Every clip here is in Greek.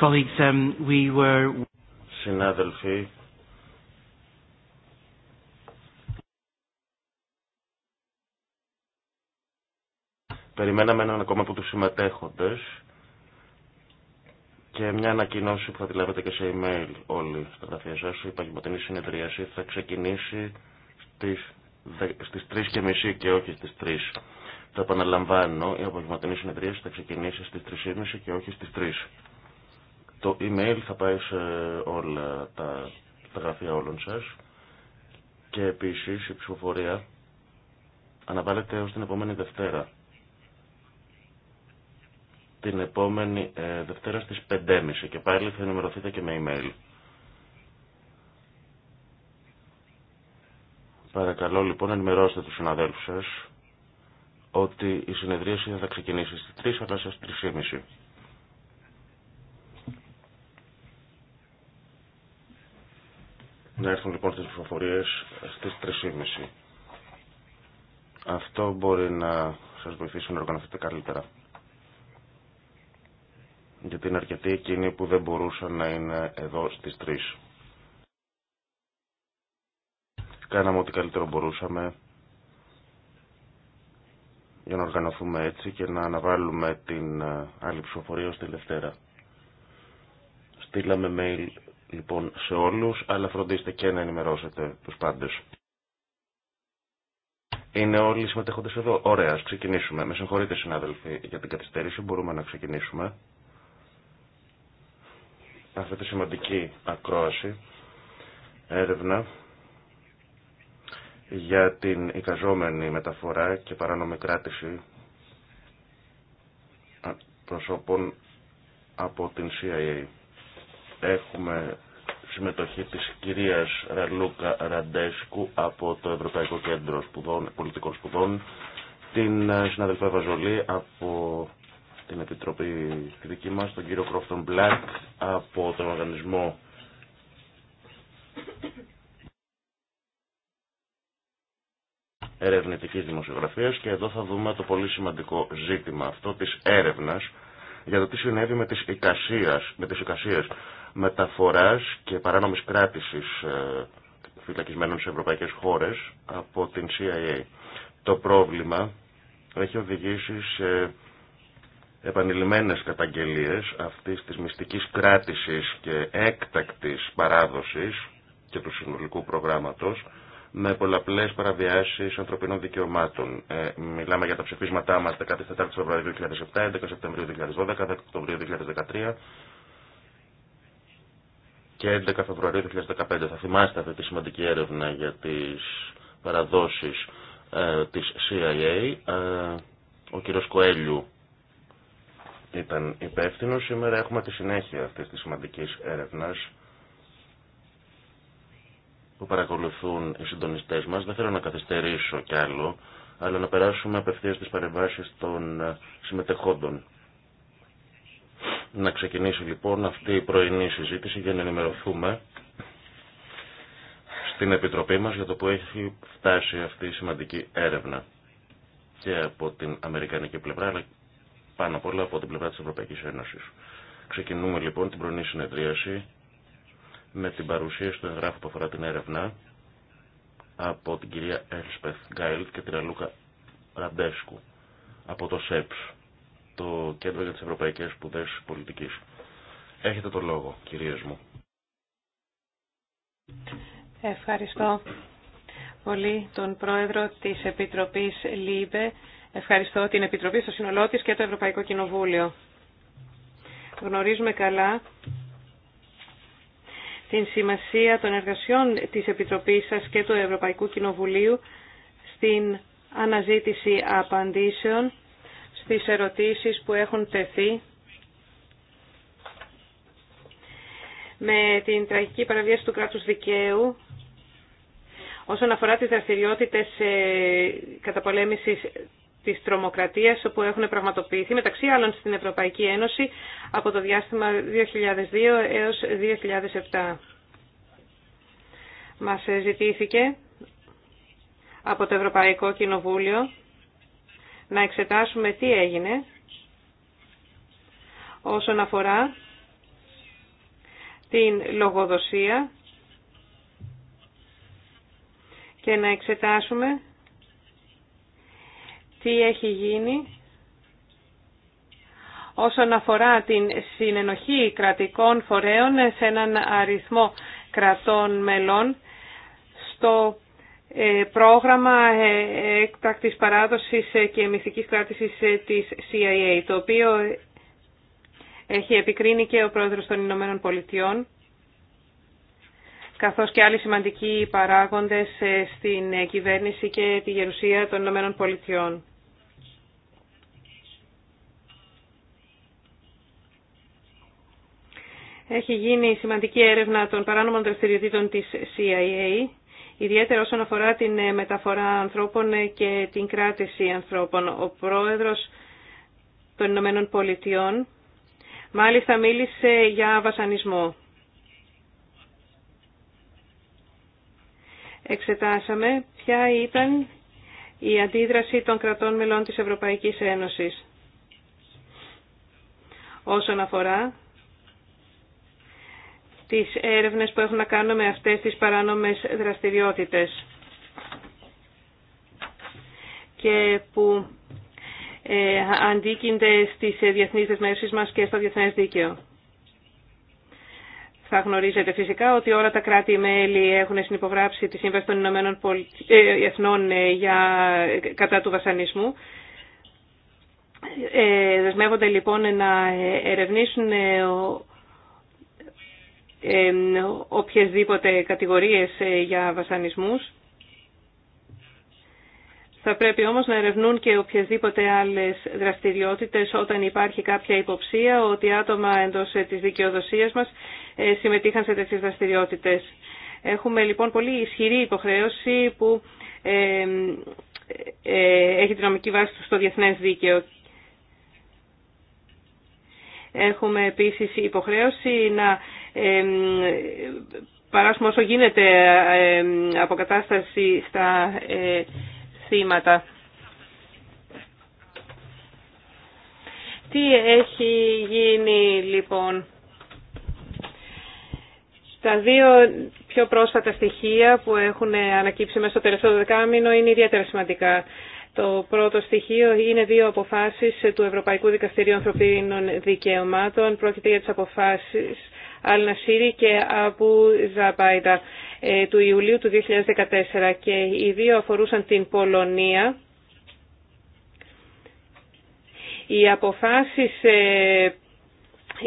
Colleagues, um, we were... Συνάδελφοι, περιμέναμε έναν ακόμα από τους συμμετέχοντες και μια ανακοινώση που θα τη λάβετε και σε email όλοι στα γραφεία σας. Η παγιματινή συνεδρίαση θα ξεκινήσει στις, στις 3 και μισή και όχι στις 3. Το επαναλαμβάνω, η απογευματινή συνεδρίαση θα ξεκινήσει στις 3.30 και όχι στις 3. Το email θα πάει σε όλα τα, τα γραφεία όλων σας και επίσης η ψηφοφορία αναβάλλεται ως την επόμενη Δευτέρα. Την επόμενη ε, Δευτέρα στις 5.30 και πάλι θα ενημερωθείτε και με email. Παρακαλώ λοιπόν ενημερώστε τους συναδέλφους σας ότι η συνεδρίαση θα ξεκινήσει στις 3 αλλά στις 3.30. Να έρθουν λοιπόν τις ψηφοφορίες στις 3.30. Αυτό μπορεί να σας βοηθήσει να οργανωθείτε καλύτερα. Γιατί είναι αρκετοί εκείνοι που δεν μπορούσαν να είναι εδώ στις 3. Κάναμε ό,τι καλύτερο μπορούσαμε για να οργανωθούμε έτσι και να αναβάλουμε την ε, άλλη ψηφοφορία ως τη Δευτέρα. Στείλαμε mail λοιπόν σε όλους, αλλά φροντίστε και να ενημερώσετε τους πάντες. Είναι όλοι οι συμμετέχοντες εδώ. Ωραία, ας ξεκινήσουμε. Με συγχωρείτε συνάδελφοι για την καθυστέρηση, μπορούμε να ξεκινήσουμε. Αυτή τη σημαντική ακρόαση, έρευνα για την εικαζόμενη μεταφορά και παράνομη κράτηση προσώπων από την CIA. Έχουμε συμμετοχή της κυρίας Ραλούκα Ραντέσκου από το Ευρωπαϊκό Κέντρο Σπουδών, Πολιτικών Σπουδών, την ε, συναδελφά Βαζολή από την Επιτροπή τη δική μας, τον κύριο Κρόφτον Μπλακ από τον Οργανισμό Ερευνητικής Δημοσιογραφίας και εδώ θα δούμε το πολύ σημαντικό ζήτημα αυτό της έρευνας για το τι συνέβη με τις εικασίες, με τις εικασίες μεταφοράς και παράνομης κράτησης ε, φυλακισμένων σε ευρωπαϊκές χώρες από την CIA. Το πρόβλημα έχει οδηγήσει σε επανειλημμένες καταγγελίες αυτής της μυστικής κράτησης και έκτακτης παράδοσης και του συνολικού προγράμματος με πολλαπλές παραβιάσεις ανθρωπινών δικαιωμάτων. Ε, μιλάμε για τα ψηφίσματά μας 14 Φεβρουαρίου 2007, 11 Σεπτεμβρίου 2012, 10 Οκτωβρίου 2013 και 11 Φεβρουαρίου 2015. Θα θυμάστε αυτή τη σημαντική έρευνα για τις παραδόσεις ε, της CIA. Ε, ο κύριος Κοέλιου ήταν υπεύθυνο. Σήμερα έχουμε τη συνέχεια αυτής της σημαντικής έρευνας που παρακολουθούν οι συντονιστές μας. Δεν θέλω να καθυστερήσω κι άλλο, αλλά να περάσουμε απευθείας στις παρεμβάσεις των ε, συμμετεχόντων. Να ξεκινήσει λοιπόν αυτή η πρωινή συζήτηση για να ενημερωθούμε στην Επιτροπή μας για το που έχει φτάσει αυτή η σημαντική έρευνα και από την Αμερικανική πλευρά αλλά πάνω απ' όλα από την πλευρά της Ευρωπαϊκής Ένωσης. Ξεκινούμε λοιπόν την πρωινή συνεδρίαση με την παρουσίαση του εγγράφου που αφορά την έρευνα από την κυρία Έλσπεθ Γκάιλτ και την Αλούκα Ραντέσκου από το ΣΕΠΣ το Κέντρο για τις Ευρωπαϊκές Σπουδές Πολιτικής. Έχετε το λόγο, κυρίες μου. Ευχαριστώ πολύ τον Πρόεδρο της Επιτροπής ΛΥΜΠΕ. Ευχαριστώ την Επιτροπή στο σύνολό και το Ευρωπαϊκό Κοινοβούλιο. Γνωρίζουμε καλά την σημασία των εργασιών της Επιτροπής σας και του Ευρωπαϊκού Κοινοβουλίου στην αναζήτηση απαντήσεων στις ερωτήσεις που έχουν τεθεί με την τραγική παραβίαση του κράτους δικαίου όσον αφορά τις δραστηριότητες ε, καταπολέμησης της τρομοκρατίας που έχουν πραγματοποιηθεί μεταξύ άλλων στην Ευρωπαϊκή Ένωση από το διάστημα 2002 έως 2007. Μας ζητήθηκε από το Ευρωπαϊκό Κοινοβούλιο να εξετάσουμε τι έγινε όσον αφορά την λογοδοσία και να εξετάσουμε τι έχει γίνει όσον αφορά την συνενοχή κρατικών φορέων σε έναν αριθμό κρατών μελών στο ε, πρόγραμμα ε, έκτακτης παράδοσης ε, και μυστικής κράτησης της CIA, το οποίο έχει επικρίνει και ο Πρόεδρος των Ηνωμένων Πολιτειών, καθώς και άλλοι σημαντικοί παράγοντες στην κυβέρνηση και τη γερουσία των Ηνωμένων Πολιτειών. Έχει γίνει σημαντική έρευνα των παράνομων δραστηριοτήτων της CIA ιδιαίτερα όσον αφορά την ε, μεταφορά ανθρώπων ε, και την κράτηση ανθρώπων. Ο πρόεδρος των Ηνωμένων Πολιτειών μάλιστα μίλησε για βασανισμό. Εξετάσαμε ποια ήταν η αντίδραση των κρατών μελών της Ευρωπαϊκής Ένωσης όσον αφορά τις έρευνες που έχουν να κάνουν με αυτές τις παράνομες δραστηριότητες και που ε, αντίκυνται στις ε, διεθνείς δεσμεύσεις μας και στο διεθνές δίκαιο. Θα γνωρίζετε φυσικά ότι όλα τα κράτη-μέλη έχουν συνυπογράψει τη Σύμβαση των Ηνωμένων ε, Εθνών για... κατά του βασανισμού. Ε, δεσμεύονται λοιπόν να ερευνήσουν οποιασδήποτε κατηγορίες ε, για βασανισμούς. Θα πρέπει όμως να ερευνούν και οποιασδήποτε άλλες δραστηριότητες όταν υπάρχει κάποια υποψία ότι άτομα εντός ε, της δικαιοδοσίας μας ε, συμμετείχαν σε τέτοιες δραστηριότητες. Έχουμε λοιπόν πολύ ισχυρή υποχρέωση που έχει την νομική βάση στο διεθνές δίκαιο Έχουμε επίσης υποχρέωση να παράσουμε όσο γίνεται αποκατάσταση στα ε, θύματα. Τι έχει γίνει λοιπόν. Τα δύο πιο πρόσφατα στοιχεία που έχουν ανακύψει μέσα στο τελευταίο δεκάμινο είναι ιδιαίτερα σημαντικά. Το πρώτο στοιχείο είναι δύο αποφάσεις του Ευρωπαϊκού Δικαστηρίου Ανθρωπίνων Δικαιωμάτων. Πρόκειται για τις αποφάσεις Αλνασίρη και Αμπού Ζαμπάιντα ε, του Ιουλίου του 2014 και οι δύο αφορούσαν την Πολωνία. Οι αποφάσεις ε,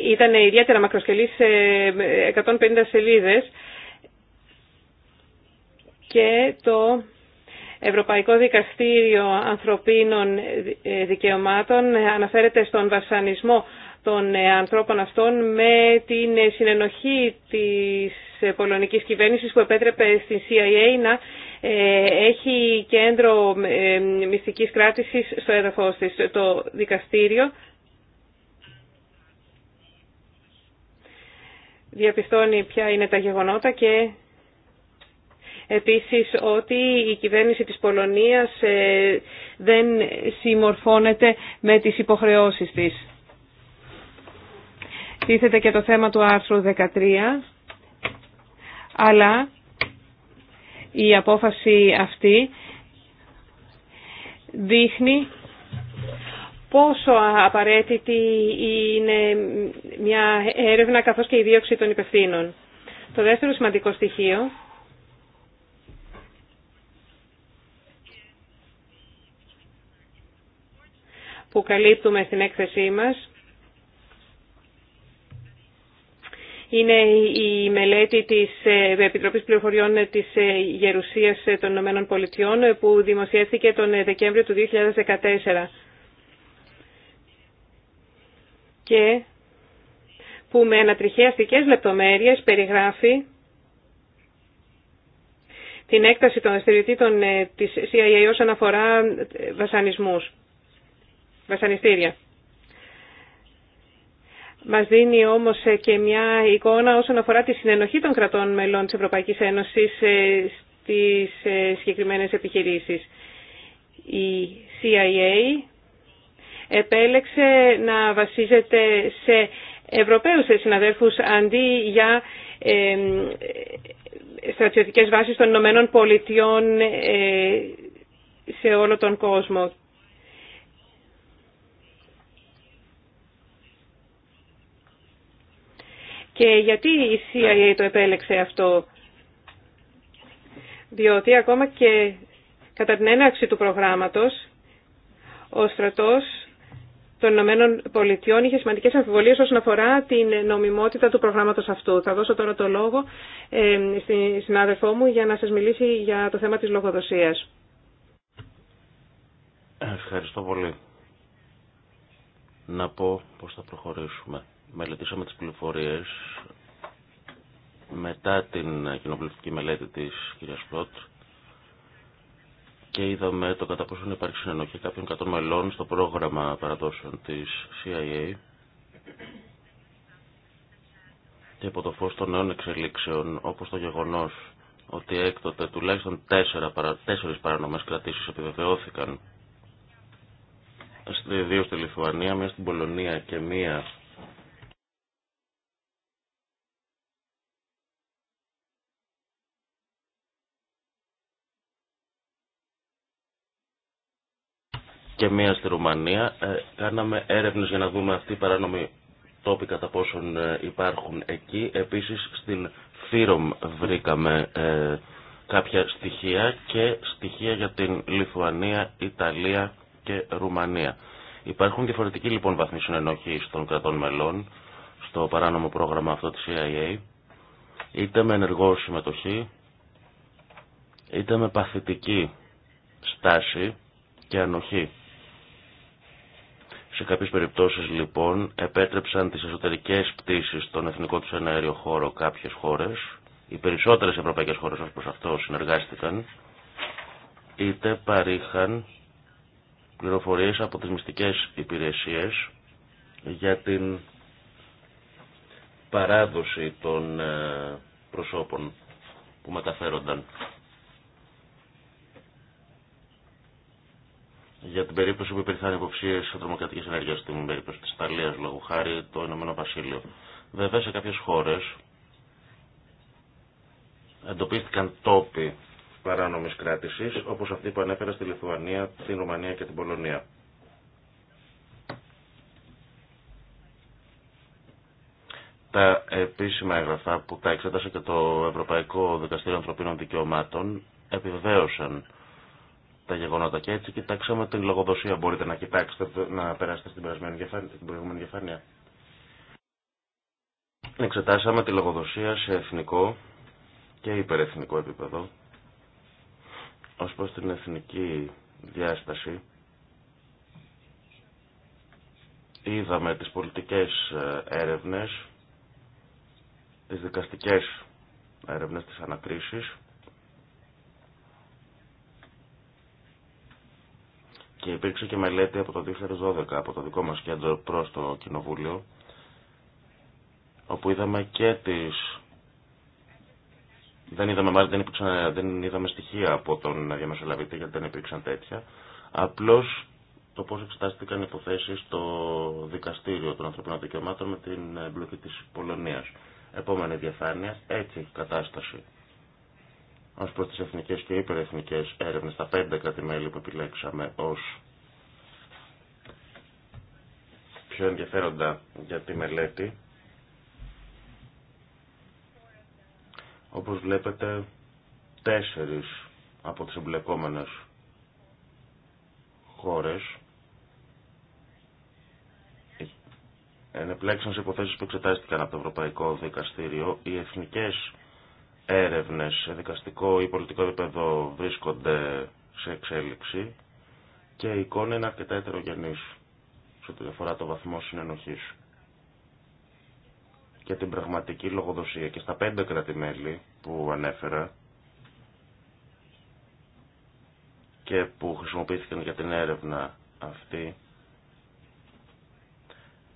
ήταν ιδιαίτερα μακροσκελής, 150 ε, σελίδες και το Ευρωπαϊκό Δικαστήριο Ανθρωπίνων ε, Δικαιωμάτων ε, αναφέρεται στον βασανισμό των ε, ανθρώπων αυτών με την συνενοχή της πολωνικής κυβέρνησης που επέτρεπε στην CIA να έχει κέντρο μυστικής κράτησης στο έδαφος της. Το δικαστήριο διαπιστώνει ποια είναι τα γεγονότα και επίσης ότι η κυβέρνηση της Πολωνίας ε, δεν συμμορφώνεται με τις υποχρεώσεις της. Τίθεται και το θέμα του άρθρου 13, αλλά η απόφαση αυτή δείχνει πόσο απαραίτητη είναι μια έρευνα καθώς και η δίωξη των υπευθύνων. Το δεύτερο σημαντικό στοιχείο που καλύπτουμε στην έκθεσή μας είναι η μελέτη της ε, Επιτροπής Πληροφοριών της ε, Γερουσίας ε, των Ηνωμένων Πολιτειών που δημοσιεύθηκε τον Δεκέμβριο του 2014 και που με ανατριχιαστικές λεπτομέρειες περιγράφει την έκταση των δραστηριοτήτων της CIA όσον αφορά βασανισμούς βασανιστήρια. Μας δίνει όμως και μια εικόνα όσον αφορά τη συνενοχή των κρατών μελών της Ευρωπαϊκής Ένωσης ε, στις ε, συγκεκριμένες επιχειρήσεις. Η CIA επέλεξε να βασίζεται σε Ευρωπαίους συναδέλφους αντί για ε, στρατιωτικές βάσεις των Ηνωμένων Πολιτειών σε όλο τον κόσμο Και γιατί η CIA το επέλεξε αυτό. Διότι ακόμα και κατά την έναρξη του προγράμματος, ο στρατός των Ηνωμένων Πολιτειών είχε σημαντικές αμφιβολίες όσον αφορά την νομιμότητα του προγράμματος αυτού. Θα δώσω τώρα το λόγο ε, στην συνάδελφό μου για να σας μιλήσει για το θέμα της λογοδοσίας. Ευχαριστώ πολύ. Να πω πώς θα προχωρήσουμε μελετήσαμε τις πληροφορίες μετά την κοινοβουλευτική μελέτη της κυρία Φλότ και είδαμε το κατά πόσο υπάρχει συνενοχή κάποιων κατών μελών στο πρόγραμμα παραδόσεων της CIA και από το φως των νέων εξελίξεων όπως το γεγονός ότι έκτοτε τουλάχιστον τέσσερα, τέσσερις παρανομές κρατήσεις επιβεβαιώθηκαν δύο στη Λιθουανία, μία στην Πολωνία και μία και μία στη Ρουμανία. Ε, κάναμε έρευνες για να δούμε αυτοί οι παράνομοι τόποι κατά πόσον ε, υπάρχουν εκεί. Επίσης στην Φύρομ βρήκαμε ε, κάποια στοιχεία και στοιχεία για την Λιθουανία, Ιταλία και Ρουμανία. Υπάρχουν διαφορετικοί λοιπόν βαθμοί συνενοχή των κρατών μελών στο παράνομο πρόγραμμα αυτό της CIA, είτε με ενεργό συμμετοχή, είτε με παθητική στάση και ανοχή. Σε κάποιες περιπτώσεις λοιπόν επέτρεψαν τις εσωτερικές πτήσεις στον εθνικό τους εναέριο χώρο κάποιες χώρες. Οι περισσότερες ευρωπαϊκές χώρες ως προς αυτό συνεργάστηκαν είτε παρήχαν πληροφορίες από τις μυστικές υπηρεσίες για την παράδοση των ε, προσώπων που μεταφέρονταν. για την περίπτωση που υπήρχαν υποψίε τρομοκρατική ενέργεια στην περίπτωση τη Ιταλία, λόγω χάρη το Ηνωμένο Βασίλειο. Βέβαια σε κάποιε χώρε εντοπίστηκαν τόποι παράνομη κράτηση, όπω αυτή που ανέφερα στη Λιθουανία, την Ρουμανία και την Πολωνία. Τα επίσημα έγγραφα που τα εξέτασε και το Ευρωπαϊκό Δικαστήριο Ανθρωπίνων Δικαιωμάτων επιβεβαίωσαν τα γεγονότα. Και έτσι κοιτάξαμε την λογοδοσία. Μπορείτε να κοιτάξετε, να περάσετε στην, την προηγούμενη διαφάνεια. Εξετάσαμε τη λογοδοσία σε εθνικό και υπερεθνικό επίπεδο. Ως προς την εθνική διάσταση, είδαμε τις πολιτικές ε, έρευνες, τις δικαστικές έρευνες, τις ανακρίσεις, Και υπήρξε και μελέτη από το 2012 από το δικό μας κέντρο προς το Κοινοβούλιο όπου είδαμε και τις... Δεν είδαμε, δεν, υπήρξαν, δεν είδαμε στοιχεία από τον διαμεσολαβητή γιατί δεν υπήρξαν τέτοια. Απλώς το πώς εξετάστηκαν υποθέσεις στο δικαστήριο των ανθρωπινών δικαιωμάτων με την εμπλοκή της Πολωνίας. Επόμενη διαφάνεια, έτσι κατάσταση Ω προ τι εθνικέ και υπερεθνικέ έρευνε, στα πέντε κρατημέλη που επιλέξαμε ω πιο ενδιαφέροντα για τη μελέτη, όπως βλέπετε τέσσερις από τις εμπλεκόμενες χώρες ενεπλέξαν σε υποθέσεις που εξετάστηκαν από το Ευρωπαϊκό Δικαστήριο οι εθνικές έρευνες σε δικαστικό ή πολιτικό επίπεδο βρίσκονται σε εξέλιξη και η εικόνα είναι αρκετά ετερογενής σε ό,τι αφορά το βαθμό συνενοχής και την πραγματική λογοδοσία. Και στα πέντε κράτη-μέλη που ανέφερα και που χρησιμοποιήθηκαν για την έρευνα αυτή,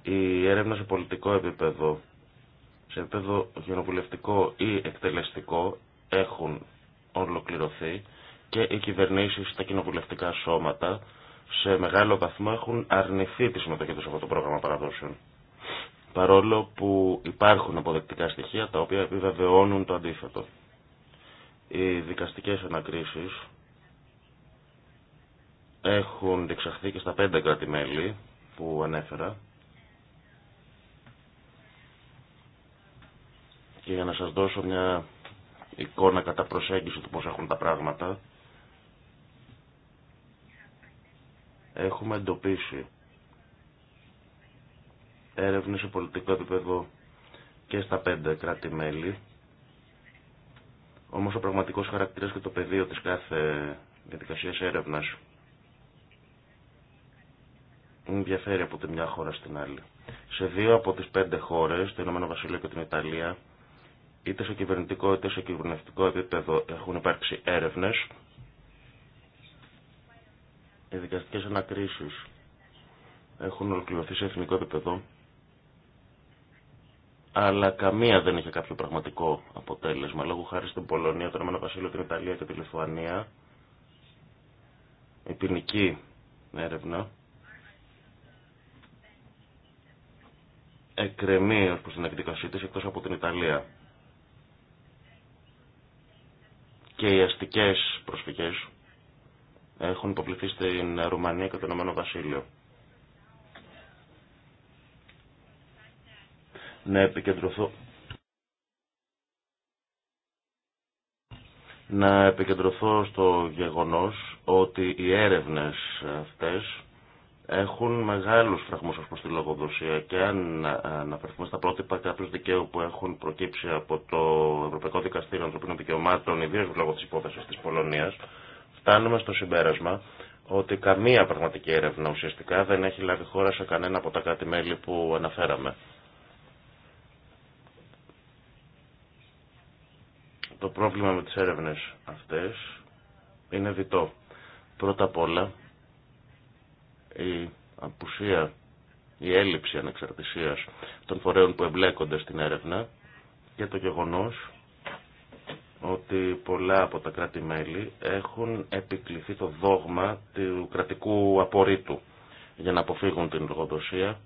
η έρευνα σε πολιτικό επίπεδο σε επίπεδο γενοβουλευτικό ή εκτελεστικό έχουν ολοκληρωθεί και οι κυβερνήσεις, τα κοινοβουλευτικά σώματα σε μεγάλο βαθμό έχουν αρνηθεί τη συμμετοχή του σε αυτό το πρόγραμμα παραδόσεων. Παρόλο που υπάρχουν αποδεκτικά στοιχεία τα οποία επιβεβαιώνουν το αντίθετο. Οι δικαστικές ανακρίσεις έχουν διεξαχθεί και στα πέντε κράτη-μέλη που ανέφερα Και για να σας δώσω μια εικόνα κατά προσέγγιση του πώς έχουν τα πράγματα, έχουμε εντοπίσει έρευνες σε πολιτικό επίπεδο και στα πέντε κράτη-μέλη. Όμως ο πραγματικός χαρακτήρας και το πεδίο της κάθε διαδικασίας έρευνας ενδιαφέρει από τη μια χώρα στην άλλη. Σε δύο από τις πέντε χώρες, το Ηνωμένο Βασίλειο και την Ιταλία, είτε σε κυβερνητικό είτε σε κυβερνητικό επίπεδο έχουν υπάρξει έρευνες. Οι δικαστικές ανακρίσεις έχουν ολοκληρωθεί σε εθνικό επίπεδο, αλλά καμία δεν είχε κάποιο πραγματικό αποτέλεσμα. Λόγω χάρη στην Πολωνία, τον Ρωμανό Βασίλειο, την Ιταλία και τη Λιθουανία, η ποινική έρευνα εκκρεμεί ως προς την εκδικασία της εκτός από την Ιταλία. και οι αστικές προσφυγές έχουν υποβληθεί στην Ρουμανία και το Ηνωμένο Βασίλειο. Να επικεντρωθώ... Να επικεντρωθώ στο γεγονός ότι οι έρευνες αυτές έχουν μεγάλου φραγμού ω προ τη λογοδοσία και αν ε, αναφερθούμε στα πρότυπα κάποιου δικαίου που έχουν προκύψει από το Ευρωπαϊκό Δικαστήριο Ανθρωπίνων Δικαιωμάτων, ιδίω λόγω τη υπόθεση τη Πολωνία, φτάνουμε στο συμπέρασμα ότι καμία πραγματική έρευνα ουσιαστικά δεν έχει λάβει χώρα σε κανένα από τα κράτη-μέλη που αναφέραμε. Το πρόβλημα με τις έρευνες αυτές είναι διτό. Πρώτα απ' όλα, η απουσία, η έλλειψη ανεξαρτησίας των φορέων που εμπλέκονται στην έρευνα και το γεγονός ότι πολλά από τα κράτη-μέλη έχουν επικληθεί το δόγμα του κρατικού απορρίτου για να αποφύγουν την εργοδοσία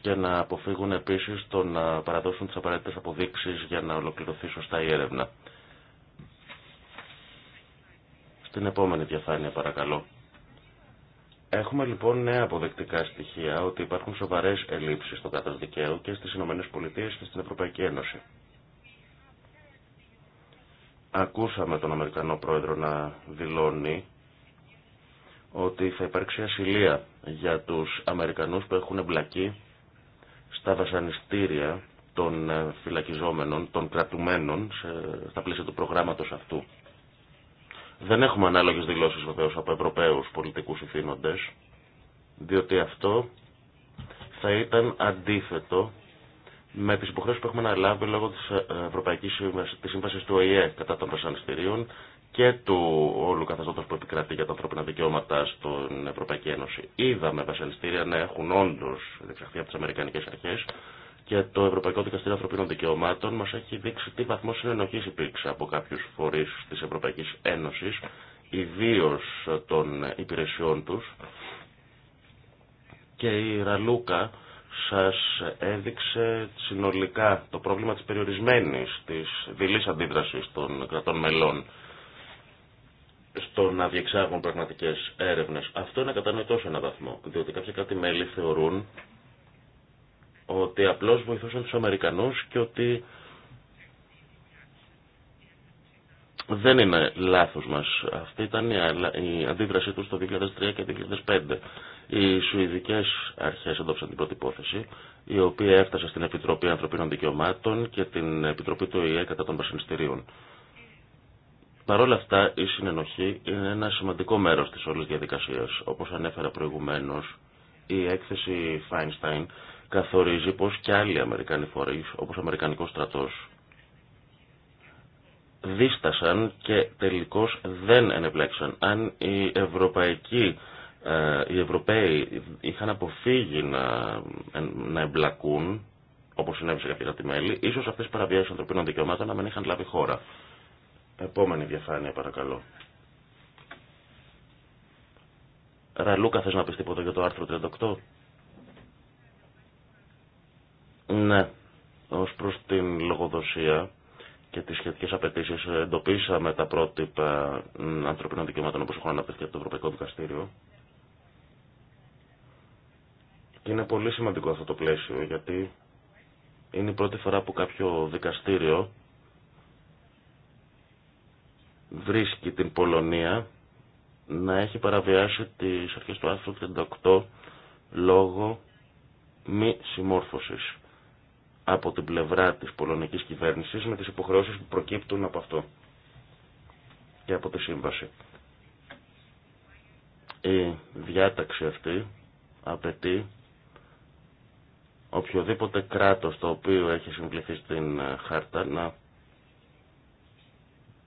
και να αποφύγουν επίσης το να παραδώσουν τις απαραίτητες αποδείξεις για να ολοκληρωθεί σωστά η έρευνα. Στην επόμενη διαφάνεια παρακαλώ. Έχουμε λοιπόν νέα αποδεκτικά στοιχεία ότι υπάρχουν σοβαρέ ελλείψει στο κράτο δικαίου και στι ΗΠΑ και στην Ευρωπαϊκή Ένωση. Ακούσαμε τον Αμερικανό πρόεδρο να δηλώνει ότι θα υπάρξει ασυλία για τους Αμερικανούς που έχουν εμπλακεί στα βασανιστήρια των ε, φυλακιζόμενων, των κρατουμένων στα πλαίσια του προγράμματος αυτού. Δεν έχουμε ανάλογες δηλώσεις βεβαίως από Ευρωπαίους πολιτικούς ηθήνοντες, διότι αυτό θα ήταν αντίθετο με τις υποχρέσεις που έχουμε να αναλάβει λόγω της ε, Ευρωπαϊκής Σύμβασης, της Σύμβασης του ΟΗΕ κατά των βασανιστήριων και του όλου καθεστώτος που επικρατεί για τα ανθρώπινα δικαιώματα στην Ευρωπαϊκή Ένωση. Είδαμε βασανιστήρια να έχουν όντως διεξαχθεί από τις Αμερικανικές Αρχές και το Ευρωπαϊκό Δικαστήριο Ανθρωπίνων Δικαιωμάτων μας έχει δείξει τι βαθμό συνενοχής υπήρξε από κάποιους φορείς της Ευρωπαϊκής Ένωσης, ιδίως των υπηρεσιών τους. Και η Ραλούκα σας έδειξε συνολικά το πρόβλημα της περιορισμένης, της δειλής αντίδρασης των κρατών μελών στο να διεξάγουν πραγματικές έρευνε Αυτό είναι κατανοητό σε έναν βαθμό, διότι κάποια κράτη-μέλη θεωρούν ότι απλώς βοηθούσαν τους Αμερικανούς και ότι δεν είναι λάθος μας. Αυτή ήταν η αντίδρασή τους το 2003 και 2005. Οι Σουηδικές αρχές εντόψαν την πρώτη υπόθεση, η οποία έφτασε στην Επιτροπή Ανθρωπίνων Δικαιωμάτων και την Επιτροπή του ΙΕ κατά των Βασινιστήριων. Παρ' όλα αυτά, η συνενοχή είναι ένα σημαντικό μέρος της όλης διαδικασίας. Όπως ανέφερα προηγουμένως, η έκθεση Feinstein καθορίζει πως και άλλοι Αμερικανοί φορείς, όπως ο Αμερικανικός στρατός, δίστασαν και τελικώς δεν ενεπλέξαν. Αν οι Ευρωπαϊκοί ε, οι Ευρωπαίοι είχαν αποφύγει να, να εμπλακούν, όπως συνέβη σε κάποια κράτη-μέλη, ίσως αυτές οι παραβιάσεις ανθρωπίνων δικαιωμάτων να μην είχαν λάβει χώρα. Επόμενη διαφάνεια, παρακαλώ. Ραλούκα, θες να πεις τίποτα για το άρθρο 38? Ναι, ως προς την λογοδοσία και τις σχετικές απαιτήσει εντοπίσαμε τα πρότυπα ανθρωπίνων δικαιωμάτων όπως έχουν αναπτυχθεί από το Ευρωπαϊκό Δικαστήριο. Και είναι πολύ σημαντικό αυτό το πλαίσιο γιατί είναι η πρώτη φορά που κάποιο δικαστήριο βρίσκει την Πολωνία να έχει παραβιάσει τις αρχές του άρθρου 38 λόγω μη συμμόρφωσης από την πλευρά της πολωνικής κυβέρνησης με τις υποχρεώσεις που προκύπτουν από αυτό και από τη σύμβαση. Η διάταξη αυτή απαιτεί οποιοδήποτε κράτος το οποίο έχει συμβληθεί στην χάρτα να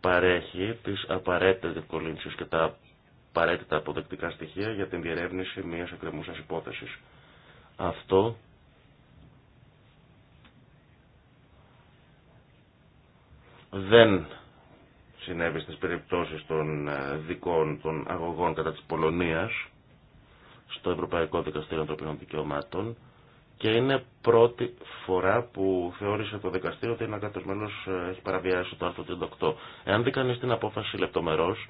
παρέχει τις απαραίτητες διευκολύνσεις και τα απαραίτητα αποδεκτικά στοιχεία για την διερεύνηση μιας εκκρεμούσας υπόθεσης. Αυτό δεν συνέβη στις περιπτώσεις των ε, δικών των αγωγών κατά της Πολωνίας στο Ευρωπαϊκό Δικαστήριο Ανθρωπίνων Δικαιωμάτων και είναι πρώτη φορά που θεώρησε το δικαστήριο ότι ένα κατεσμένος ε, έχει παραβιάσει το άρθρο 38. Εάν δει κανείς την απόφαση λεπτομερώς,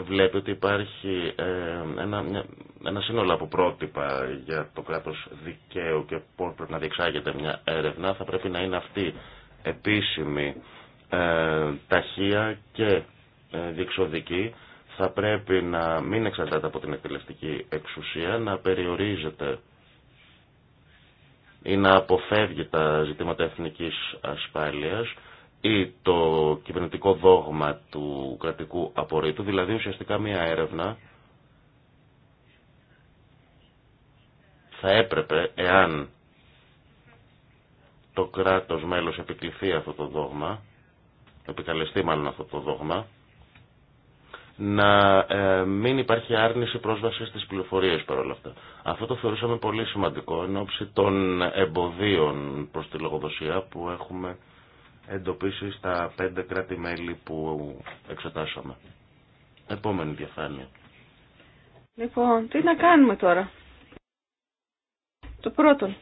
βλέπει ότι υπάρχει ε, ένα, μια, ένα σύνολο από πρότυπα για το κράτος δικαίου και πώς πρέπει να διεξάγεται μια έρευνα. Θα πρέπει να είναι αυτή επίσημη, ε, ταχεία και ε, διεξοδική θα πρέπει να μην εξαρτάται από την εκτελεστική εξουσία, να περιορίζεται ή να αποφεύγει τα ζητήματα εθνικής ασφάλειας ή το κυβερνητικό δόγμα του κρατικού απορρίτου, δηλαδή ουσιαστικά μια έρευνα θα έπρεπε, εάν το κράτος μέλος επικληθεί αυτό το δόγμα, επικαλεστεί μάλλον αυτό το δόγμα, να ε, μην υπάρχει άρνηση πρόσβασης στις πληροφορίες παρόλα αυτά. Αυτό το θεωρούσαμε πολύ σημαντικό εν ώψη των εμποδίων προς τη λογοδοσία που έχουμε εντοπίσει στα πέντε κράτη-μέλη που εξετάσαμε. Επόμενη διαφάνεια. Λοιπόν, τι να κάνουμε τώρα. Το πρώτο,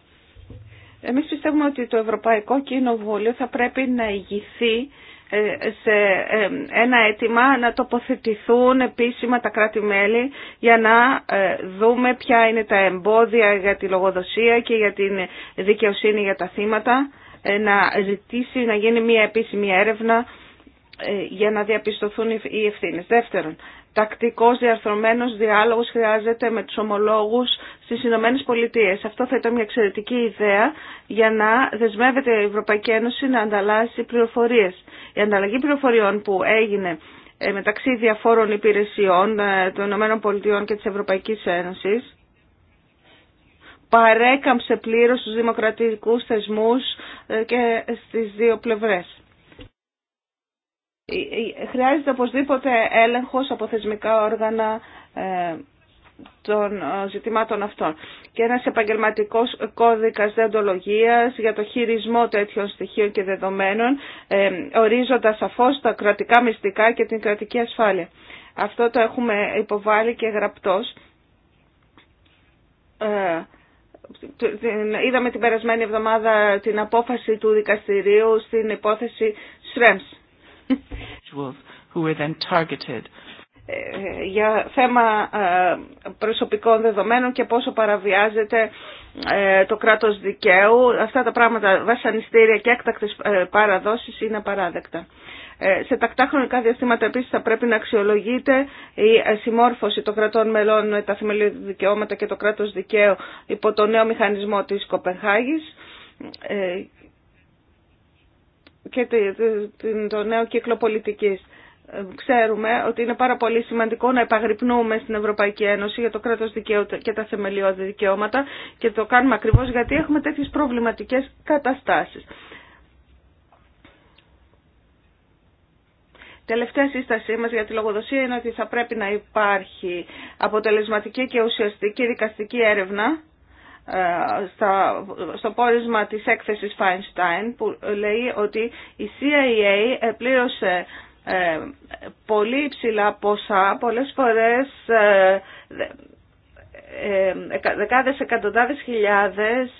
εμείς πιστεύουμε ότι το Ευρωπαϊκό Κοινοβούλιο θα πρέπει να ηγηθεί ε, σε ε, ένα αίτημα να τοποθετηθούν επίσημα τα κράτη-μέλη για να ε, δούμε ποια είναι τα εμπόδια για τη λογοδοσία και για την δικαιοσύνη για τα θύματα, να ζητήσει να γίνει μια επίσημη έρευνα για να διαπιστωθούν οι ευθύνες. Δεύτερον, τακτικός διαρθρωμένος διάλογος χρειάζεται με τους ομολόγους στις Ηνωμένες Πολιτείες. Αυτό θα ήταν μια εξαιρετική ιδέα για να δεσμεύεται η Ευρωπαϊκή Ένωση να ανταλλάσσει πληροφορίες. Η ανταλλαγή πληροφοριών που έγινε ε, μεταξύ διαφόρων υπηρεσιών ε, των Ηνωμένων Πολιτείων και της Ευρωπαϊκής Ένωσης παρέκαμψε πλήρως στους δημοκρατικούς θεσμούς ε, και στις δύο πλευρές. Ε, ε, χρειάζεται οπωσδήποτε έλεγχος από θεσμικά όργανα ε, των ζητημάτων αυτών. Και ένας επαγγελματικός κώδικας δεοντολογίας για το χειρισμό τέτοιων στοιχείων και δεδομένων, ορίζοντας σαφώς τα κρατικά μυστικά και την κρατική ασφάλεια. Αυτό το έχουμε υποβάλει και γραπτός. Είδαμε την περασμένη εβδομάδα την απόφαση του δικαστηρίου στην υπόθεση ΣΡΕΜΣ. Ε, για θέμα ε, προσωπικών δεδομένων και πόσο παραβιάζεται ε, το κράτος δικαίου. Αυτά τα πράγματα, βασανιστήρια και έκτακτες παραδόσεις είναι παράδεκτα. Σε τακτά χρονικά διαστήματα επίσης θα πρέπει να αξιολογείται η συμμόρφωση των κρατών μελών με τα θεμελιώδη δικαιώματα και το κράτος δικαίου υπό το νέο μηχανισμό της Κοπενχάγης και το νέο κύκλο πολιτικής. Ε, ξέρουμε ότι είναι πάρα πολύ σημαντικό να επαγρυπνούμε στην Ευρωπαϊκή Ένωση για το κράτος δικαίου και τα θεμελιώδη δικαιώματα και το κάνουμε ακριβώς γιατί έχουμε τέτοιες προβληματικές καταστάσεις. Τελευταία σύστασή μας για τη λογοδοσία είναι ότι θα πρέπει να υπάρχει αποτελεσματική και ουσιαστική δικαστική έρευνα ε, στο πόρισμα της έκθεσης Feinstein που λέει ότι η CIA πλήρωσε ε, πολύ υψηλά ποσά, πολλές φορές ε, δεκάδες εκατοντάδες χιλιάδες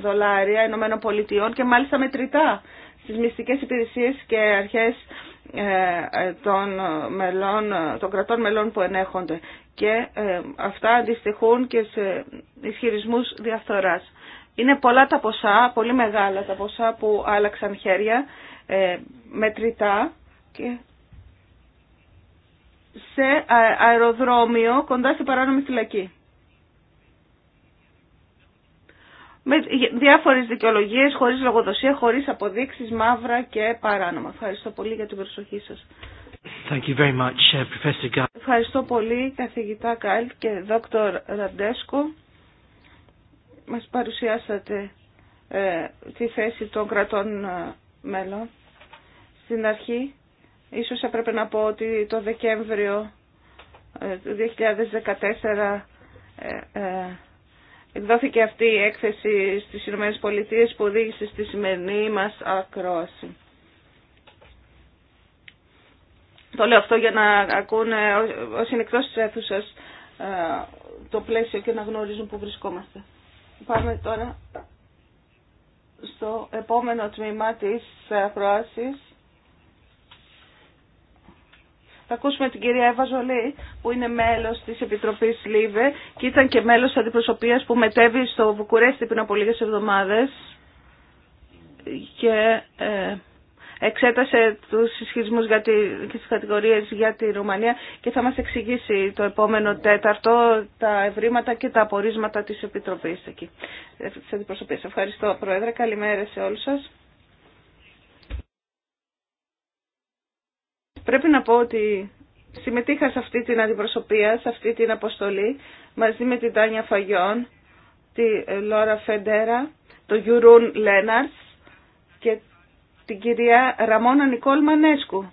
δολάρια Ηνωμένων Πολιτειών και μάλιστα μετρητά στις μυστικές υπηρεσίες και αρχές των, μελών, των κρατών μελών που ενέχονται και ε, αυτά αντιστοιχούν και σε ισχυρισμούς διαφθοράς. Είναι πολλά τα ποσά, πολύ μεγάλα τα ποσά που άλλαξαν χέρια, ε, μετρητά και σε αεροδρόμιο κοντά στη παράνομη φυλακή. Με διάφορες δικαιολογίες, χωρίς λογοδοσία, χωρίς αποδείξεις, μαύρα και παράνομα. Ευχαριστώ πολύ για την προσοχή σας. Thank you very much, uh, Professor Ευχαριστώ πολύ καθηγητά Κάλτ και δόκτωρ Ραντέσκο. Μας παρουσιάσατε ε, τη θέση των κρατών ε, μέλων. Στην αρχή, ίσως έπρεπε να πω ότι το Δεκέμβριο ε, του 2014 εκδόθηκε ε, αυτή η έκθεση στις ΗΠΑ που οδήγησε στη σημερινή μας ακρόαση. Το λέω αυτό για να ακούνε όσοι είναι εκτός της αίθουσας ε, το πλαίσιο και να γνωρίζουν που βρισκόμαστε. Πάμε τώρα στο επόμενο τμήμα της προάσης. Θα ακούσουμε την κυρία Εύα Ζολή που είναι μέλος της Επιτροπής ΛΥΒΕ και ήταν και μέλος της αντιπροσωπείας που μετέβη στο Βουκουρέστι πριν από λίγες εβδομάδες και ε, εξέτασε τους ισχυρισμούς για και τις κατηγορίες για τη Ρουμανία και θα μας εξηγήσει το επόμενο τέταρτο τα ευρήματα και τα απορίσματα της Επιτροπής εκεί. Ε, της Ευχαριστώ Πρόεδρε. Καλημέρα σε όλους σας. Πρέπει να πω ότι συμμετείχα σε αυτή την αντιπροσωπεία, σε αυτή την αποστολή, μαζί με την Τάνια Φαγιόν, τη Λόρα Φεντέρα, το Γιουρούν Λέναρτς και την κυρία Ραμόνα Νικόλ Μανέσκου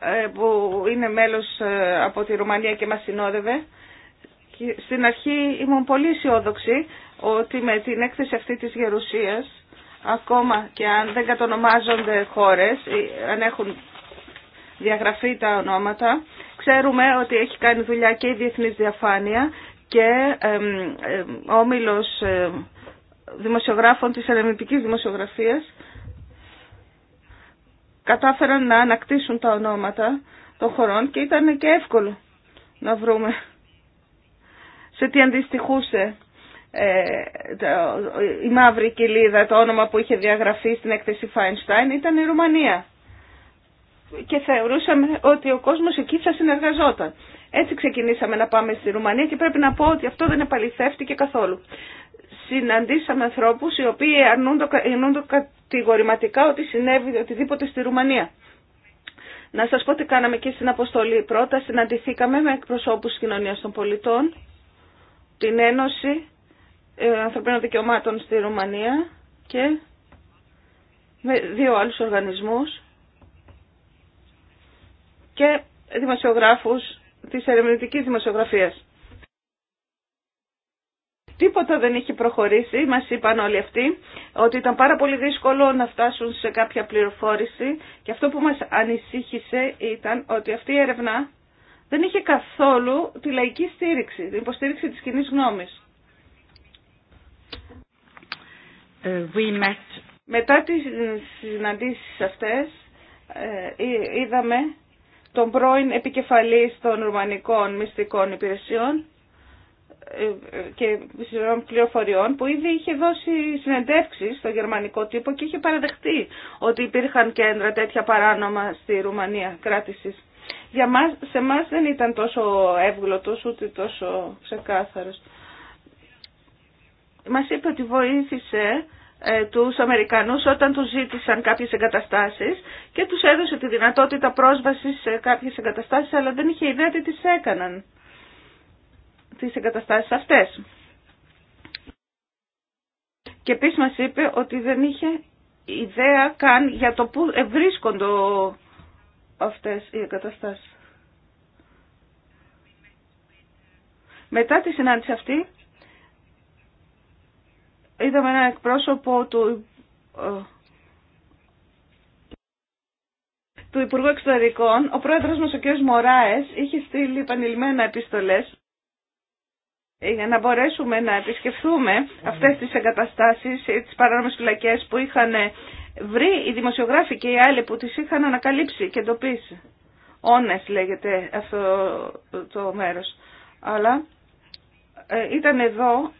ε, που είναι μέλος ε, από τη Ρουμανία και μας συνόδευε. Στην αρχή ήμουν πολύ αισιόδοξη ότι με την έκθεση αυτή της γερουσίας, ακόμα και αν δεν κατονομάζονται χώρες, αν έχουν διαγραφεί τα ονόματα, ξέρουμε ότι έχει κάνει δουλειά και η Διεθνής Διαφάνεια και όμιλο Όμιλος Δημοσιογράφων της Ερευνητικής Δημοσιογραφίας κατάφεραν να ανακτήσουν τα ονόματα των χωρών και ήταν και εύκολο να βρούμε σε τι αντιστοιχούσε ε, η μαύρη κοιλίδα, το όνομα που είχε διαγραφεί στην έκθεση Φάινστάιν ήταν η Ρουμανία. Και θεωρούσαμε ότι ο κόσμος εκεί θα συνεργαζόταν. Έτσι ξεκινήσαμε να πάμε στη Ρουμανία και πρέπει να πω ότι αυτό δεν επαληθεύτηκε καθόλου. Συναντήσαμε ανθρώπους οι οποίοι αρνούν το, αρνούν κατηγορηματικά ότι συνέβη οτιδήποτε στη Ρουμανία. Να σας πω τι κάναμε και στην αποστολή. Πρώτα συναντηθήκαμε με εκπροσώπους Κοινωνία των πολιτών, την Ένωση ε, Ανθρωπίνων Δικαιωμάτων στη Ρουμανία και με δύο άλλους οργανισμούς και δημοσιογράφους της ερευνητικής δημοσιογραφίας. Τίποτα δεν είχε προχωρήσει, μας είπαν όλοι αυτοί, ότι ήταν πάρα πολύ δύσκολο να φτάσουν σε κάποια πληροφόρηση και αυτό που μας ανησύχησε ήταν ότι αυτή η έρευνα δεν είχε καθόλου τη λαϊκή στήριξη, την υποστήριξη της κοινή γνώμης. Ε, Μετά τις συναντήσεις αυτές ε, είδαμε τον πρώην επικεφαλής των Ρουμανικών Μυστικών Υπηρεσιών και πληροφοριών που ήδη είχε δώσει συνεντεύξεις στο γερμανικό τύπο και είχε παραδεχτεί ότι υπήρχαν κέντρα τέτοια παράνομα στη Ρουμανία κράτησης. Για μας, σε μας δεν ήταν τόσο εύγλωτος ούτε τόσο ξεκάθαρος. Μας είπε ότι βοήθησε ε, τους Αμερικανούς όταν τους ζήτησαν κάποιες εγκαταστάσεις και τους έδωσε τη δυνατότητα πρόσβασης σε κάποιες εγκαταστάσεις αλλά δεν είχε ιδέα τι τις έκαναν τις εγκαταστάσεις αυτές. Και επίση μας είπε ότι δεν είχε ιδέα καν για το πού βρίσκονται αυτές οι εγκαταστάσεις. Μετά τη συνάντηση αυτή, είδαμε ένα εκπρόσωπο του, ε, του Υπουργού Εξωτερικών. Ο πρόεδρος μας, ο κ. Μωράες, είχε στείλει επανειλημμένα επιστολές για να μπορέσουμε να επισκεφθούμε αυτές τις εγκαταστάσεις, ε, τις παράνομες φυλακές που είχαν ε, βρει οι δημοσιογράφοι και οι άλλοι που τις είχαν ανακαλύψει και εντοπίσει. Όνες λέγεται αυτό το μέρος. Αλλά ε, ήταν εδώ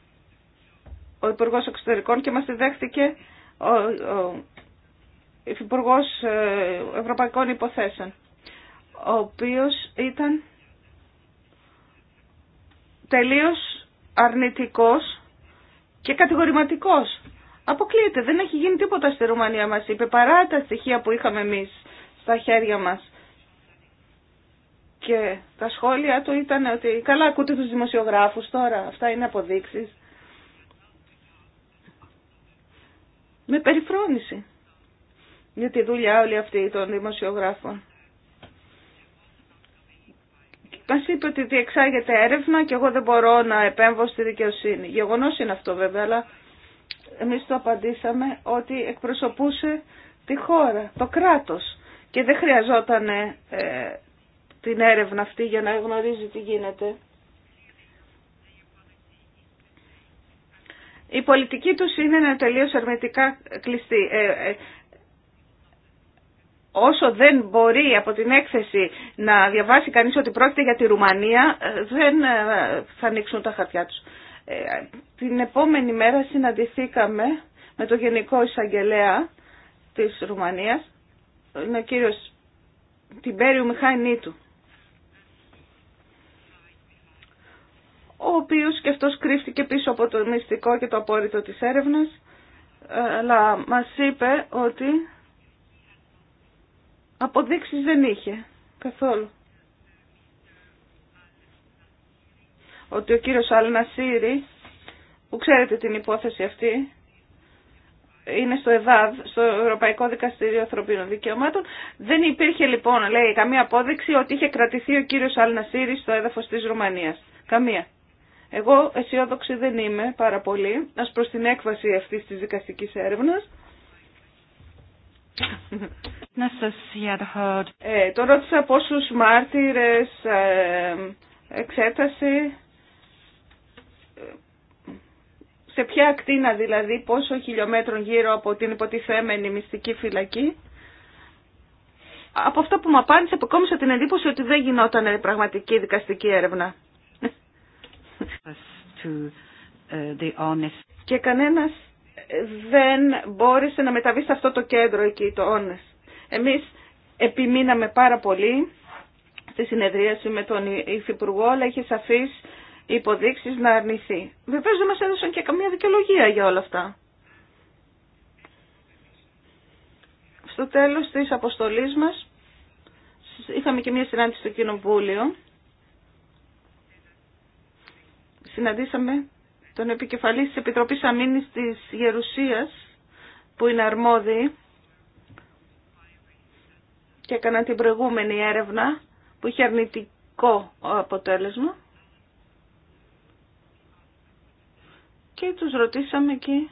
ο υπουργό Εξωτερικών και μας δέχτηκε ο, ο Ευρωπαϊκών Υποθέσεων, ο οποίος ήταν τελείως αρνητικός και κατηγορηματικός. Αποκλείεται, δεν έχει γίνει τίποτα στη Ρουμανία μας, είπε, παρά τα στοιχεία που είχαμε εμείς στα χέρια μας. Και τα σχόλια του ήταν ότι καλά ακούτε τους δημοσιογράφους τώρα, αυτά είναι αποδείξεις. Με περιφρόνηση για τη δουλειά όλη αυτή των δημοσιογράφων. Μα είπε ότι διεξάγεται έρευνα και εγώ δεν μπορώ να επέμβω στη δικαιοσύνη. Γεγονό είναι αυτό βέβαια, αλλά εμεί το απαντήσαμε ότι εκπροσωπούσε τη χώρα, το κράτο. Και δεν χρειαζόταν ε, την έρευνα αυτή για να γνωρίζει τι γίνεται. Η πολιτική τους είναι να τελείως αρνητικά κλειστή. Ε, ε, όσο δεν μπορεί από την έκθεση να διαβάσει κανείς ότι πρόκειται για τη Ρουμανία, ε, δεν ε, θα ανοίξουν τα χαρτιά τους. Ε, την επόμενη μέρα συναντηθήκαμε με το Γενικό Εισαγγελέα της Ρουμανίας, είναι ο κύριος Τιμπέριου Μιχάη Νίτου, ο οποίος και αυτός κρύφτηκε πίσω από το μυστικό και το απόρριτο της έρευνας, αλλά μας είπε ότι Αποδείξεις δεν είχε καθόλου. Ότι ο κύριος Αλνασίρη, που ξέρετε την υπόθεση αυτή, είναι στο ΕΔΑΔ, στο Ευρωπαϊκό Δικαστήριο Ανθρωπίνων Δικαιωμάτων. Δεν υπήρχε λοιπόν, λέει, καμία απόδειξη ότι είχε κρατηθεί ο κύριος Αλνασίρη στο έδαφος της Ρουμανίας. Καμία. Εγώ αισιόδοξη δεν είμαι πάρα πολύ, προς την έκβαση αυτής της δικαστικής έρευνας. Ε, το ρώτησα πόσους μάρτυρες ε, εξέτασε, σε ποια ακτίνα δηλαδή, πόσο χιλιόμετρων γύρω από την υποτιθέμενη μυστική φυλακή. Από αυτό που μου απάντησε, αποκόμισα την εντύπωση ότι δεν γινόταν πραγματική δικαστική έρευνα. Ε, Και κανένας δεν μπόρεσε να μεταβεί σε αυτό το κέντρο εκεί, το Όνες. Εμείς επιμείναμε πάρα πολύ στη συνεδρίαση με τον Υφυπουργό, αλλά είχε σαφείς υποδείξεις να αρνηθεί. Βεβαίως δεν μας έδωσαν και καμία δικαιολογία για όλα αυτά. Στο τέλος της αποστολής μας είχαμε και μια συνάντηση στο Κοινοβούλιο. Συναντήσαμε τον επικεφαλής της Επιτροπής Αμήνης της Γερουσίας που είναι αρμόδιοι και έκαναν την προηγούμενη έρευνα που είχε αρνητικό αποτέλεσμα και τους ρωτήσαμε εκεί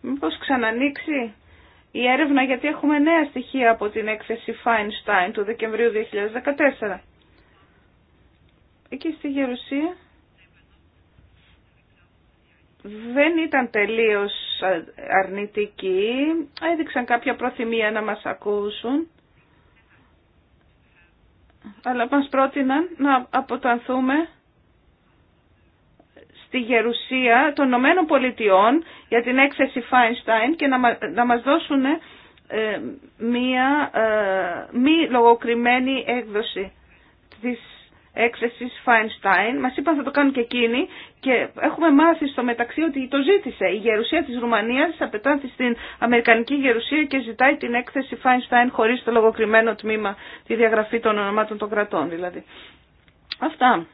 μήπως ξανανοίξει η έρευνα γιατί έχουμε νέα στοιχεία από την έκθεση Feinstein του Δεκεμβρίου 2014. Εκεί στη Γερουσία δεν ήταν τελείως αρνητικοί, έδειξαν κάποια προθυμία να μας ακούσουν, αλλά μας πρότειναν να αποτανθούμε στη γερουσία των Ηνωμένων Πολιτειών για την έκθεση Φάινσταϊν και να μας δώσουν ε, μία ε, μη λογοκριμένη έκδοση της Έκθεση Φάινστάιν. Μα είπαν θα το κάνουν και εκείνοι και έχουμε μάθει στο μεταξύ ότι το ζήτησε. Η γερουσία της Ρουμανίας απετάνθη στην Αμερικανική γερουσία και ζητάει την έκθεση Φάινστάιν χωρίς το λογοκριμένο τμήμα, τη διαγραφή των ονομάτων των κρατών δηλαδή. Αυτά.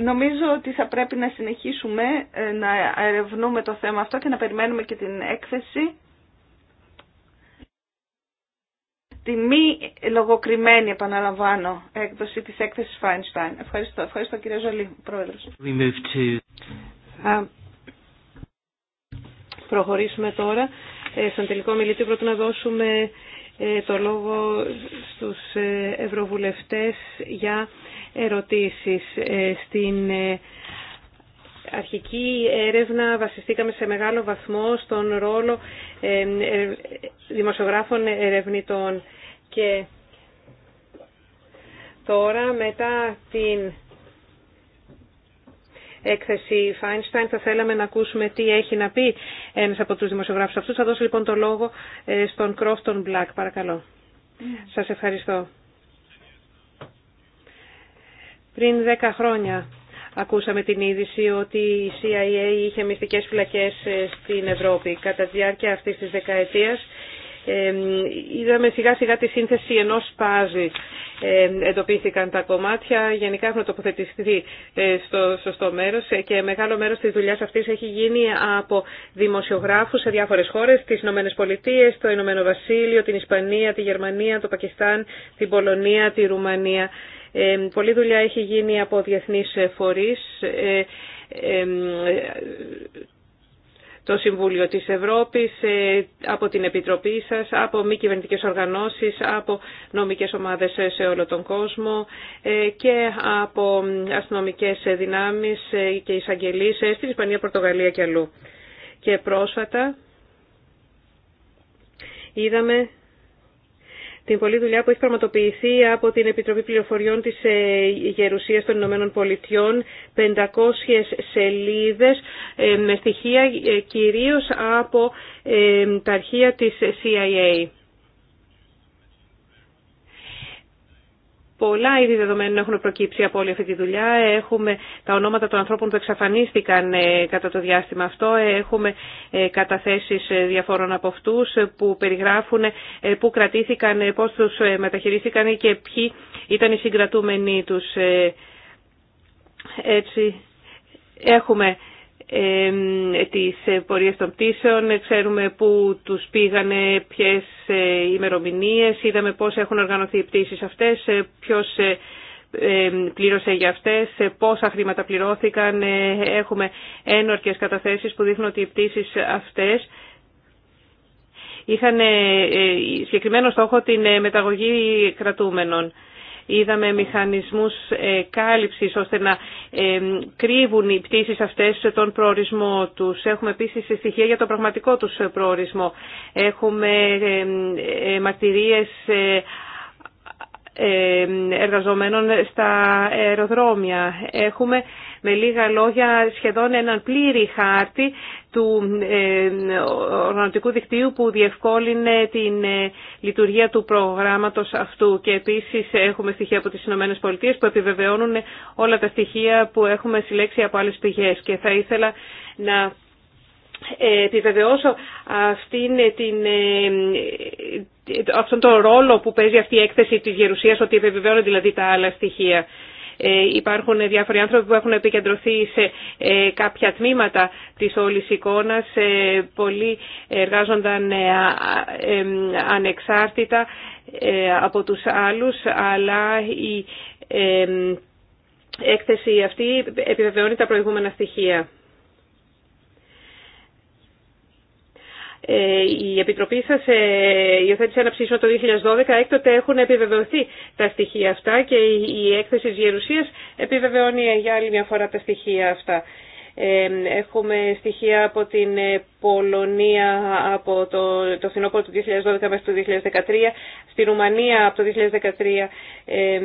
Νομίζω ότι θα πρέπει να συνεχίσουμε ε, να ερευνούμε το θέμα αυτό και να περιμένουμε και την έκθεση τη μη λογοκριμένη, επαναλαμβάνω, έκδοση της έκθεσης Φάινσταϊν. Ευχαριστώ. Ευχαριστώ κύριε Ζολή, πρόεδρος. προχωρήσουμε τώρα. Ε, στον τελικό μιλητή πρώτα να δώσουμε ε, το λόγο στους ε, ευρωβουλευτές για ερωτήσεις. στην αρχική έρευνα βασιστήκαμε σε μεγάλο βαθμό στον ρόλο ε, ε, δημοσιογράφων ερευνητών. Και τώρα μετά την έκθεση Φάινστάιν θα θέλαμε να ακούσουμε τι έχει να πει ένας από τους δημοσιογράφους αυτούς. Θα δώσω λοιπόν το λόγο ε, στον Κρόφτον Μπλακ. Παρακαλώ. Ναι. Σας ευχαριστώ. Πριν δέκα χρόνια Ακούσαμε την είδηση ότι η CIA είχε μυστικές φυλακές ε, στην Ευρώπη. Κατά τη διάρκεια αυτής της δεκαετίας ε, είδαμε σιγά σιγά τη σύνθεση ενός παζλ. Ε, εντοπίστηκαν τα κομμάτια, γενικά έχουν τοποθετηθεί στο σωστό μέρος και μεγάλο μέρος της δουλειάς αυτής έχει γίνει από δημοσιογράφους σε διάφορες χώρες, τις Ηνωμένε Πολιτείε, το Ηνωμένο Βασίλειο, την Ισπανία, τη Γερμανία, το Πακιστάν, την Πολωνία, τη Ρουμανία Πολλή δουλειά έχει γίνει από διεθνείς φορείς, ε, το Συμβούλιο της Ευρώπης, ε, από την Επιτροπή σας, από μη κυβερνητικές οργανώσεις, από νομικές ομάδες σε όλο τον κόσμο ε, και από αστυνομικές δυνάμεις και εισαγγελίες στην Ισπανία, Πορτογαλία και αλλού. Και πρόσφατα είδαμε την πολλή δουλειά που έχει πραγματοποιηθεί από την Επιτροπή Πληροφοριών της ε, Γερουσίας των Ηνωμένων Πολιτειών, 500 σελίδες ε, με στοιχεία ε, κυρίως από τα αρχεία της CIA. Πολλά είδη δεδομένων έχουν προκύψει από όλη αυτή τη δουλειά. Έχουμε τα ονόματα των ανθρώπων που εξαφανίστηκαν ε, κατά το διάστημα αυτό. Έχουμε ε, καταθέσεις ε, διαφόρων από αυτούς που περιγράφουν πού κρατήθηκαν, πώς τους μεταχειρίστηκαν και ποιοι ήταν οι συγκρατούμενοι τους. Έτσι, έχουμε τις πορείες των πτήσεων, ξέρουμε πού τους πήγανε, ποιες ε, ημερομηνίες, είδαμε πώς έχουν οργανωθεί οι πτήσεις αυτές, ε, ποιος ε, πλήρωσε για αυτές, πόσα χρήματα πληρώθηκαν, έχουμε ένορκες καταθέσεις που δείχνουν ότι οι πτήσεις αυτές είχαν συγκεκριμένο στόχο την μεταγωγή κρατούμενων είδαμε μηχανισμούς ε, κάλυψης ώστε να ε, κρύβουν οι πτήσεις αυτές τον προορισμό τους. Έχουμε επίσης στοιχεία για τον πραγματικό τους προορισμό. Έχουμε ε, μαρτυρίες εργαζομένων στα αεροδρόμια. Έχουμε με λίγα λόγια σχεδόν έναν πλήρη χάρτη του ε, οργανωτικού δικτύου που διευκόλυνε την ε, λειτουργία του προγράμματος αυτού. Και επίσης έχουμε στοιχεία από τις Ηνωμένες Πολιτείες που επιβεβαιώνουν όλα τα στοιχεία που έχουμε συλλέξει από άλλες πηγέ. Και θα ήθελα να ε, επιβεβαιώσω αυτήν την, αυτόν τον ρόλο που παίζει αυτή η έκθεση της Γερουσίας, ότι επιβεβαιώνουν δηλαδή τα άλλα στοιχεία. Ε, υπάρχουν διάφοροι άνθρωποι που έχουν επικεντρωθεί σε ε, κάποια τμήματα της όλης εικόνας. Ε, πολλοί εργάζονταν ανεξάρτητα από τους άλλους, αλλά η έκθεση αυτή επιβεβαιώνει τα προηγούμενα στοιχεία. Ε, η Επιτροπή σας ε, υιοθέτησε ένα ψήφισμα το 2012, έκτοτε έχουν επιβεβαιωθεί τα στοιχεία αυτά και η έκθεση της Γερουσίας επιβεβαιώνει για άλλη μια φορά τα στοιχεία αυτά. Ε, έχουμε στοιχεία από την Πολωνία από το, το φθινόπωρο του 2012 μέχρι το 2013, στη Ρουμανία από το 2013 ε,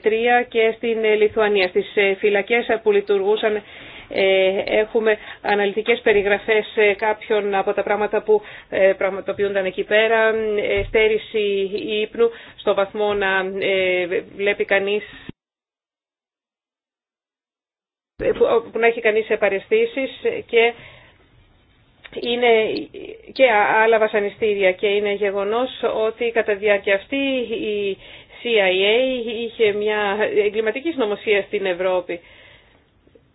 2002-2003 και στην Λιθουανία, στις φυλακές που λειτουργούσαν ε, έχουμε αναλυτικές περιγραφές ε, κάποιων από τα πράγματα που ε, πραγματοποιούνταν εκεί πέρα. Στέρηση ύπνου στο βαθμό να βλέπει κανείς που να έχει κανείς επαρεστήσεις και είναι και άλλα βασανιστήρια και είναι γεγονός ότι κατά διάρκεια αυτή η CIA είχε μια εγκληματική νομοσία στην Ευρώπη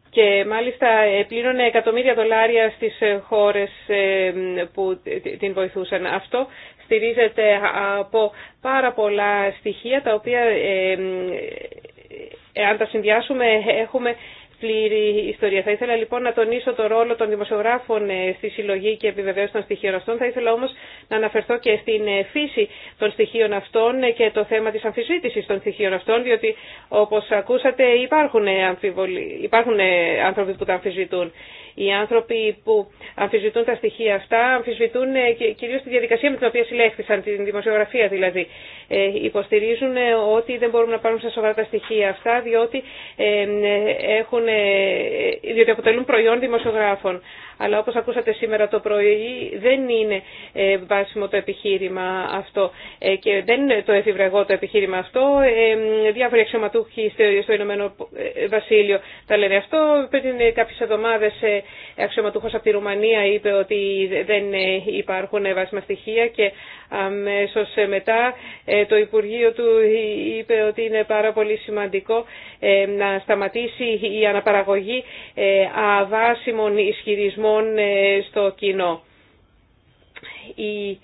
και μάλιστα ε, πλήρωνε εκατομμύρια δολάρια στις ε, χώρες ε, που την βοηθούσαν. Αυτό στηρίζεται από πάρα πολλά στοιχεία τα οποία αν τα συνδυάσουμε έχουμε πλήρη ιστορία. Θα ήθελα λοιπόν να τονίσω το ρόλο των δημοσιογράφων ε, στη συλλογή και επιβεβαίωση των στοιχείων αυτών. Θα ήθελα όμως να αναφερθώ και στην ε, φύση των στοιχείων αυτών ε, και το θέμα της αμφισβήτησης των στοιχείων αυτών, διότι όπως ακούσατε υπάρχουν, υπάρχουν άνθρωποι που τα αμφισβητούν. Οι άνθρωποι που αμφισβητούν τα στοιχεία αυτά αμφισβητούν ε, κυρίως τη διαδικασία με την οποία συλλέχθησαν, την δημοσιογραφία δηλαδή. Ε, υποστηρίζουν ε, ότι δεν μπορούμε να πάρουν στα σοβαρά τα στοιχεία αυτά διότι, έχουν, διότι αποτελούν προϊόν δημοσιογράφων αλλά όπως ακούσατε σήμερα το πρωί δεν είναι ε, βάσιμο το επιχείρημα αυτό ε, και δεν το εφηβρεγό το επιχείρημα αυτό. Ε, διάφοροι αξιωματούχοι στο Ηνωμένο Βασίλειο τα λένε αυτό. Πριν κάποιες εβδομάδες αξιωματούχος από τη Ρουμανία είπε ότι δεν υπάρχουν βάσιμα στοιχεία και αμέσω μετά το Υπουργείο του είπε ότι είναι πάρα πολύ σημαντικό να σταματήσει η αναπαραγωγή αβάσιμων ισχυρισμών λοιπόν ε, στο κοινό. Η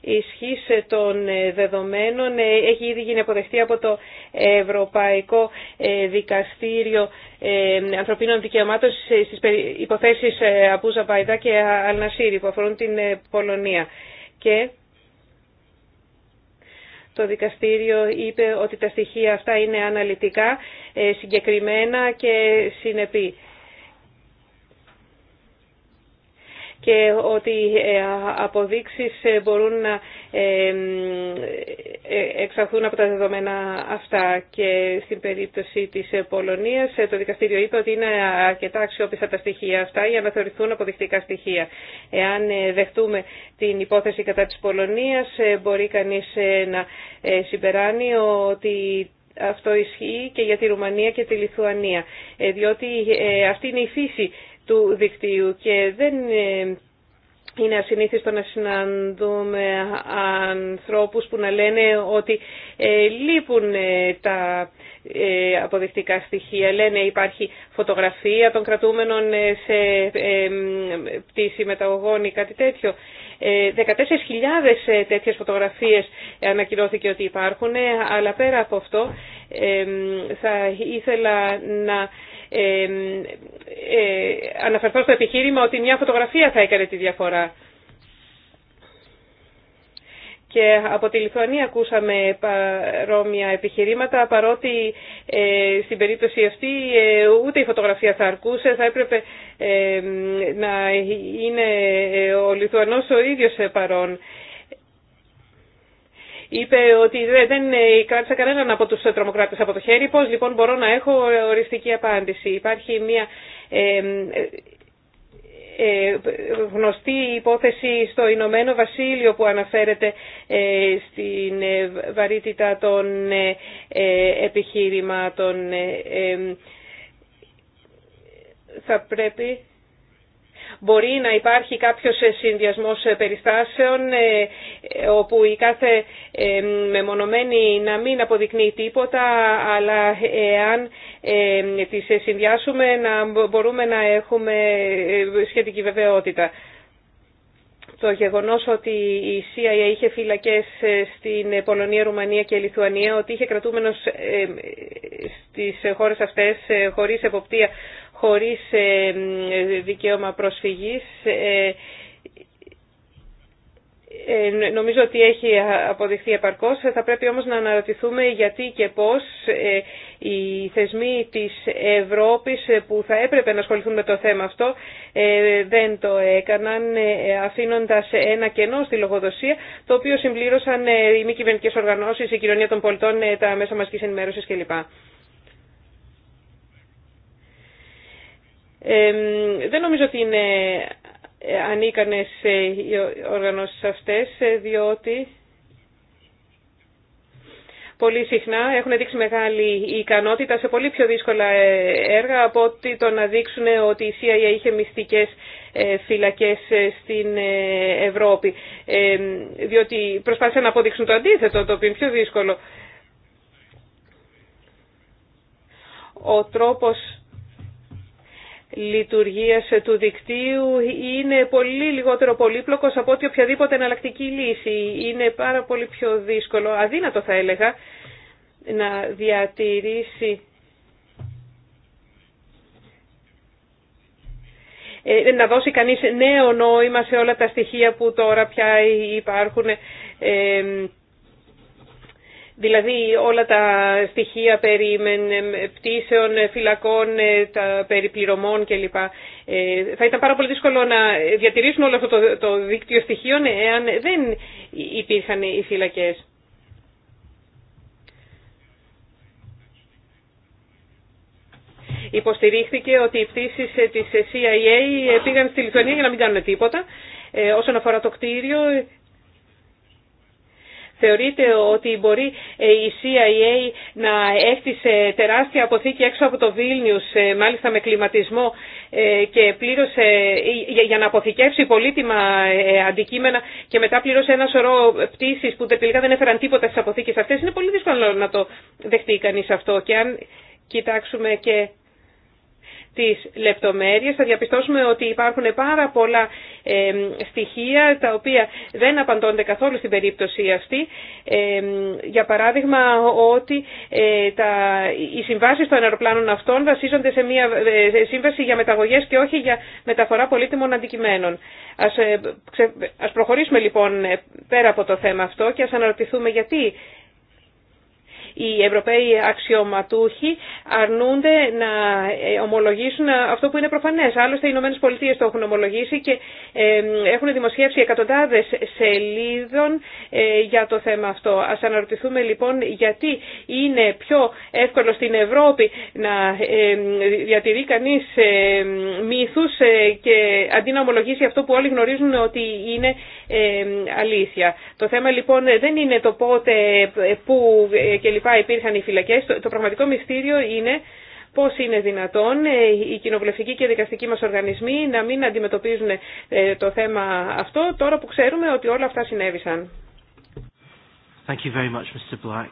ισχύση των ε, δεδομένων ε, έχει ήδη γίνει αποδεχτή από το Ευρωπαϊκό Δικαστήριο Ανθρωπίνων Δικαιωμάτων στις υποθέσεις Απούζα Παϊδά και Αλνασίρη που αφορούν την Πολωνία. Και το δικαστήριο είπε ότι τα στοιχεία αυτά είναι αναλυτικά, συγκεκριμένα και συνεπή. και ότι ε, αποδείξεις ε, μπορούν να ε, εξαχθούν από τα δεδομένα αυτά. Και στην περίπτωση της Πολωνίας το δικαστήριο είπε ότι είναι αρκετά αξιόπιστα τα στοιχεία αυτά για να θεωρηθούν αποδεικτικά στοιχεία. Εάν δεχτούμε την υπόθεση κατά της Πολωνίας μπορεί κανείς να συμπεράνει ότι αυτό ισχύει και για τη Ρουμανία και τη Λιθουανία, διότι αυτή είναι η φύση του δικτύου και δεν ε, είναι ασυνήθιστο να συναντούμε ανθρώπους που να λένε ότι ε, λείπουν ε, τα αποδεικτικά στοιχεία. Λένε υπάρχει φωτογραφία των κρατούμενων σε πτήση μεταγωγών ή κάτι τέτοιο. 14.000 τέτοιες φωτογραφίες ανακοινώθηκε ότι υπάρχουν, αλλά πέρα από αυτό θα ήθελα να ε, αναφερθώ στο επιχείρημα ότι μια φωτογραφία θα έκανε τη διαφορά. Και από τη Λιθουανία ακούσαμε παρόμοια επιχειρήματα, παρότι ε, στην περίπτωση αυτή ε, ούτε η φωτογραφία θα αρκούσε, θα έπρεπε ε, να είναι ο Λιθουανός ο ίδιος παρόν είπε ότι δεν ε, κράτησα κανέναν από τους τρομοκράτες από το χέρι. Πώς λοιπόν μπορώ να έχω οριστική απάντηση. Υπάρχει μια ε, ε, γνωστή υπόθεση στο Ηνωμένο Βασίλειο που αναφέρεται στην βαρύτητα των επιχείρηματων. Θα πρέπει Μπορεί να υπάρχει κάποιος ε, συνδυασμός ε, περιστάσεων ε, όπου η κάθε μεμονωμένη να μην αποδεικνύει τίποτα αλλά εάν τις συνδυάσουμε να μπορούμε να έχουμε σχετική βεβαιότητα. Το γεγονός ότι η CIA είχε φύλακες στην Πολωνία, Ρουμανία και Λιθουανία, ότι είχε κρατούμενος στις χώρες αυτές χωρίς εποπτεία χωρίς ε, δικαίωμα προσφυγής. Ε, ε, νομίζω ότι έχει αποδειχθεί επαρκώς. Θα πρέπει όμως να αναρωτηθούμε γιατί και πώς οι θεσμοί της Ευρώπης που θα έπρεπε να ασχοληθούν με το θέμα αυτό δεν το έκαναν αφήνοντας ένα κενό στη λογοδοσία το οποίο συμπλήρωσαν οι μη κυβερνητικέ οργανώσεις, η κοινωνία των πολιτών, τα μέσα μαζικής ενημέρωσης κλπ. δεν νομίζω ότι είναι ε, ανίκανες ε, οι οργανώσεις αυτές, ε, διότι πολύ συχνά έχουν δείξει μεγάλη ικανότητα σε πολύ πιο δύσκολα έργα από ότι το να δείξουν ότι η CIA είχε μυστικές φυλακές στην Ευρώπη. Διότι προσπάθησαν να αποδείξουν το αντίθετο, το οποίο είναι πιο δύσκολο. Ο τρόπος λειτουργίας του δικτύου είναι πολύ λιγότερο πολύπλοκος από ότι οποιαδήποτε εναλλακτική λύση. Είναι πάρα πολύ πιο δύσκολο, αδύνατο θα έλεγα, να διατηρήσει ε, να δώσει κανείς νέο νόημα σε όλα τα στοιχεία που τώρα πια υπάρχουν ε, Δηλαδή όλα τα στοιχεία περί πτήσεων, φυλακών, ε, τα περί πληρωμών κλπ. Ε, θα ήταν πάρα πολύ δύσκολο να διατηρήσουν όλο αυτό το δίκτυο στοιχείων εάν δεν υπήρχαν οι φυλακές. Υποστηρίχθηκε ότι οι πτήσεις ε, της CIA πήγαν στη Λιθουανία για να μην κάνουν τίποτα. Όσον αφορά το κτίριο, Θεωρείτε ότι μπορεί ε, η CIA να έκτισε τεράστια αποθήκη έξω από το Βίλνιους, ε, μάλιστα με κλιματισμό ε, και πλήρωσε, για να αποθηκεύσει πολύτιμα αντικείμενα και μετά πλήρωσε ένα σωρό πτήσεις που τελικά δεν έφεραν τίποτα στις αποθήκες αυτές. Είναι πολύ δύσκολο να το δεχτεί κανείς αυτό και αν κοιτάξουμε και τις λεπτομέρειες. Θα διαπιστώσουμε ότι υπάρχουν πάρα πολλά στοιχεία τα οποία δεν απαντώνται καθόλου στην περίπτωση αυτή. για παράδειγμα ότι ε, τα, οι συμβάσεις των αεροπλάνων αυτών βασίζονται σε μια ε, σύμβαση για μεταγωγές και όχι για μεταφορά πολύτιμων αντικειμένων. Ας, ε, ας προχωρήσουμε λοιπόν πέρα από το θέμα αυτό και ας αναρωτηθούμε γιατί οι Ευρωπαίοι αξιωματούχοι αρνούνται να ε, ομολογήσουν αυτό που είναι προφανές. Άλλωστε οι ΗΠΑ το έχουν ομολογήσει και ε, έχουν δημοσιεύσει εκατοντάδες σελίδων ε, για το θέμα αυτό. Α αναρωτηθούμε λοιπόν γιατί είναι πιο εύκολο στην Ευρώπη να διατηρεί κανείς μύθους και αντί να ομολογήσει αυτό που όλοι γνωρίζουν ότι είναι αλήθεια. Το θέμα λοιπόν δεν είναι το πότε, πού κλπ λοιπά υπήρχαν οι φυλακές. Το, πραγματικό μυστήριο είναι πώς είναι δυνατόν ε, οι κοινοβουλευτικοί και δικαστικοί μας οργανισμοί να μην αντιμετωπίζουν ε, το θέμα αυτό τώρα που ξέρουμε ότι όλα αυτά συνέβησαν. Thank you very much, Mr. Black.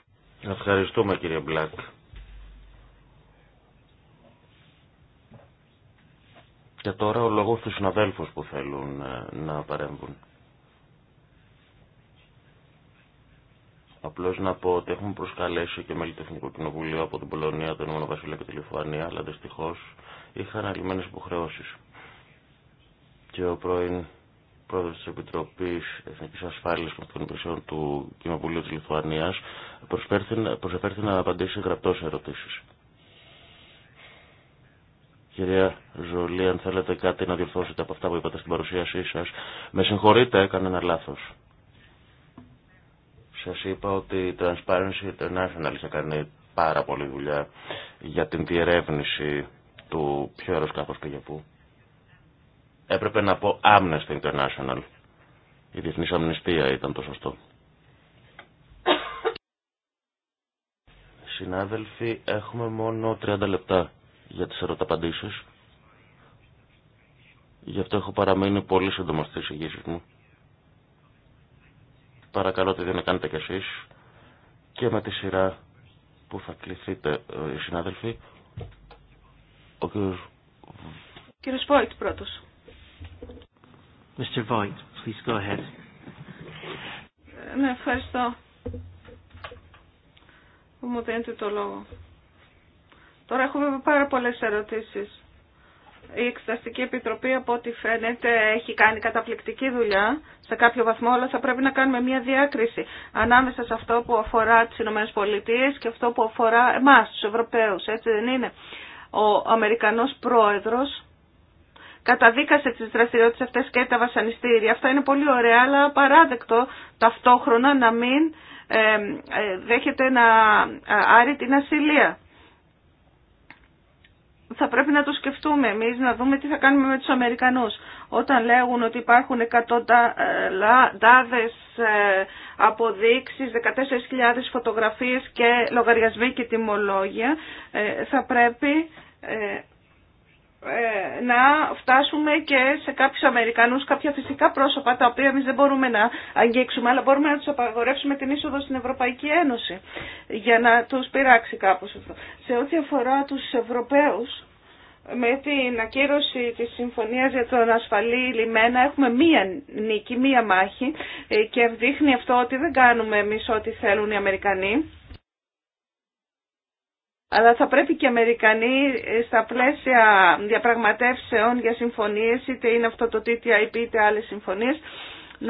Ευχαριστούμε κύριε Μπλακ. Και τώρα ο λόγος του συναδέλφους που θέλουν ε, να παρέμβουν. Απλώ να πω ότι έχουμε προσκαλέσει και μέλη του Εθνικού Κοινοβουλίου από την Πολωνία, τον Ηνωμένο Βασίλειο και τη Λιθουανία, αλλά δυστυχώ είχαν αλλημένε υποχρεώσει. Και ο πρώην πρόεδρο τη Επιτροπή Εθνική Ασφάλεια και των Υπηρεσιών του Κοινοβουλίου τη Λιθουανία προσφέρθηκε να απαντήσει σε γραπτό ερωτήσει. Κυρία Ζολή, αν θέλετε κάτι να διορθώσετε από αυτά που είπατε στην παρουσίασή σα, με συγχωρείτε, έκανα ένα λάθο. Σας είπα ότι η Transparency International είχε κάνει πάρα πολύ δουλειά για την διερεύνηση του ποιο αεροσκάφος και για πού. Έπρεπε να πω Amnesty International. Η διεθνή Αμνηστία ήταν το σωστό. Συνάδελφοι, έχουμε μόνο 30 λεπτά για τις ερωταπαντήσεις. Γι' αυτό έχω παραμείνει πολύ σύντομα στις εισηγήσεις μου. Παρακαλώ τι δεν κάνετε κι εσείς και με τη σειρά που θα κληθείτε ε, οι συνάδελφοι. Ο κύριος... Κύριος Βόιτ πρώτος. Mr. Voigt, please go ahead. Ε, ναι, ευχαριστώ που μου δίνετε το λόγο. Τώρα έχουμε πάρα πολλές ερωτήσεις. Η Εξεταστική Επιτροπή, από ό,τι φαίνεται, έχει κάνει καταπληκτική δουλειά σε κάποιο βαθμό, αλλά θα πρέπει να κάνουμε μια διάκριση ανάμεσα σε αυτό που αφορά τις ΗΠΑ και αυτό που αφορά εμά, του Ευρωπαίου Έτσι δεν είναι. Ο Αμερικανός Πρόεδρος καταδίκασε τις δραστηριότητες αυτέ και τα βασανιστήρια. Αυτά είναι πολύ ωραία, αλλά παράδεκτο ταυτόχρονα να μην ε, ε, δέχεται να ε, άρει την ασυλία θα πρέπει να το σκεφτούμε εμείς, να δούμε τι θα κάνουμε με τους Αμερικανούς. Όταν λέγουν ότι υπάρχουν εκατοντάδες ε, αποδείξεις, 14.000 φωτογραφίες και λογαριασμοί και τιμολόγια, ε, θα πρέπει ε, ε, να φτάσουμε και σε κάποιους Αμερικανούς, κάποια φυσικά πρόσωπα τα οποία εμείς δεν μπορούμε να αγγίξουμε αλλά μπορούμε να τους απαγορεύσουμε την είσοδο στην Ευρωπαϊκή Ένωση για να τους πειράξει κάπως αυτό. Σε ό,τι αφορά τους Ευρωπαίους με την ακύρωση της Συμφωνίας για τον Ασφαλή Λιμένα έχουμε μία νίκη, μία μάχη ε, και δείχνει αυτό ότι δεν κάνουμε εμείς ό,τι θέλουν οι Αμερικανοί αλλά θα πρέπει και οι Αμερικανοί στα πλαίσια διαπραγματεύσεων για συμφωνίες, είτε είναι αυτό το TTIP είτε άλλες συμφωνίες,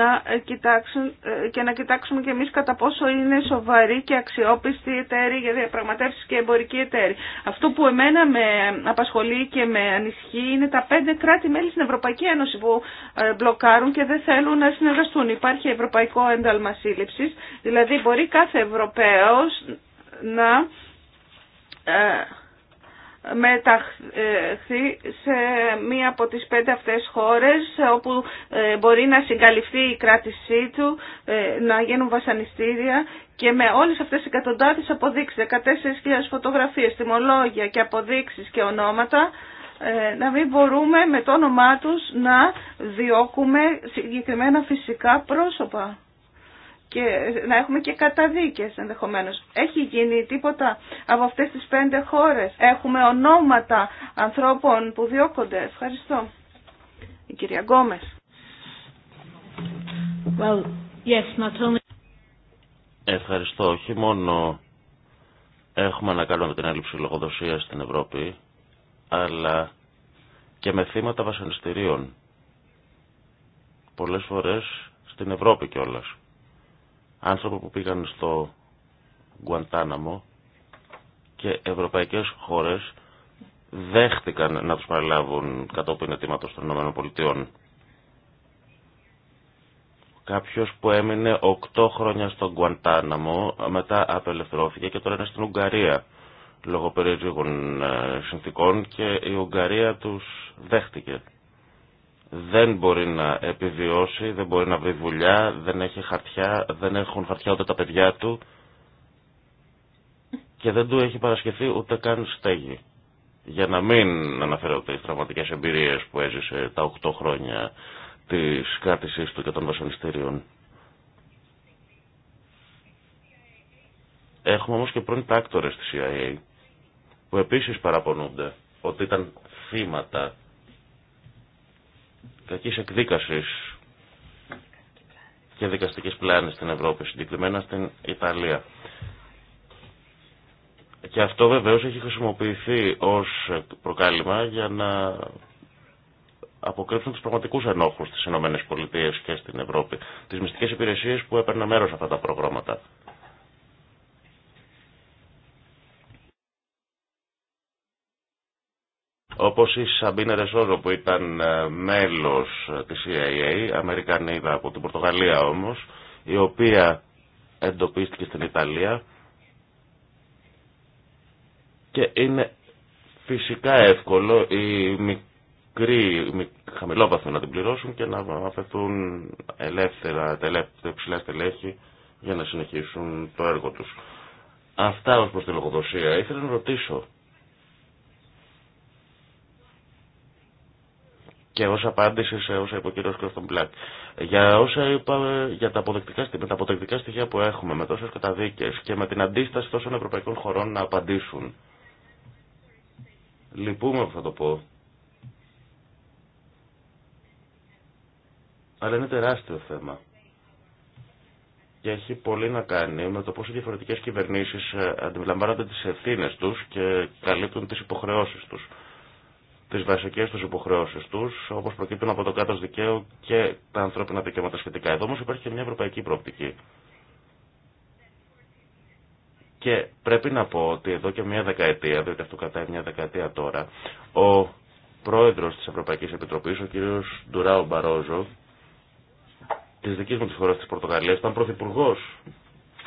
να κοιτάξουν ε, και να κοιτάξουμε και εμείς κατά πόσο είναι σοβαροί και αξιόπιστη εταίροι για διαπραγματεύσεις και εμπορικοί εταίροι. Αυτό που εμένα με απασχολεί και με ανισχύει είναι τα πέντε κράτη-μέλη στην Ευρωπαϊκή Ένωση που ε, μπλοκάρουν και δεν θέλουν να συνεργαστούν. Υπάρχει ευρωπαϊκό ένταλμα σύλληψης, δηλαδή μπορεί κάθε Ευρωπαίος να ε, μεταχθεί σε μία από τις πέντε αυτές χώρες όπου ε, μπορεί να συγκαλυφθεί η κράτησή του, ε, να γίνουν βασανιστήρια και με όλες αυτές τις εκατοντάδες αποδείξεις, 14.000 φωτογραφίες, τιμολόγια και αποδείξεις και ονόματα, να μην μπορούμε με το όνομά τους να διώκουμε συγκεκριμένα φυσικά πρόσωπα και να έχουμε και καταδίκες ενδεχομένως. Έχει γίνει τίποτα από αυτές τις πέντε χώρες. Έχουμε ονόματα ανθρώπων που διώκονται. Ευχαριστώ. Η κυρία Γκόμες. Ευχαριστώ. Όχι μόνο έχουμε κάνουμε την έλλειψη λογοδοσία στην Ευρώπη, αλλά και με θύματα βασανιστήριων. Πολλές φορές στην Ευρώπη κιόλας άνθρωποι που πήγαν στο Γκουαντάναμο και ευρωπαϊκές χώρες δέχτηκαν να τους παραλάβουν κατόπιν αιτήματος των ΗΠΑ. Κάποιος που έμεινε 8 χρόνια στο Γκουαντάναμο μετά απελευθερώθηκε και τώρα είναι στην Ουγγαρία λόγω περίεργων ε, συνθήκων και η Ουγγαρία τους δέχτηκε δεν μπορεί να επιβιώσει, δεν μπορεί να βρει δουλειά, δεν έχει χαρτιά, δεν έχουν χαρτιά ούτε τα παιδιά του και δεν του έχει παρασκευθεί ούτε καν στέγη. Για να μην αναφέρω τις τραυματικές εμπειρίες που έζησε τα 8 χρόνια της κράτησή του και των βασανιστήριων. Έχουμε όμως και πρώην πράκτορες της CIA που επίσης παραπονούνται ότι ήταν θύματα κακής εκδίκασης και δικαστικής πλάνης στην Ευρώπη, συγκεκριμένα στην Ιταλία. Και αυτό βεβαίως έχει χρησιμοποιηθεί ως προκάλημα για να αποκρύψουν του πραγματικού ενόχου στι ΗΠΑ και στην Ευρώπη. Τι μυστικέ υπηρεσίε που έπαιρναν μέρο σε αυτά τα προγράμματα. όπως η Σαμπίνε Ρεσόζο που ήταν ε, μέλος της CIA, Αμερικανίδα από την Πορτογαλία όμως, η οποία εντοπίστηκε στην Ιταλία και είναι φυσικά εύκολο οι μικροί, οι να την πληρώσουν και να αφαιθούν ελεύθερα, τελεύθερα, ψηλά στελέχη για να συνεχίσουν το έργο τους. Αυτά ως προς τη λογοδοσία. Ήθελα να ρωτήσω και ως απάντηση σε όσα είπε ο κύριος Κρόστον Για όσα είπα για τα αποδεκτικά, με τα αποδεκτικά στοιχεία που έχουμε, με τόσες καταδίκες και με την αντίσταση τόσων ευρωπαϊκών χωρών να απαντήσουν. Λυπούμε που θα το πω. Αλλά είναι τεράστιο θέμα. Και έχει πολύ να κάνει με το πώς οι διαφορετικές κυβερνήσεις ε, αντιλαμβάνονται τις ευθύνες τους και καλύπτουν τις υποχρεώσεις τους τι βασικέ του υποχρεώσει του, όπω προκύπτουν από το κράτο δικαίου και τα ανθρώπινα δικαιώματα σχετικά. Εδώ όμω υπάρχει και μια ευρωπαϊκή προοπτική. Και πρέπει να πω ότι εδώ και μια δεκαετία, διότι αυτό κατάει μια δεκαετία τώρα, ο πρόεδρο τη Ευρωπαϊκή Επιτροπή, ο κ. Ντουράου Μπαρόζο, τη δική μου τη χώρα τη Πορτογαλία, ήταν πρωθυπουργό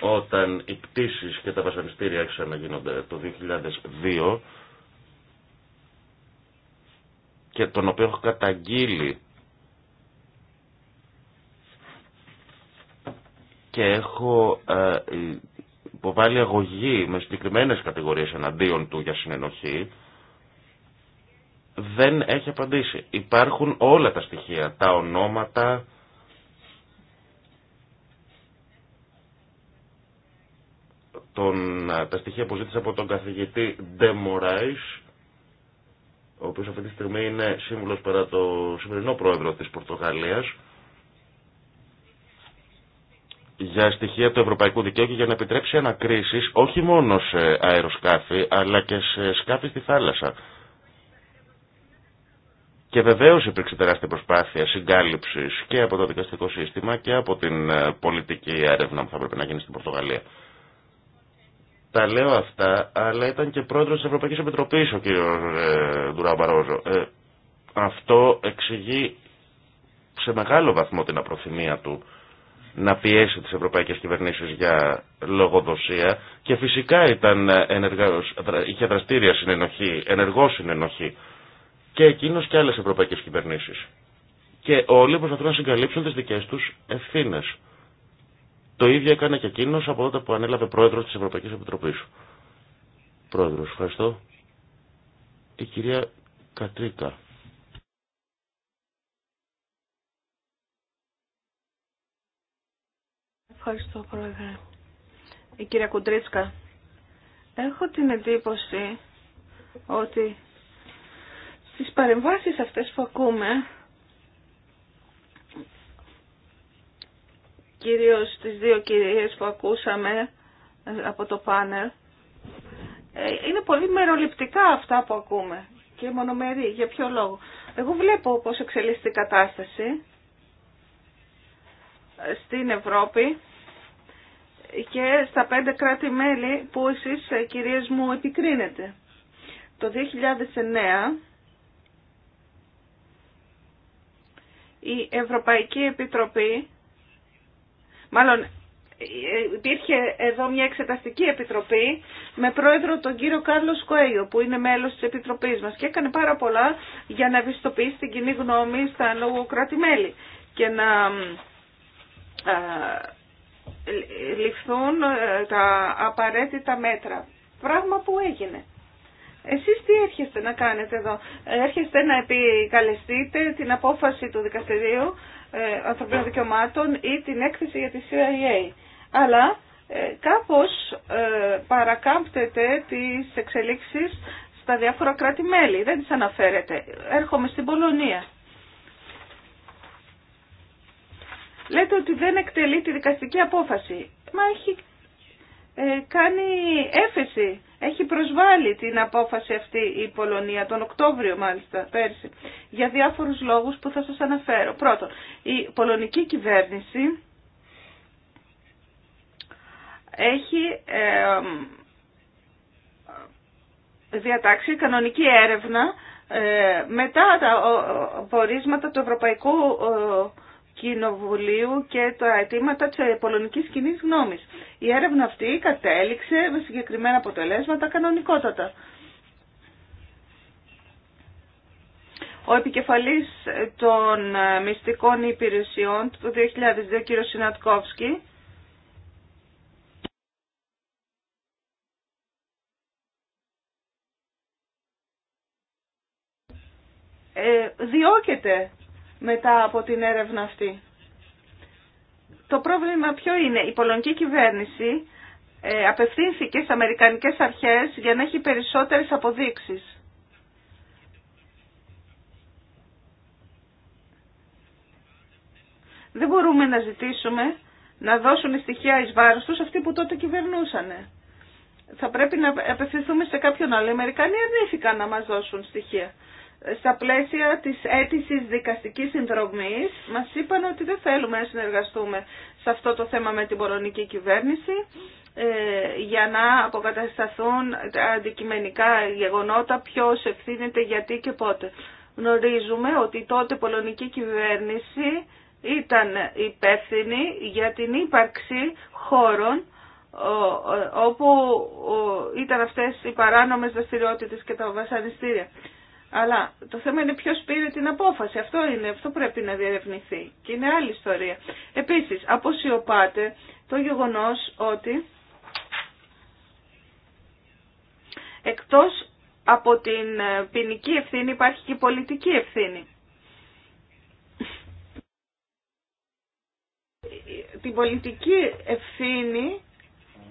όταν οι πτήσει και τα βασανιστήρια άρχισαν γίνονται το 2002 και τον οποίο έχω καταγγείλει και έχω ε, υποβάλει αγωγή με συγκεκριμένες κατηγορίες εναντίον του για συνενοχή δεν έχει απαντήσει. Υπάρχουν όλα τα στοιχεία, τα ονόματα, τον, ε, τα στοιχεία που ζήτησα από τον καθηγητή Ντε ο οποίος αυτή τη στιγμή είναι σύμβουλος παρά το σημερινό πρόεδρο της Πορτογαλίας, για στοιχεία του ευρωπαϊκού δικαίου και για να επιτρέψει ανακρίσεις όχι μόνο σε αεροσκάφη αλλά και σε σκάφη στη θάλασσα. Και βεβαίω υπήρξε τεράστια προσπάθεια συγκάλυψης και από το δικαστικό σύστημα και από την ε, πολιτική έρευνα που θα πρέπει να γίνει στην Πορτογαλία. Τα λέω αυτά, αλλά ήταν και πρόεδρος της Ευρωπαϊκής Επιτροπής ο κύριος Δουραμπαρόζο. Ε, Ντουραμπαρόζο. Ε, αυτό εξηγεί σε μεγάλο βαθμό την απροθυμία του να πιέσει τις ευρωπαϊκές κυβερνήσεις για λογοδοσία και φυσικά ήταν ενεργός, είχε δραστήρια συνενοχή, ενεργό συνενοχή και εκείνος και άλλες ευρωπαϊκές κυβερνήσεις. Και όλοι προσπαθούν να συγκαλύψουν τις δικές τους ευθύνες. Το ίδιο έκανε και εκείνο από τότε που ανέλαβε πρόεδρο τη Ευρωπαϊκή Επιτροπή. Πρόεδρο, ευχαριστώ. Η κυρία Κατρίκα. Ευχαριστώ, πρόεδρε. Η κυρία Κουντρίτσκα. Έχω την εντύπωση ότι στις παρεμβάσεις αυτές που ακούμε κυρίως τις δύο κυρίες που ακούσαμε από το πάνελ. Ε, είναι πολύ μεροληπτικά αυτά που ακούμε και μονομερή. Για ποιο λόγο. Εγώ βλέπω πώς εξελίσσεται η κατάσταση στην Ευρώπη και στα πέντε κράτη-μέλη που εσείς ε, κυρίες μου επικρίνετε. Το 2009 η Ευρωπαϊκή Επιτροπή Μάλλον υπήρχε εδώ μια εξεταστική επιτροπή με πρόεδρο τον κύριο Κάρλος Κοέιο που είναι μέλος της επιτροπής μας και έκανε πάρα πολλά για να ευιστοποιήσει την κοινή γνώμη στα λόγω κράτη-μέλη και να ε, ληφθούν ε, τα απαραίτητα μέτρα. Πράγμα που έγινε. Εσείς τι έρχεστε να κάνετε εδώ. Έρχεστε να επικαλεστείτε την απόφαση του δικαστηρίου ε, ανθρωπίνων δικαιωμάτων ή την έκθεση για τη CIA. Αλλά ε, κάπως ε, παρακάμπτεται τις εξελίξεις στα διάφορα κράτη-μέλη. Δεν τις αναφέρεται. Έρχομαι στην Πολωνία. Λέτε ότι δεν εκτελεί τη δικαστική απόφαση. Μα έχει κάνει έφεση έχει προσβάλει την απόφαση αυτή η Πολωνία, τον Οκτώβριο μάλιστα, πέρσι, για διάφορους λόγους που θα σας αναφέρω. Πρώτον, η πολωνική κυβέρνηση έχει διατάξει κανονική έρευνα ε, μετά τα πορίσματα του Ευρωπαϊκού ε, Κοινοβουλίου και τα αιτήματα της πολωνικής κοινή γνώμης. Η έρευνα αυτή κατέληξε με συγκεκριμένα αποτελέσματα κανονικότατα. Ο επικεφαλής των μυστικών υπηρεσιών του 2002, κ. Σινατκόφσκι, ε, διώκεται μετά από την έρευνα αυτή. Το πρόβλημα ποιο είναι. Η πολωνική κυβέρνηση ε, απευθύνθηκε στις Αμερικανικές αρχές για να έχει περισσότερες αποδείξεις. Δεν μπορούμε να ζητήσουμε να δώσουν στοιχεία εις βάρος τους αυτοί που τότε κυβερνούσαν. Θα πρέπει να απευθυνθούμε σε κάποιον άλλο. Οι Αμερικανοί αρνήθηκαν να μας δώσουν στοιχεία στα πλαίσια της αίτηση δικαστικής συνδρομής μας είπαν ότι δεν θέλουμε να συνεργαστούμε σε αυτό το θέμα με την πολωνική κυβέρνηση ε, για να αποκατασταθούν τα αντικειμενικά γεγονότα ποιος ευθύνεται, γιατί και πότε. Γνωρίζουμε ότι τότε η πολωνική κυβέρνηση ήταν υπεύθυνη για την ύπαρξη χώρων όπου ήταν αυτές οι παράνομες δραστηριότητες και τα βασανιστήρια. Αλλά το θέμα είναι ποιο πήρε την απόφαση. Αυτό είναι, αυτό πρέπει να διερευνηθεί. Και είναι άλλη ιστορία. Επίσης, αποσιωπάται το γεγονό ότι εκτός από την ε, ποινική ευθύνη υπάρχει και η πολιτική ευθύνη. Την πολιτική ευθύνη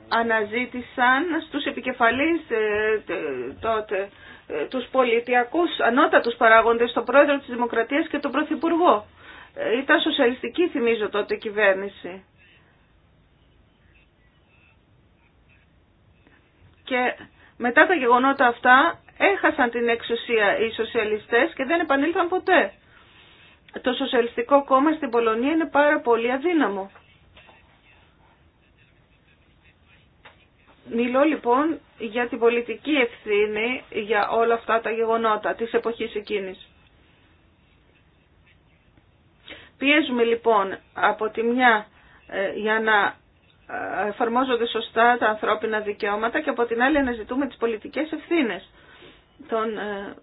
αναζήτησαν στους επικεφαλείς ε, τότε ε, τους πολιτιακούς ανώτατους παράγοντες, τον πρόεδρο της Δημοκρατίας και τον πρωθυπουργό. Ε, ήταν σοσιαλιστική, θυμίζω τότε, η κυβέρνηση. Και μετά τα γεγονότα αυτά έχασαν την εξουσία οι σοσιαλιστές και δεν επανήλθαν ποτέ. Το σοσιαλιστικό κόμμα στην Πολωνία είναι πάρα πολύ αδύναμο. Μιλώ λοιπόν για την πολιτική ευθύνη για όλα αυτά τα γεγονότα της εποχής εκείνης. Πιέζουμε λοιπόν από τη μια ε, για να ε, εφαρμόζονται σωστά τα ανθρώπινα δικαιώματα και από την άλλη να ζητούμε τις πολιτικές ευθύνες των ε,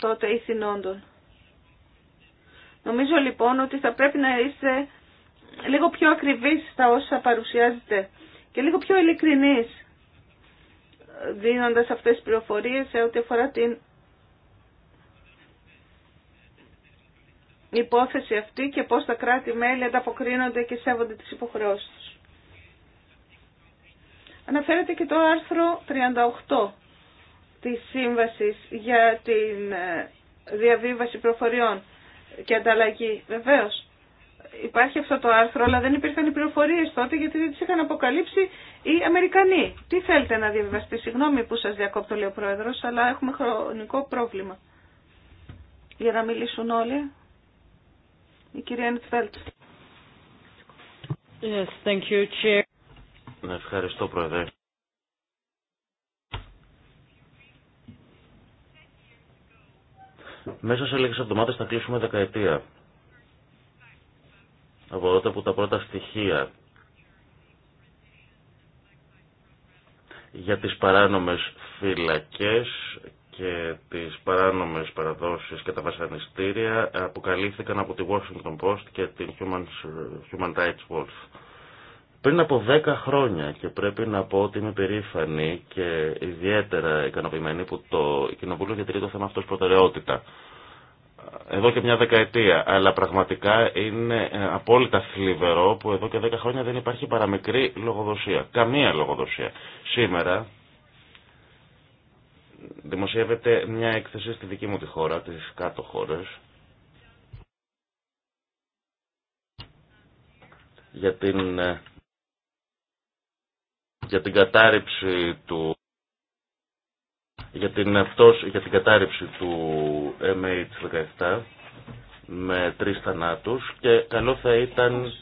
τότε ηθινόντων. Νομίζω λοιπόν ότι θα πρέπει να είστε λίγο πιο ακριβείς στα όσα παρουσιάζετε και λίγο πιο ειλικρινείς δίνοντας αυτές τις πληροφορίες σε ό,τι αφορά την υπόθεση αυτή και πώς τα κράτη-μέλη ανταποκρίνονται και σέβονται τις υποχρεώσεις τους. Αναφέρεται και το άρθρο 38 της Σύμβασης για την ε, διαβίβαση προφοριών και ανταλλαγή. Βεβαίως, υπάρχει αυτό το άρθρο, αλλά δεν υπήρχαν οι πληροφορίε τότε γιατί δεν τις είχαν αποκαλύψει οι Αμερικανοί. Τι θέλετε να διαβιβαστεί, συγγνώμη που σας διακόπτω λέει ο Πρόεδρος, αλλά έχουμε χρονικό πρόβλημα. Για να μιλήσουν όλοι. Η κυρία Νιτφέλτ. Yes, thank you, Chair. Ευχαριστώ, Πρόεδρε. Μέσα σε λίγες εβδομάδες θα κλείσουμε δεκαετία από τότε που τα πρώτα στοιχεία για τις παράνομες φυλακές και τις παράνομες παραδόσεις και τα βασανιστήρια αποκαλύφθηκαν από τη Washington Post και την Human, Rights Watch. Πριν από 10 χρόνια και πρέπει να πω ότι είμαι περήφανη και ιδιαίτερα ικανοποιημένη που το Κοινοβούλιο διατηρεί το θέμα αυτό προτεραιότητα εδώ και μια δεκαετία. Αλλά πραγματικά είναι ε, απόλυτα θλιβερό που εδώ και δέκα χρόνια δεν υπάρχει παραμικρή λογοδοσία. Καμία λογοδοσία. Σήμερα δημοσιεύεται μια έκθεση στη δική μου τη χώρα, τις κάτω χώρες, για την, ε, για την κατάρριψη του για την, κατάρρυψη για την του MH17 με τρεις θανάτους και καλό θα ήταν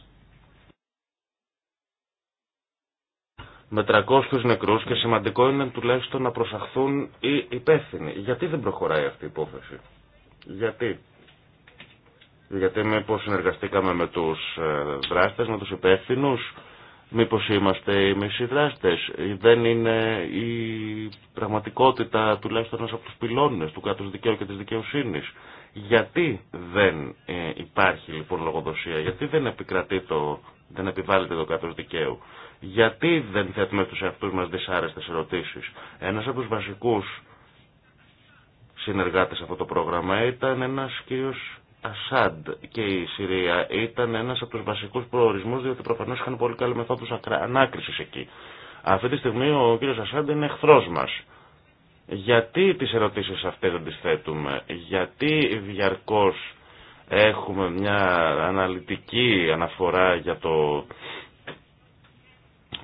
με 300 νεκρούς και σημαντικό είναι τουλάχιστον να προσαχθούν οι υπεύθυνοι. Γιατί δεν προχωράει αυτή η υπόθεση. Γιατί. Γιατί μήπως συνεργαστήκαμε με τους ε, δράστες, με τους υπεύθυνους Μήπως είμαστε οι μεσηδράστες, δεν είναι η πραγματικότητα τουλάχιστον ένας από τους πυλώνες του κράτους δικαίου και της δικαιοσύνης. Γιατί δεν ε, υπάρχει λοιπόν λογοδοσία, γιατί δεν επικρατεί το, δεν επιβάλλεται το κράτος δικαίου, γιατί δεν θέτουμε στους εαυτούς μας δυσάρεστες ερωτήσεις. Ένας από τους βασικούς συνεργάτες αυτό το πρόγραμμα ήταν ένας κύριος Ασάντ και η Συρία ήταν ένας από τους βασικούς προορισμούς διότι προφανώς είχαν πολύ καλή μεθόδους ανάκρισης εκεί. Αυτή τη στιγμή ο κύριος Ασάντ είναι εχθρός μας. Γιατί τις ερωτήσεις αυτές δεν τις θέτουμε, γιατί διαρκώς έχουμε μια αναλυτική αναφορά για το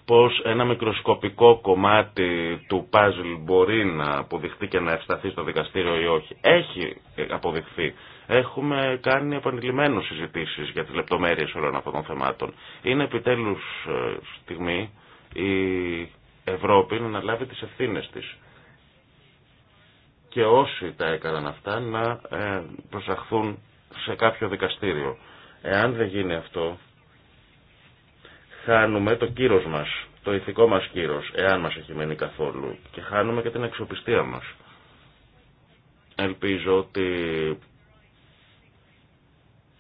πως ένα μικροσκοπικό κομμάτι του παζλ μπορεί να αποδειχθεί και να ευσταθεί στο δικαστήριο ή όχι. Έχει αποδειχθεί Έχουμε κάνει επανειλημμένους συζητήσει για τις λεπτομέρειες όλων αυτών των θεμάτων. Είναι επιτέλους ε, στιγμή η Ευρώπη να αναλάβει τις ευθύνε της. Και όσοι τα έκαναν αυτά να ε, προσαχθούν σε κάποιο δικαστήριο. Εάν δεν γίνει αυτό, χάνουμε το κύρος μας, το ηθικό μας κύρος, εάν μας έχει μείνει καθόλου. Και χάνουμε και την αξιοπιστία μας. Ελπίζω ότι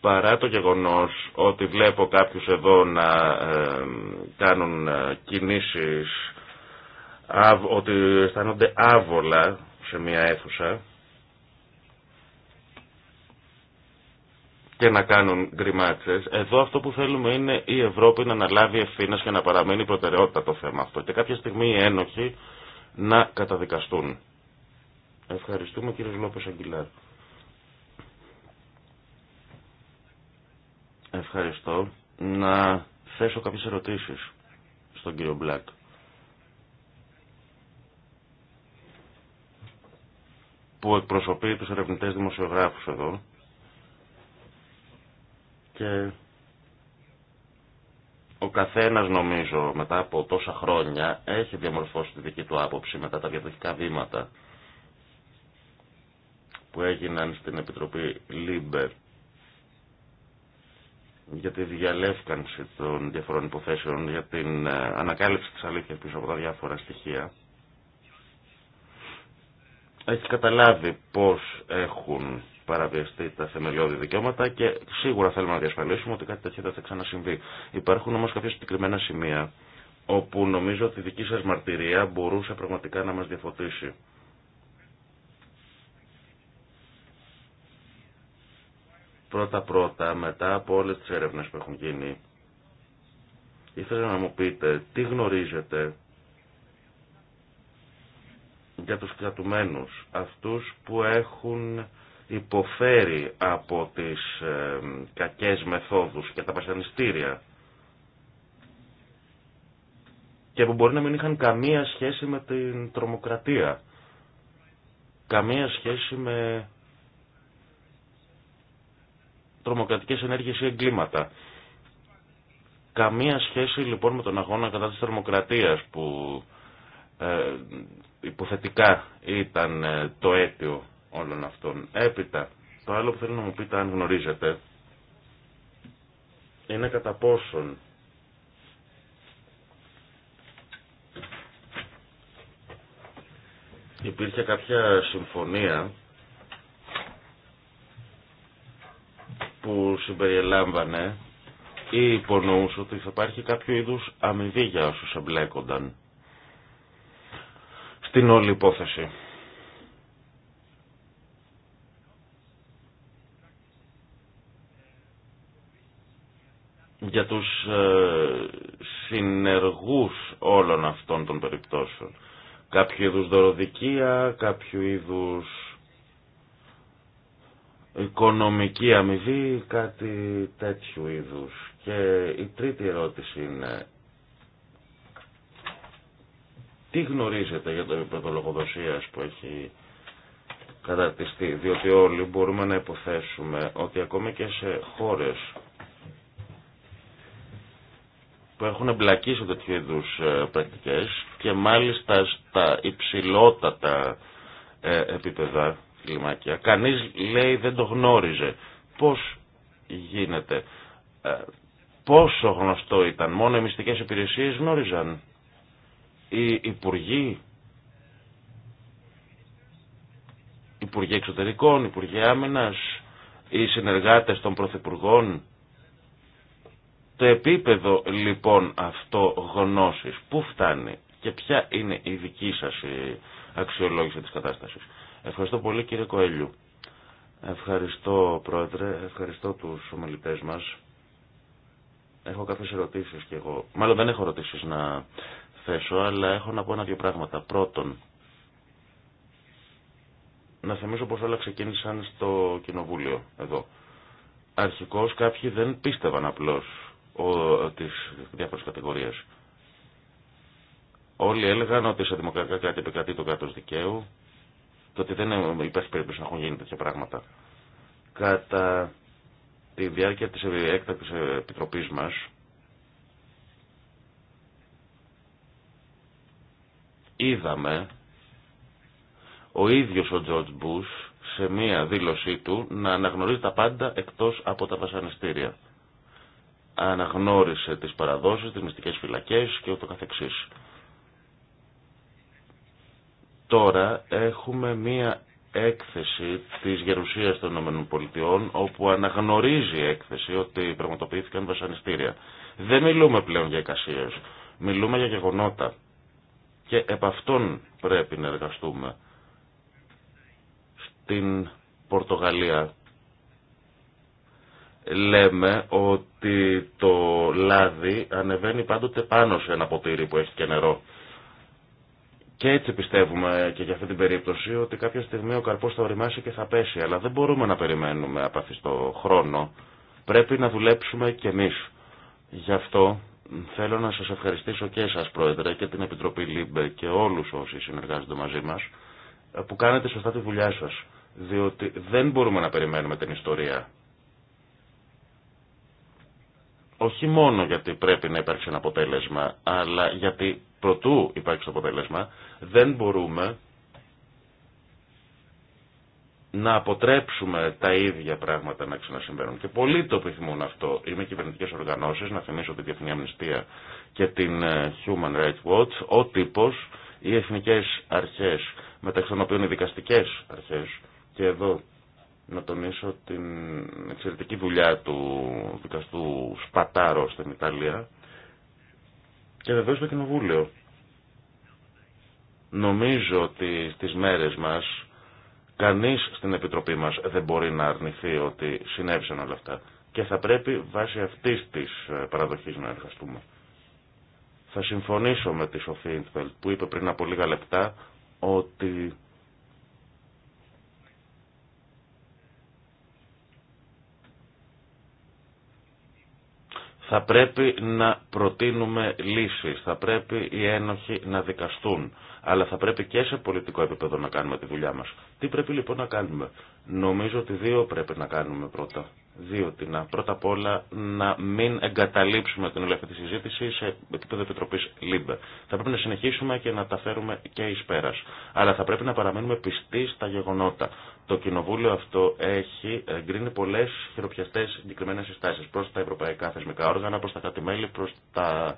παρά το γεγονός ότι βλέπω κάποιους εδώ να ε, κάνουν ε, κινήσεις ότι αισθάνονται άβολα σε μια αίθουσα και να κάνουν γκριμάτσες. Εδώ αυτό που θέλουμε είναι η Ευρώπη να αναλάβει ευθύνες και να παραμείνει προτεραιότητα το θέμα αυτό και κάποια στιγμή οι ένοχοι να καταδικαστούν. Ευχαριστούμε κύριε Λόπες Αγγιλάρ. Ευχαριστώ. Να θέσω κάποιες ερωτήσεις στον κύριο Μπλάκ. που εκπροσωπεί τους ερευνητές δημοσιογράφους εδώ και ο καθένας νομίζω μετά από τόσα χρόνια έχει διαμορφώσει τη δική του άποψη μετά τα διαδοχικά βήματα που έγιναν στην Επιτροπή Λίμπερ για τη διαλεύκανση των διαφορών υποθέσεων, για την ε, ανακάλυψη της αλήθειας πίσω από τα διάφορα στοιχεία. Έχει καταλάβει πώς έχουν παραβιαστεί τα θεμελιώδη δικαιώματα και σίγουρα θέλουμε να διασφαλίσουμε ότι κάτι τέτοιο δεν θα ξανασυμβεί. Υπάρχουν όμως κάποια συγκεκριμένα σημεία όπου νομίζω ότι η δική σας μαρτυρία μπορούσε πραγματικά να μας διαφωτίσει. Πρώτα-πρώτα, μετά από όλες τις έρευνες που έχουν γίνει, ήθελα να μου πείτε τι γνωρίζετε για τους κρατουμένους, αυτούς που έχουν υποφέρει από τις ε, κακές μεθόδους και τα βασανιστήρια και που μπορεί να μην είχαν καμία σχέση με την τρομοκρατία, καμία σχέση με τρομοκρατικές ενέργειες ή εγκλήματα. Καμία σχέση λοιπόν με τον αγώνα κατά της τρομοκρατίας που ε, υποθετικά ήταν ε, το αίτιο όλων αυτών. Έπειτα, το άλλο που θέλω να μου πείτε αν γνωρίζετε είναι κατά πόσον υπήρχε κάποια συμφωνία που συμπεριελάμβανε ή υπονοούσε ότι θα υπάρχει κάποιο είδους αμοιβή για όσους εμπλέκονταν στην όλη υπόθεση. για τους ε, συνεργούς όλων αυτών των περιπτώσεων. Κάποιο είδους δωροδικία, κάποιο είδους οικονομική αμοιβή ή κάτι τέτοιου είδους. Και η τρίτη ερώτηση είναι τι γνωρίζετε για το επίπεδο λογοδοσίας που έχει καταρτιστεί, διότι όλοι μπορούμε να υποθέσουμε ότι ακόμα και σε χώρες που έχουν εμπλακεί σε τέτοιου είδου ε, πρακτικές και μάλιστα στα υψηλότατα ε, επίπεδα κλιμάκια. Κανείς λέει δεν το γνώριζε. Πώς γίνεται. Ε, πόσο γνωστό ήταν. Μόνο οι μυστικές υπηρεσίες γνώριζαν. Οι υπουργοί. Υπουργοί εξωτερικών, υπουργοί Αμυνα, οι συνεργάτες των πρωθυπουργών. Το επίπεδο λοιπόν αυτό γνώσης, πού φτάνει και ποια είναι η δική σας αξιολόγηση της κατάστασης. Ευχαριστώ πολύ κύριε Κοέλιου. Ευχαριστώ πρόεδρε, ευχαριστώ τους ομιλητές μας. Έχω κάποιες ερωτήσεις και εγώ. Μάλλον δεν έχω ερωτήσεις να θέσω, αλλά έχω να πω ένα-δύο πράγματα. Πρώτον, να θυμίσω πως όλα ξεκίνησαν στο κοινοβούλιο εδώ. Αρχικώς κάποιοι δεν πίστευαν απλώς ο, τις διάφορες κατηγορίες. Όλοι έλεγαν ότι σε δημοκρατικά κράτη επικρατεί το κράτος δικαίου, το ότι δεν υπάρχει περίπτωση να έχουν γίνει τέτοια πράγματα. Κατά τη διάρκεια της έκτακτης επιτροπής μας, είδαμε ο ίδιος ο Τζορτ Μπούς σε μία δήλωσή του να αναγνωρίζει τα πάντα εκτός από τα βασανιστήρια. Αναγνώρισε τις παραδόσεις, τις μυστικές φυλακές και ούτω καθεξής. Τώρα έχουμε μία έκθεση της Γερουσίας των ΗΠΑ όπου αναγνωρίζει η έκθεση ότι πραγματοποιήθηκαν βασανιστήρια. Δεν μιλούμε πλέον για εικασίες, μιλούμε για γεγονότα και επ' αυτών πρέπει να εργαστούμε. Στην Πορτογαλία λέμε ότι το λάδι ανεβαίνει πάντοτε πάνω σε ένα ποτήρι που έχει και νερό. Και έτσι πιστεύουμε και για αυτή την περίπτωση ότι κάποια στιγμή ο καρπός θα οριμάσει και θα πέσει. Αλλά δεν μπορούμε να περιμένουμε απαθιστό χρόνο. Πρέπει να δουλέψουμε κι εμείς. Γι' αυτό θέλω να σας ευχαριστήσω και εσάς Πρόεδρε και την Επιτροπή ΛΥΜΠΕ και όλους όσοι συνεργάζονται μαζί μας που κάνετε σωστά τη δουλειά σας. Διότι δεν μπορούμε να περιμένουμε την ιστορία. Όχι μόνο γιατί πρέπει να υπάρξει ένα αποτέλεσμα, αλλά γιατί προτού υπάρξει το αποτέλεσμα, δεν μπορούμε να αποτρέψουμε τα ίδια πράγματα να ξανασυμβαίνουν. Και πολλοί το επιθυμούν αυτό. Είμαι κυβερνητικέ οργανώσει, να θυμίσω την Διεθνή Αμνηστία και την ε, Human Rights Watch, ο τύπο, οι εθνικέ αρχέ, μεταξύ των οποίων οι δικαστικέ αρχέ, και εδώ να τονίσω την εξαιρετική δουλειά του δικαστού Σπατάρο στην Ιταλία, και βεβαίως το Κοινοβούλιο. Νομίζω ότι στις μέρες μας κανείς στην Επιτροπή μας δεν μπορεί να αρνηθεί ότι συνέβησαν όλα αυτά και θα πρέπει βάσει αυτής της ε, παραδοχής να εργαστούμε. Θα συμφωνήσω με τη Σοφή που είπε πριν από λίγα λεπτά ότι Θα πρέπει να προτείνουμε λύσεις, θα πρέπει οι ένοχοι να δικαστούν αλλά θα πρέπει και σε πολιτικό επίπεδο να κάνουμε τη δουλειά μας. Τι πρέπει λοιπόν να κάνουμε. Νομίζω ότι δύο πρέπει να κάνουμε πρώτα. Δύο τι να. Πρώτα απ' όλα να μην εγκαταλείψουμε την ελεύθερη τη συζήτηση σε επίπεδο Επιτροπής ΛΥΜΠΕ. Θα πρέπει να συνεχίσουμε και να τα φέρουμε και εις πέρας. Αλλά θα πρέπει να παραμείνουμε πιστοί στα γεγονότα. Το κοινοβούλιο αυτό έχει εγκρίνει πολλές χειροπιαστές συγκεκριμένε συστάσεις προς τα ευρωπαϊκά θεσμικά όργανα, προς τα κατημέλη, τα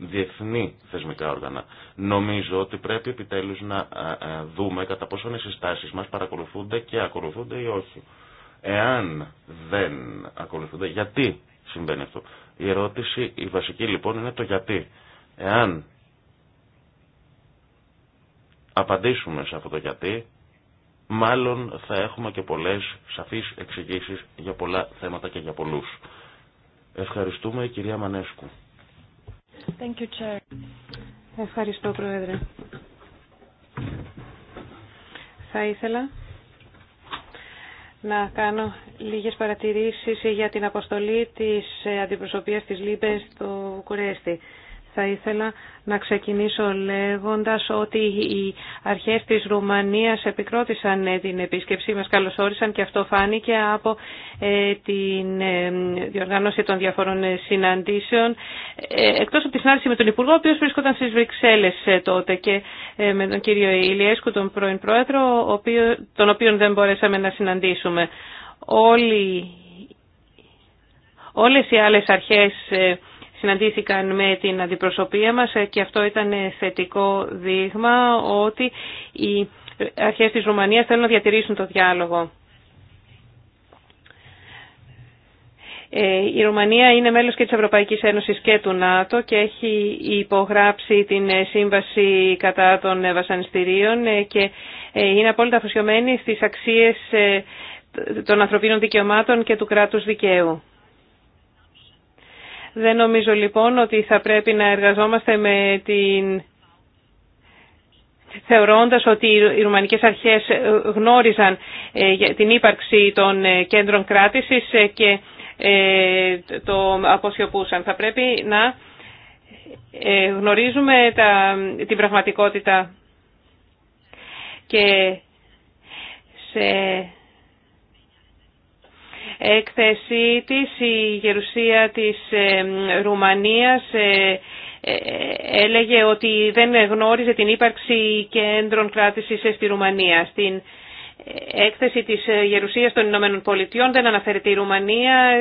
διεθνή θεσμικά όργανα. Νομίζω ότι πρέπει επιτέλους να ε, ε, δούμε κατά πόσο οι συστάσεις μας παρακολουθούνται και ακολουθούνται ή όχι. Εάν δεν ακολουθούνται, γιατί συμβαίνει αυτό. Η ερώτηση, η βασική λοιπόν είναι το γιατί. Εάν απαντήσουμε σε αυτό το γιατί, μάλλον θα έχουμε και πολλές σαφείς εξηγήσεις για πολλά θέματα και για πολλούς. Ευχαριστούμε η κυρία Μανέσκου. Thank you, Chair. Ευχαριστώ, Πρόεδρε. Θα ήθελα να κάνω λίγες παρατηρήσεις για την αποστολή της αντιπροσωπείας της ΛΥΠΕ στο Κουρέστι. Θα ήθελα να ξεκινήσω λέγοντας ότι οι αρχές της Ρουμανίας επικρότησαν ε, την επίσκεψή μας, καλωσόρισαν και αυτό φάνηκε από ε, την ε, διοργάνωση των διαφορών συναντήσεων, εκτός από τη συνάντηση με τον Υπουργό, ο οποίος βρίσκονταν στις Βρυξέλλες τότε και με τον κύριο Ηλιέσκου, τον πρώην Πρόεδρο, τον οποίον δεν μπορέσαμε να συναντήσουμε. Όλοι, όλες οι άλλες αρχές συναντήθηκαν με την αντιπροσωπεία μας ε, και αυτό ήταν θετικό δείγμα ότι οι αρχές της Ρουμανίας θέλουν να διατηρήσουν το διάλογο. Ε, η Ρουμανία είναι μέλος και της Ευρωπαϊκής Ένωσης και του ΝΑΤΟ και έχει υπογράψει την σύμβαση κατά των βασανιστήριων ε, και είναι απόλυτα αφοσιωμένη στις αξίες των ανθρωπίνων δικαιωμάτων και του κράτους δικαίου. Δεν νομίζω λοιπόν ότι θα πρέπει να εργαζόμαστε με την θεωρώντας ότι οι Ρουμανικές αρχές ε, γνώριζαν ε, την ύπαρξη των ε, κέντρων κράτησης και το αποσιωπούσαν. Θα πρέπει να γνωρίζουμε τα, την πραγματικότητα και σε έκθεσή της η γερουσία της ε, Ρουμανίας ε, ε, έλεγε ότι δεν γνώριζε την ύπαρξη κέντρων κράτησης στη Ρουμανία. Στην έκθεση της Γερουσίας των Ηνωμένων Πολιτειών δεν αναφέρεται η Ρουμανία,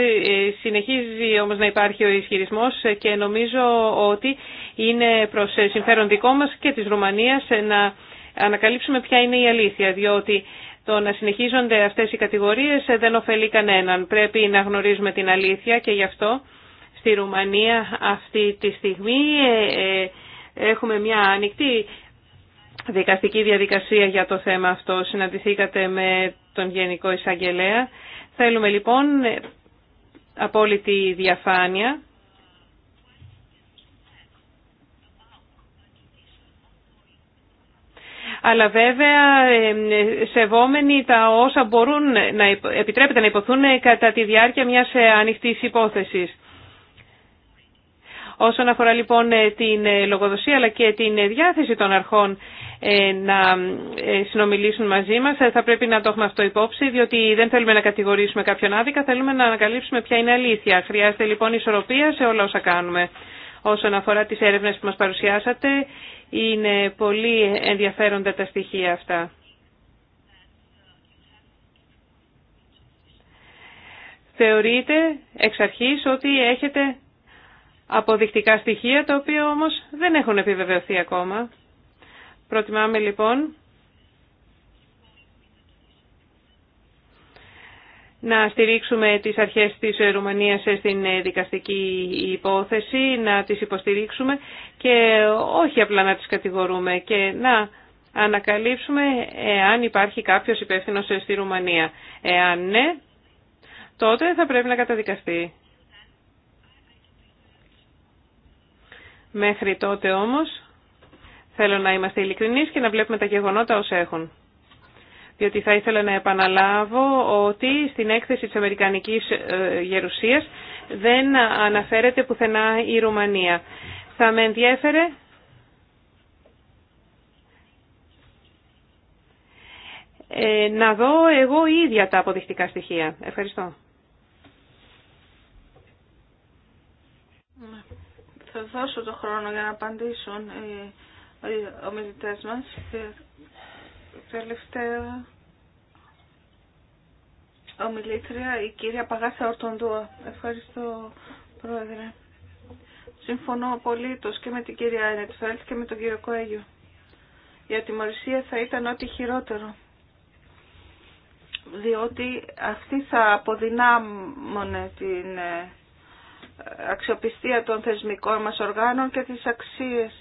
συνεχίζει όμως να υπάρχει ο ισχυρισμός και νομίζω ότι είναι προς συμφέρον δικό μας και της Ρουμανίας να ανακαλύψουμε ποια είναι η αλήθεια, διότι το να συνεχίζονται αυτές οι κατηγορίες ε, δεν ωφελεί κανέναν. Πρέπει να γνωρίζουμε την αλήθεια και γι' αυτό στη Ρουμανία αυτή τη στιγμή ε, ε, έχουμε μια ανοιχτή δικαστική διαδικασία για το θέμα αυτό. Συναντηθήκατε με τον Γενικό Εισαγγελέα. Θέλουμε λοιπόν απόλυτη διαφάνεια αλλά βέβαια σεβόμενοι τα όσα μπορούν να επιτρέπεται να υποθούν κατά τη διάρκεια μιας ε, ανοιχτής υπόθεσης. Όσον αφορά λοιπόν ε, την ε, λογοδοσία αλλά και την διάθεση των αρχών να συνομιλήσουν μαζί μας, θα πρέπει να το έχουμε αυτό υπόψη, διότι δεν θέλουμε να κατηγορήσουμε κάποιον άδικα, θέλουμε να ανακαλύψουμε ποια είναι αλήθεια. Χρειάζεται λοιπόν ισορροπία σε όλα όσα κάνουμε. Όσον αφορά τις έρευνες που μας παρουσιάσατε, είναι πολύ ενδιαφέροντα τα στοιχεία αυτά. Θεωρείτε εξ αρχής ότι έχετε αποδεικτικά στοιχεία, τα οποία όμως δεν έχουν επιβεβαιωθεί ακόμα. Προτιμάμε λοιπόν να στηρίξουμε τις αρχές της Ρουμανίας στην ε, δικαστική υπόθεση, να τις υποστηρίξουμε και όχι απλά να τις κατηγορούμε και να ανακαλύψουμε εάν υπάρχει κάποιος υπεύθυνος στη Ρουμανία. Εάν ναι, τότε θα πρέπει να καταδικαστεί. Μέχρι τότε όμως θέλω να είμαστε ειλικρινείς και να βλέπουμε τα γεγονότα ως έχουν διότι θα ήθελα να επαναλάβω ότι στην έκθεση της Αμερικανικής ε, Γερουσίας δεν αναφέρεται πουθενά η Ρουμανία. Θα με ενδιέφερε ε, να δω εγώ ίδια τα αποδεικτικά στοιχεία. Ευχαριστώ. Ναι. Θα δώσω το χρόνο για να απαντήσουν οι ομιλητές μας τελευταία ομιλήτρια, η κυρία Παγάσα Ορτοντούα. Ευχαριστώ, Πρόεδρε. Συμφωνώ απολύτως και με την κυρία Ενετφέλτ και με τον κύριο Κοέγιο. Η ατιμορρυσία θα ήταν ό,τι χειρότερο. Διότι αυτή θα αποδυνάμωνε την ε, αξιοπιστία των θεσμικών μας οργάνων και τις αξίες.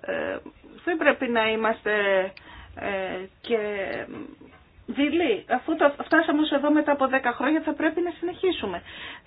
Ε, δεν πρέπει να είμαστε ε, και δειλή. Αφού το φτάσαμε ως εδώ μετά από 10 χρόνια θα πρέπει να συνεχίσουμε.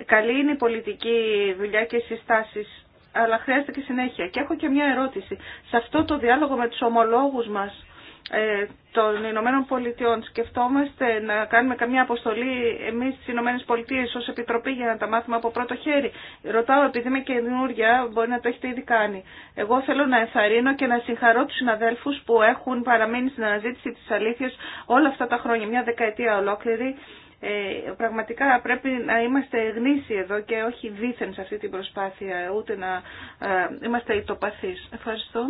Καλή είναι η πολιτική δουλειά και οι συστάσεις, αλλά χρειάζεται και συνέχεια. Και έχω και μια ερώτηση. Σε αυτό το διάλογο με τους ομολόγους μας, ε, των Ηνωμένων Πολιτειών σκεφτόμαστε να κάνουμε καμία αποστολή εμείς στις Ηνωμένες Πολιτείες ως Επιτροπή για να τα μάθουμε από πρώτο χέρι. Ρωτάω επειδή είμαι καινούρια, μπορεί να το έχετε ήδη κάνει. Εγώ θέλω να εθαρρύνω και να συγχαρώ τους συναδέλφους που έχουν παραμείνει στην αναζήτηση της αλήθειας όλα αυτά τα χρόνια, μια δεκαετία ολόκληρη. Ε, πραγματικά πρέπει να είμαστε γνήσιοι εδώ και όχι δίθεν σε αυτή την προσπάθεια, ούτε να ε, είμαστε ητοπαθείς. Ευχαριστώ.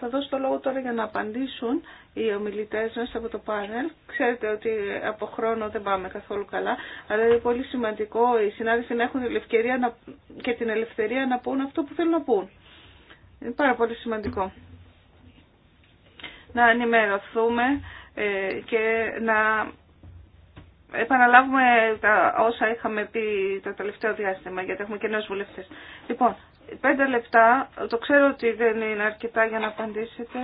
Θα δώσω το λόγο τώρα για να απαντήσουν οι ομιλητές μας από το πάνελ. Ξέρετε ότι από χρόνο δεν πάμε καθόλου καλά, αλλά είναι πολύ σημαντικό οι συνάδελφοι να έχουν την ευκαιρία να... και την ελευθερία να πούν αυτό που θέλουν να πούν. Είναι πάρα πολύ σημαντικό. Να ενημερωθούμε ε, και να επαναλάβουμε τα όσα είχαμε πει το τελευταίο διάστημα, γιατί έχουμε και νέους βουλευτές. Λοιπόν, Πέντε λεπτά, το ξέρω ότι δεν είναι αρκετά για να απαντήσετε.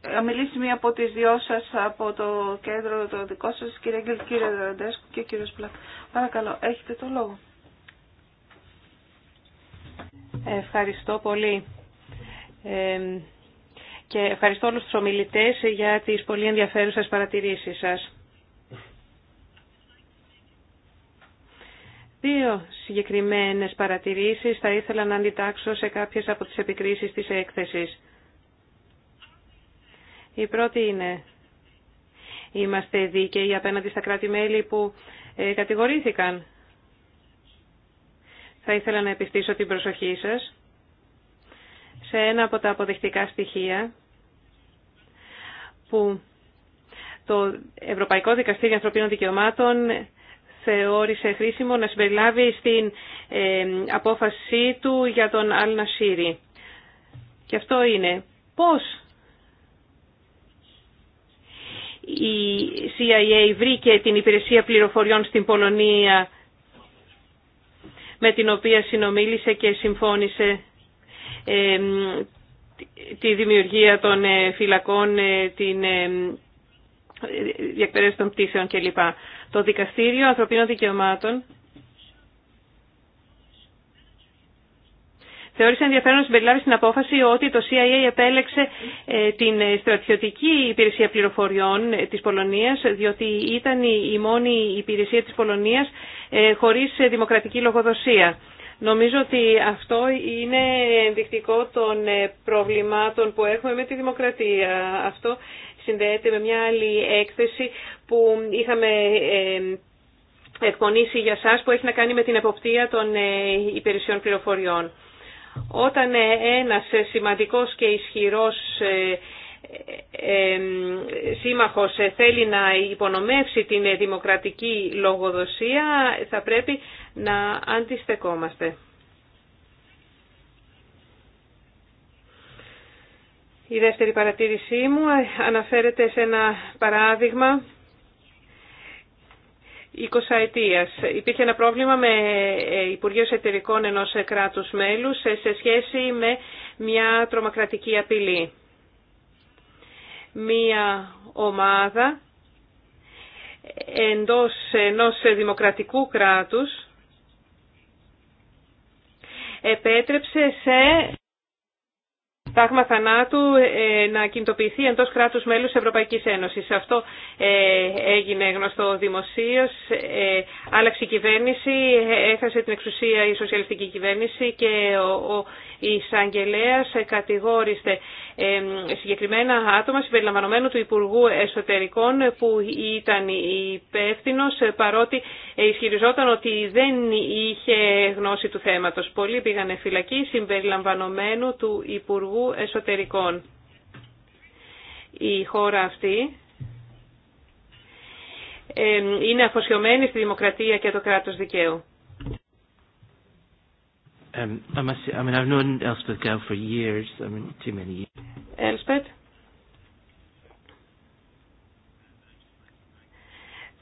Θα μιλήσει μία από τις δυο σας από το κέντρο το δικό σας, κύριε Αγγελ, κύριε Δαντέσκου και κύριος Πλακ. Παρακαλώ, έχετε το λόγο. Ευχαριστώ πολύ. Ε, και ευχαριστώ όλους τους ομιλητές για τις πολύ ενδιαφέρουσες παρατηρήσεις σας. Δύο συγκεκριμένες παρατηρήσεις θα ήθελα να αντιτάξω σε κάποιες από τις επικρίσεις της έκθεσης. Η πρώτη είναι, είμαστε δίκαιοι απέναντι στα κράτη-μέλη που ε, κατηγορήθηκαν. Θα ήθελα να επιστήσω την προσοχή σας σε ένα από τα αποδεκτικά στοιχεία που το Ευρωπαϊκό Δικαστήριο Ανθρωπίνων Δικαιωμάτων θεώρησε χρήσιμο να συμπεριλάβει στην ε, απόφασή του για τον Αλ Και αυτό είναι πώς η CIA βρήκε την υπηρεσία πληροφοριών στην Πολωνία με την οποία συνομίλησε και συμφώνησε ε, τη δημιουργία των ε, φυλακών, την διακπαιδεύση των πτήσεων κλπ το Δικαστήριο Ανθρωπίνων Δικαιωμάτων θεώρησε ενδιαφέρον να συμπεριλάβει στην απόφαση ότι το CIA επέλεξε ε, την στρατιωτική υπηρεσία πληροφοριών ε, της Πολωνίας, διότι ήταν η μόνη υπηρεσία της Πολωνίας ε, χωρίς δημοκρατική λογοδοσία. Νομίζω ότι αυτό είναι ενδεικτικό των προβλημάτων που έχουμε με τη δημοκρατία. Αυτό συνδέεται με μια άλλη έκθεση που είχαμε ε, εκπονήσει για σας που έχει να κάνει με την εποπτεία των ε, υπηρεσιών πληροφοριών. Όταν ε, ένας σημαντικός και ισχυρός σύμμαχος θέλει να υπονομεύσει την δημοκρατική λογοδοσία θα πρέπει να αντιστεκόμαστε. Η δεύτερη παρατήρησή μου ε, αναφέρεται σε ένα παράδειγμα 20 ετίας. Υπήρχε ένα πρόβλημα με ε, Υπουργείο Εταιρικών ενός ε, κράτους μέλους σε σχέση με μια τρομακρατική απειλή. Μια ομάδα εντός ενός δημοκρατικού κράτους επέτρεψε σε τάγμα θανάτου ε, να κινητοποιηθεί εντός κράτους μέλους Ευρωπαϊκής Ένωσης. Αυτό ε, έγινε γνωστό δημοσίως, ε, άλλαξε η κυβέρνηση, έχασε την εξουσία η σοσιαλιστική κυβέρνηση και ο εισαγγελέα κατηγόρησε συγκεκριμένα άτομα συμπεριλαμβανομένου του Υπουργού Εσωτερικών που ήταν υπεύθυνο παρότι ισχυριζόταν ότι δεν είχε γνώση του θέματος. Πολλοί πήγανε φυλακή συμπεριλαμβανομένου του Υπουργού Εσωτερικών. Η χώρα αυτή είναι αφοσιωμένη στη δημοκρατία και το κράτος δικαίου. Ελσπετ,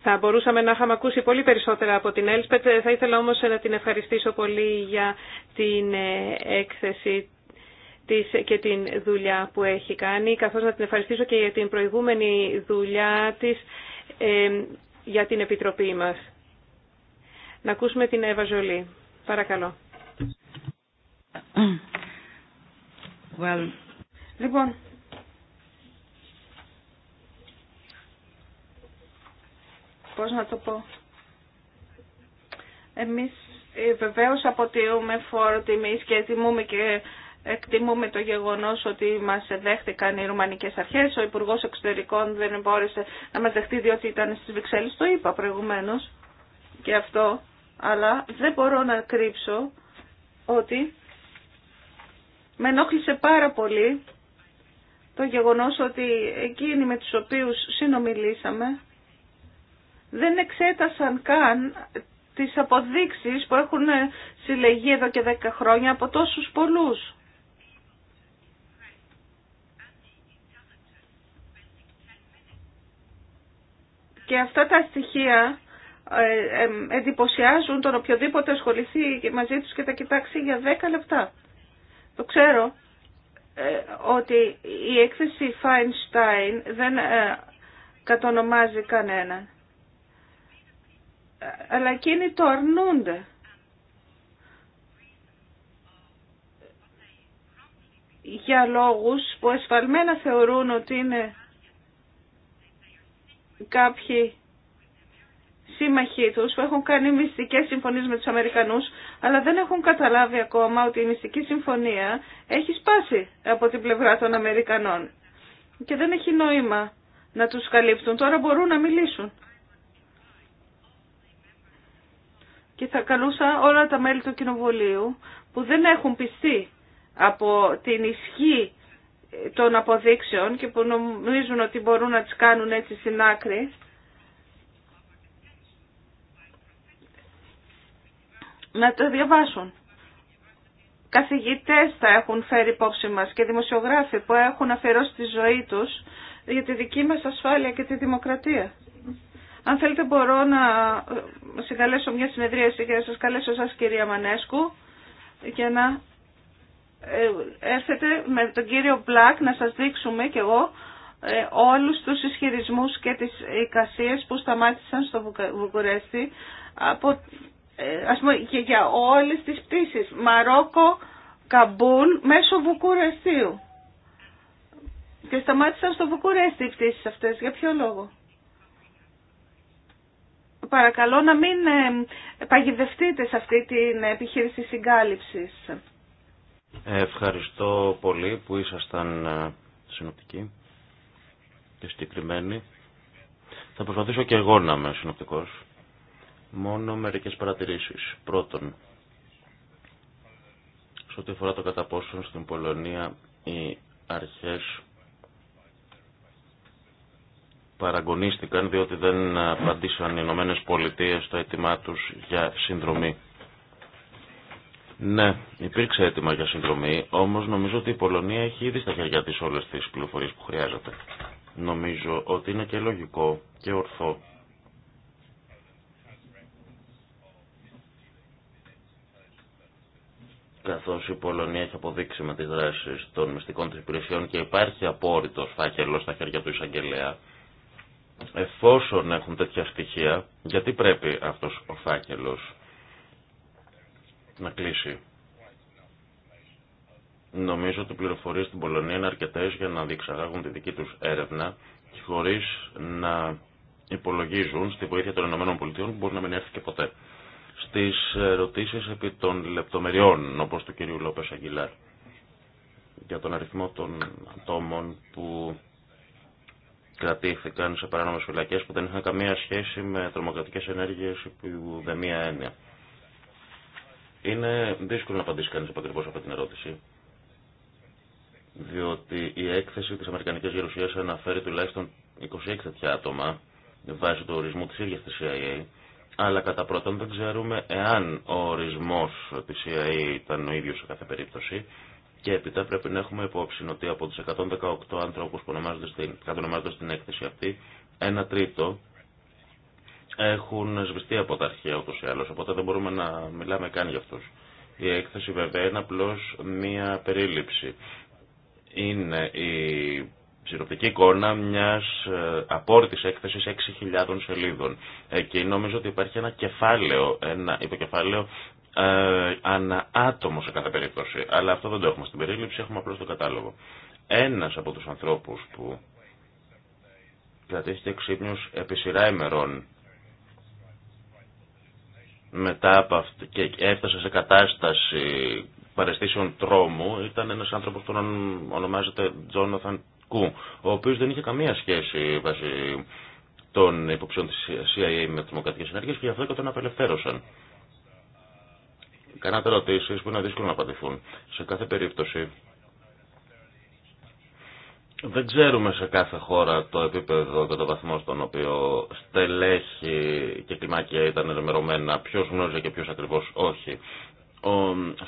θα μπορούσαμε να είχαμε ακούσει πολύ περισσότερα από την Ελσπετ. Θα ήθελα όμως να την ευχαριστήσω πολύ για την ε, έκθεση της και την δουλειά που έχει κάνει, καθώς να την ευχαριστήσω και για την προηγούμενη δουλειά της ε, για την Επιτροπή μας. Να ακούσουμε την Εύα Ζολή. Παρακαλώ. Well. Λοιπόν, πώς να το πω. Εμείς ε, βεβαίως αποτείουμε φόρο τιμής και τιμούμε και Εκτιμούμε το γεγονός ότι μας δέχτηκαν οι Ρουμανικές Αρχές. Ο Υπουργός Εξωτερικών δεν μπόρεσε να μας δεχτεί διότι ήταν στις Βρυξέλλες, το είπα προηγουμένως και αυτό. Αλλά δεν μπορώ να κρύψω ότι με ενόχλησε πάρα πολύ το γεγονός ότι εκείνοι με τους οποίους συνομιλήσαμε δεν εξέτασαν καν τις αποδείξεις που έχουν συλλεγεί εδώ και δέκα χρόνια από τόσους πολλούς. Και αυτά τα στοιχεία ε, ε, εντυπωσιάζουν τον οποιοδήποτε ασχοληθεί μαζί τους και τα κοιτάξει για 10 λεπτά. Το ξέρω ε, ότι η έκθεση Feinstein δεν κατονομάζει κανέναν. Αλλά εκείνοι το αρνούνται. Για λόγους που εσφαλμένα θεωρούν ότι είναι κάποιοι σύμμαχοί τους που έχουν κάνει μυστικές συμφωνίες με τους Αμερικανούς, αλλά δεν έχουν καταλάβει ακόμα ότι η μυστική συμφωνία έχει σπάσει από την πλευρά των Αμερικανών και δεν έχει νόημα να τους καλύπτουν. Τώρα μπορούν να μιλήσουν. Και θα καλούσα όλα τα μέλη του Κοινοβουλίου που δεν έχουν πιστεί από την ισχύ των αποδείξεων και που νομίζουν ότι μπορούν να τις κάνουν έτσι στην άκρη. Να το διαβάσουν. Καθηγητές θα έχουν φέρει υπόψη μας και δημοσιογράφοι που έχουν αφιερώσει τη ζωή τους για τη δική μας ασφάλεια και τη δημοκρατία. Αν θέλετε μπορώ να συγκαλέσω μια συνεδρίαση και να σας καλέσω σας κυρία Μανέσκου για να ε, έρθετε με τον κύριο Μπλακ να σας δείξουμε κι εγώ ε, όλους τους ισχυρισμούς και τις εικασίες που σταμάτησαν στο Βουκουρέστι από, ε, ας πούμε, και για όλες τις πτήσεις. Μαρόκο, Καμπούλ, μέσω Βουκουρεστίου. Και σταμάτησαν στο Βουκουρέστι οι πτήσεις αυτές. Για ποιο λόγο. Παρακαλώ να μην παγιδευτείτε σε αυτή την επιχείρηση συγκάλυψης. Ευχαριστώ πολύ που ήσασταν ε, συνοπτικοί και συγκεκριμένοι. Θα προσπαθήσω και εγώ να είμαι συνοπτικός. Μόνο μερικές παρατηρήσεις. Πρώτον, σε ό,τι αφορά το κατά πόσο στην Πολωνία οι αρχές παραγωνίστηκαν διότι δεν απαντήσαν οι Ηνωμένε Πολιτείε στο αίτημά τους για συνδρομή ναι, υπήρξε έτοιμα για συνδρομή, όμω νομίζω ότι η Πολωνία έχει ήδη στα χέρια τη όλε τι πληροφορίε που χρειάζεται. Νομίζω ότι είναι και λογικό και ορθό καθώς η Πολωνία έχει αποδείξει με τις δράσεις των μυστικών της υπηρεσιών και υπάρχει απόρριτο φάκελο στα χέρια του εισαγγελέα, εφόσον έχουν τέτοια στοιχεία, γιατί πρέπει αυτός ο φάκελος να κλείσει. Νομίζω ότι οι πληροφορίε στην Πολωνία είναι αρκετέ για να διεξαγάγουν τη δική του έρευνα χωρί να υπολογίζουν στη βοήθεια των ΗΠΑ που μπορεί να μην έρθει και ποτέ. Στι ερωτήσει επί των λεπτομεριών, όπω του κυρίου Λόπε Αγγιλάρ, για τον αριθμό των ατόμων που κρατήθηκαν σε παράνομε φυλακέ που δεν είχαν καμία σχέση με τρομοκρατικέ ενέργειε υπό μία έννοια. Είναι δύσκολο να απαντήσει κανείς ακριβώ αυτή την ερώτηση. Διότι η έκθεση τη Αμερικανική Γερουσία αναφέρει τουλάχιστον 26 τέτοια άτομα βάσει του ορισμού τη ίδια τη. CIA αλλά κατά πρώτον δεν ξέρουμε εάν ο ορισμό τη. CIA ήταν ο ίδιος σε κάθε περίπτωση και έπειτα πρέπει να έχουμε υπόψη ότι από του 118 άνθρωπους που ονομάζονται στην, κατονομάζονται στην έκθεση αυτή, ένα τρίτο έχουν σβηστεί από τα αρχαία ούτως ή άλλως, οπότε δεν μπορούμε να μιλάμε καν για αυτούς. Η έκθεση βέβαια είναι απλώς μία περίληψη. Είναι η ψηροπτική εικόνα μιας ε, απόρριτης έκθεσης 6.000 σελίδων. Και νομίζω ότι υπάρχει ένα κεφάλαιο, ένα υποκεφάλαιο ε, ανά άτομο σε κάθε περίπτωση. Αλλά αυτό δεν το έχουμε στην περίληψη, έχουμε απλώς το κατάλογο. Ένας από τους ανθρώπους που κρατήθηκε ξύπνιος επί σειρά ημερών μετά από αυτή, και έφτασε σε κατάσταση παρεστήσεων τρόμου ήταν ένας άνθρωπος που ονομάζεται Τζόναθαν Κου, ο οποίος δεν είχε καμία σχέση βάσει των υποψιών της CIA με δημοκρατικές ενέργειες και γι' αυτό και τον απελευθέρωσαν. Κάνατε ερωτήσει που είναι δύσκολο να απαντηθούν. Σε κάθε περίπτωση δεν ξέρουμε σε κάθε χώρα το επίπεδο και το βαθμό στον οποίο στελέχη και κλιμάκια ήταν ενημερωμένα, ποιο γνώριζε και ποιο ακριβώς όχι.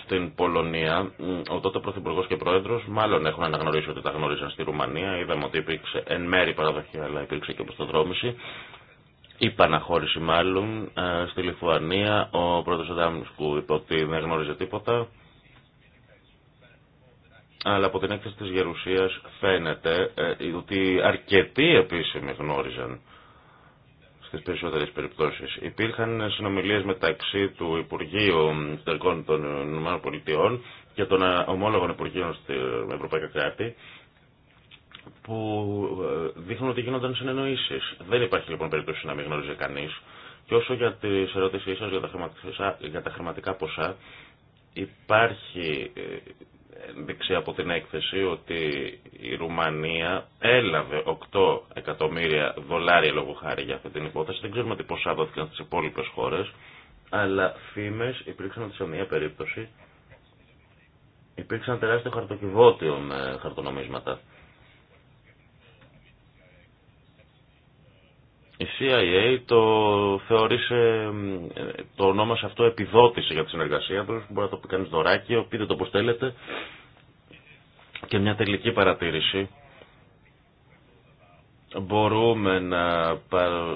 στην Πολωνία, ο τότε Πρωθυπουργό και Πρόεδρο μάλλον έχουν αναγνωρίσει ότι τα γνώριζαν στη Ρουμανία. Είδαμε ότι υπήρξε εν μέρη παραδοχή, αλλά υπήρξε και προστοδρόμηση. Η παναχώρηση μάλλον ε, στη Λιθουανία. Ο πρόεδρο Αντάμισκου είπε ότι δεν γνώριζε τίποτα αλλά από την έκθεση της Γερουσίας φαίνεται ε, ότι αρκετοί επίσημοι γνώριζαν στις περισσότερες περιπτώσεις. Υπήρχαν συνομιλίες μεταξύ του Υπουργείου Εξωτερικών των ΗΠΑ και των ε, ομόλογων Υπουργείων στην Ευρωπαϊκή Κράτη που ε, δείχνουν ότι γίνονταν συνεννοήσεις. Δεν υπάρχει λοιπόν περίπτωση να μην γνώριζε κανείς. Και όσο για τις ερωτήσεις σας για τα χρηματικά ποσά, υπάρχει ένδειξη από την έκθεση ότι η Ρουμανία έλαβε 8 εκατομμύρια δολάρια λόγω χάρη για αυτή την υπόθεση. Δεν ξέρουμε τι ποσά δόθηκαν στις υπόλοιπες χώρες, αλλά φήμες υπήρξαν ότι σε μια περίπτωση υπήρξαν τεράστιο χαρτοκιβώτιο με χαρτονομίσματα. Η CIA το θεώρησε, το ονόμασε αυτό επιδότηση για τη συνεργασία τους, μπορεί να το πει κανείς δωράκι, πείτε το πως θέλετε. Και μια τελική παρατήρηση. Μπορούμε να,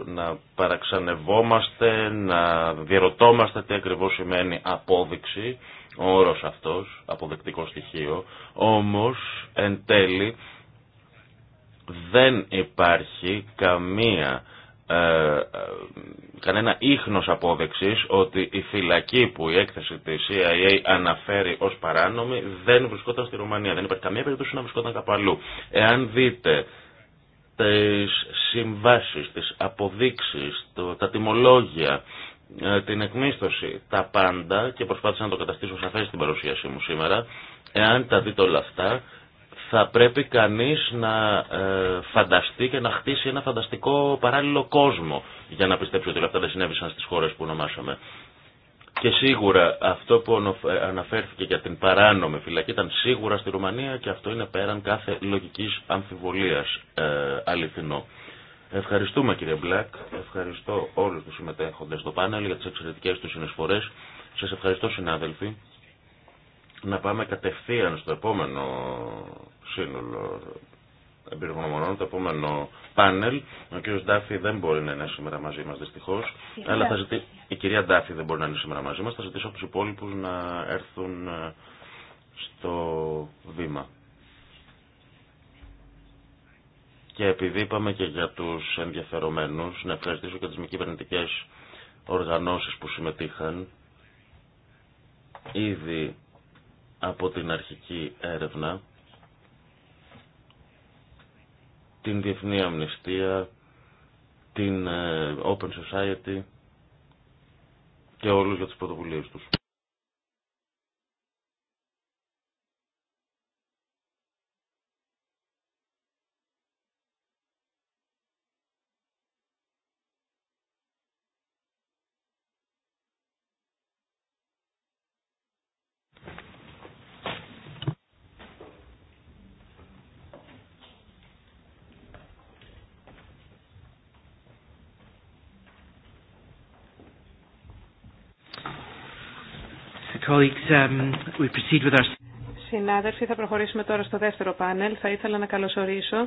να παραξανευόμαστε, να διαρωτόμαστε τι ακριβώς σημαίνει απόδειξη, ο όρος αυτός, αποδεκτικό στοιχείο, όμως εν τέλει δεν υπάρχει καμία ε, ε, κανένα ίχνος απόδειξης ότι η φυλακή που η έκθεση της CIA αναφέρει ως παράνομη δεν βρισκόταν στη Ρουμανία. Δεν υπάρχει καμία περίπτωση να βρισκόταν κάπου αλλού. Εάν δείτε τις συμβάσεις, τις αποδείξεις, τα τιμολόγια, ε, την εκμίσθωση, τα πάντα και προσπάθησα να το καταστήσω σαφές στην παρουσίασή μου σήμερα, εάν τα δείτε όλα αυτά θα πρέπει κανείς να ε, φανταστεί και να χτίσει ένα φανταστικό παράλληλο κόσμο για να πιστέψει ότι όλα αυτά δεν συνέβησαν στις χώρες που ονομάσαμε. Και σίγουρα αυτό που ε, αναφέρθηκε για την παράνομη φυλακή ήταν σίγουρα στη Ρουμανία και αυτό είναι πέραν κάθε λογικής αμφιβολίας ε, αληθινό. Ευχαριστούμε κύριε Μπλακ, ευχαριστώ όλους τους συμμετέχοντες στο πάνελ για τις εξαιρετικές τους συνεισφορές. Σας ευχαριστώ συνάδελφοι. Να πάμε κατευθείαν στο επόμενο σύνολο εμπειρογνωμονών, το επόμενο πάνελ. Ο κύριος Ντάφη δεν μπορεί να είναι σήμερα μαζί μα δυστυχώ. αλλά θα ζητήσω... η κυρία Ντάφη δεν μπορεί να είναι σήμερα μαζί μα. θα ζητήσω από του υπόλοιπου να έρθουν ε, στο βήμα. Και επειδή είπαμε και για του ενδιαφερομένους, να ευχαριστήσω και τι μη κυβερνητικέ οργανώσει που συμμετείχαν ήδη από την αρχική έρευνα την Διεθνή Αμνηστία, την ε, Open Society και όλους για τις πρωτοβουλίες τους. Um, Συνάδελφοι, θα προχωρήσουμε τώρα στο δεύτερο πάνελ. Θα ήθελα να καλωσορίσω